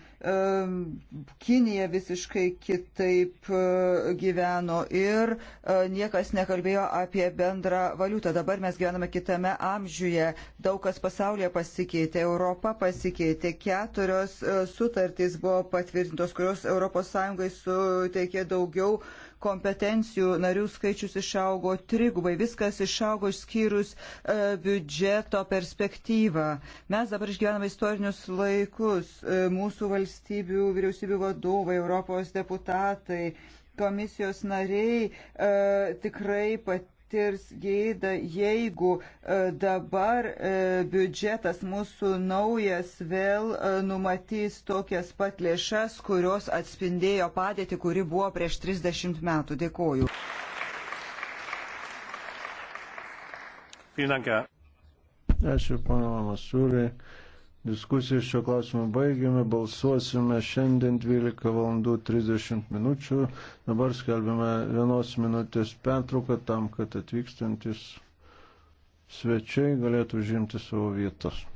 Kinija visiškai kitaip e, gyveno ir e, niekas nekalbėjo apie bendrą valiutą. Dabar mes gyvename kitame amžiuje. Daug kas pasaulyje pasikeitė, Europa pasikeitė. Keturios e, sutartys buvo patvirtintos, kurios ES suteikė daugiau uh, kompetencijų narių skaičius išaugo trigubai, viskas išaugo išskyrus e, biudžeto perspektyvą. Mes dabar išgyvename istorinius laikus, e, mūsų valstybių, vyriausybių vadovai, Europos deputatai, komisijos nariai e, tikrai pat patirs gėdą, jeigu e, dabar e, biudžetas mūsų naujas vėl e, numatys tokias pat lėšas, kurios atspindėjo padėtį, kuri buvo prieš 30 metų. Dėkoju. Ačiū, pana Masūrė. Diskusiją šio klausimą baigėme, balsuosime šiandien 12 val. 30 minučių. Dabar skelbime vienos minutės pertrauką tam, kad atvykstantis svečiai galėtų žimti savo vietas.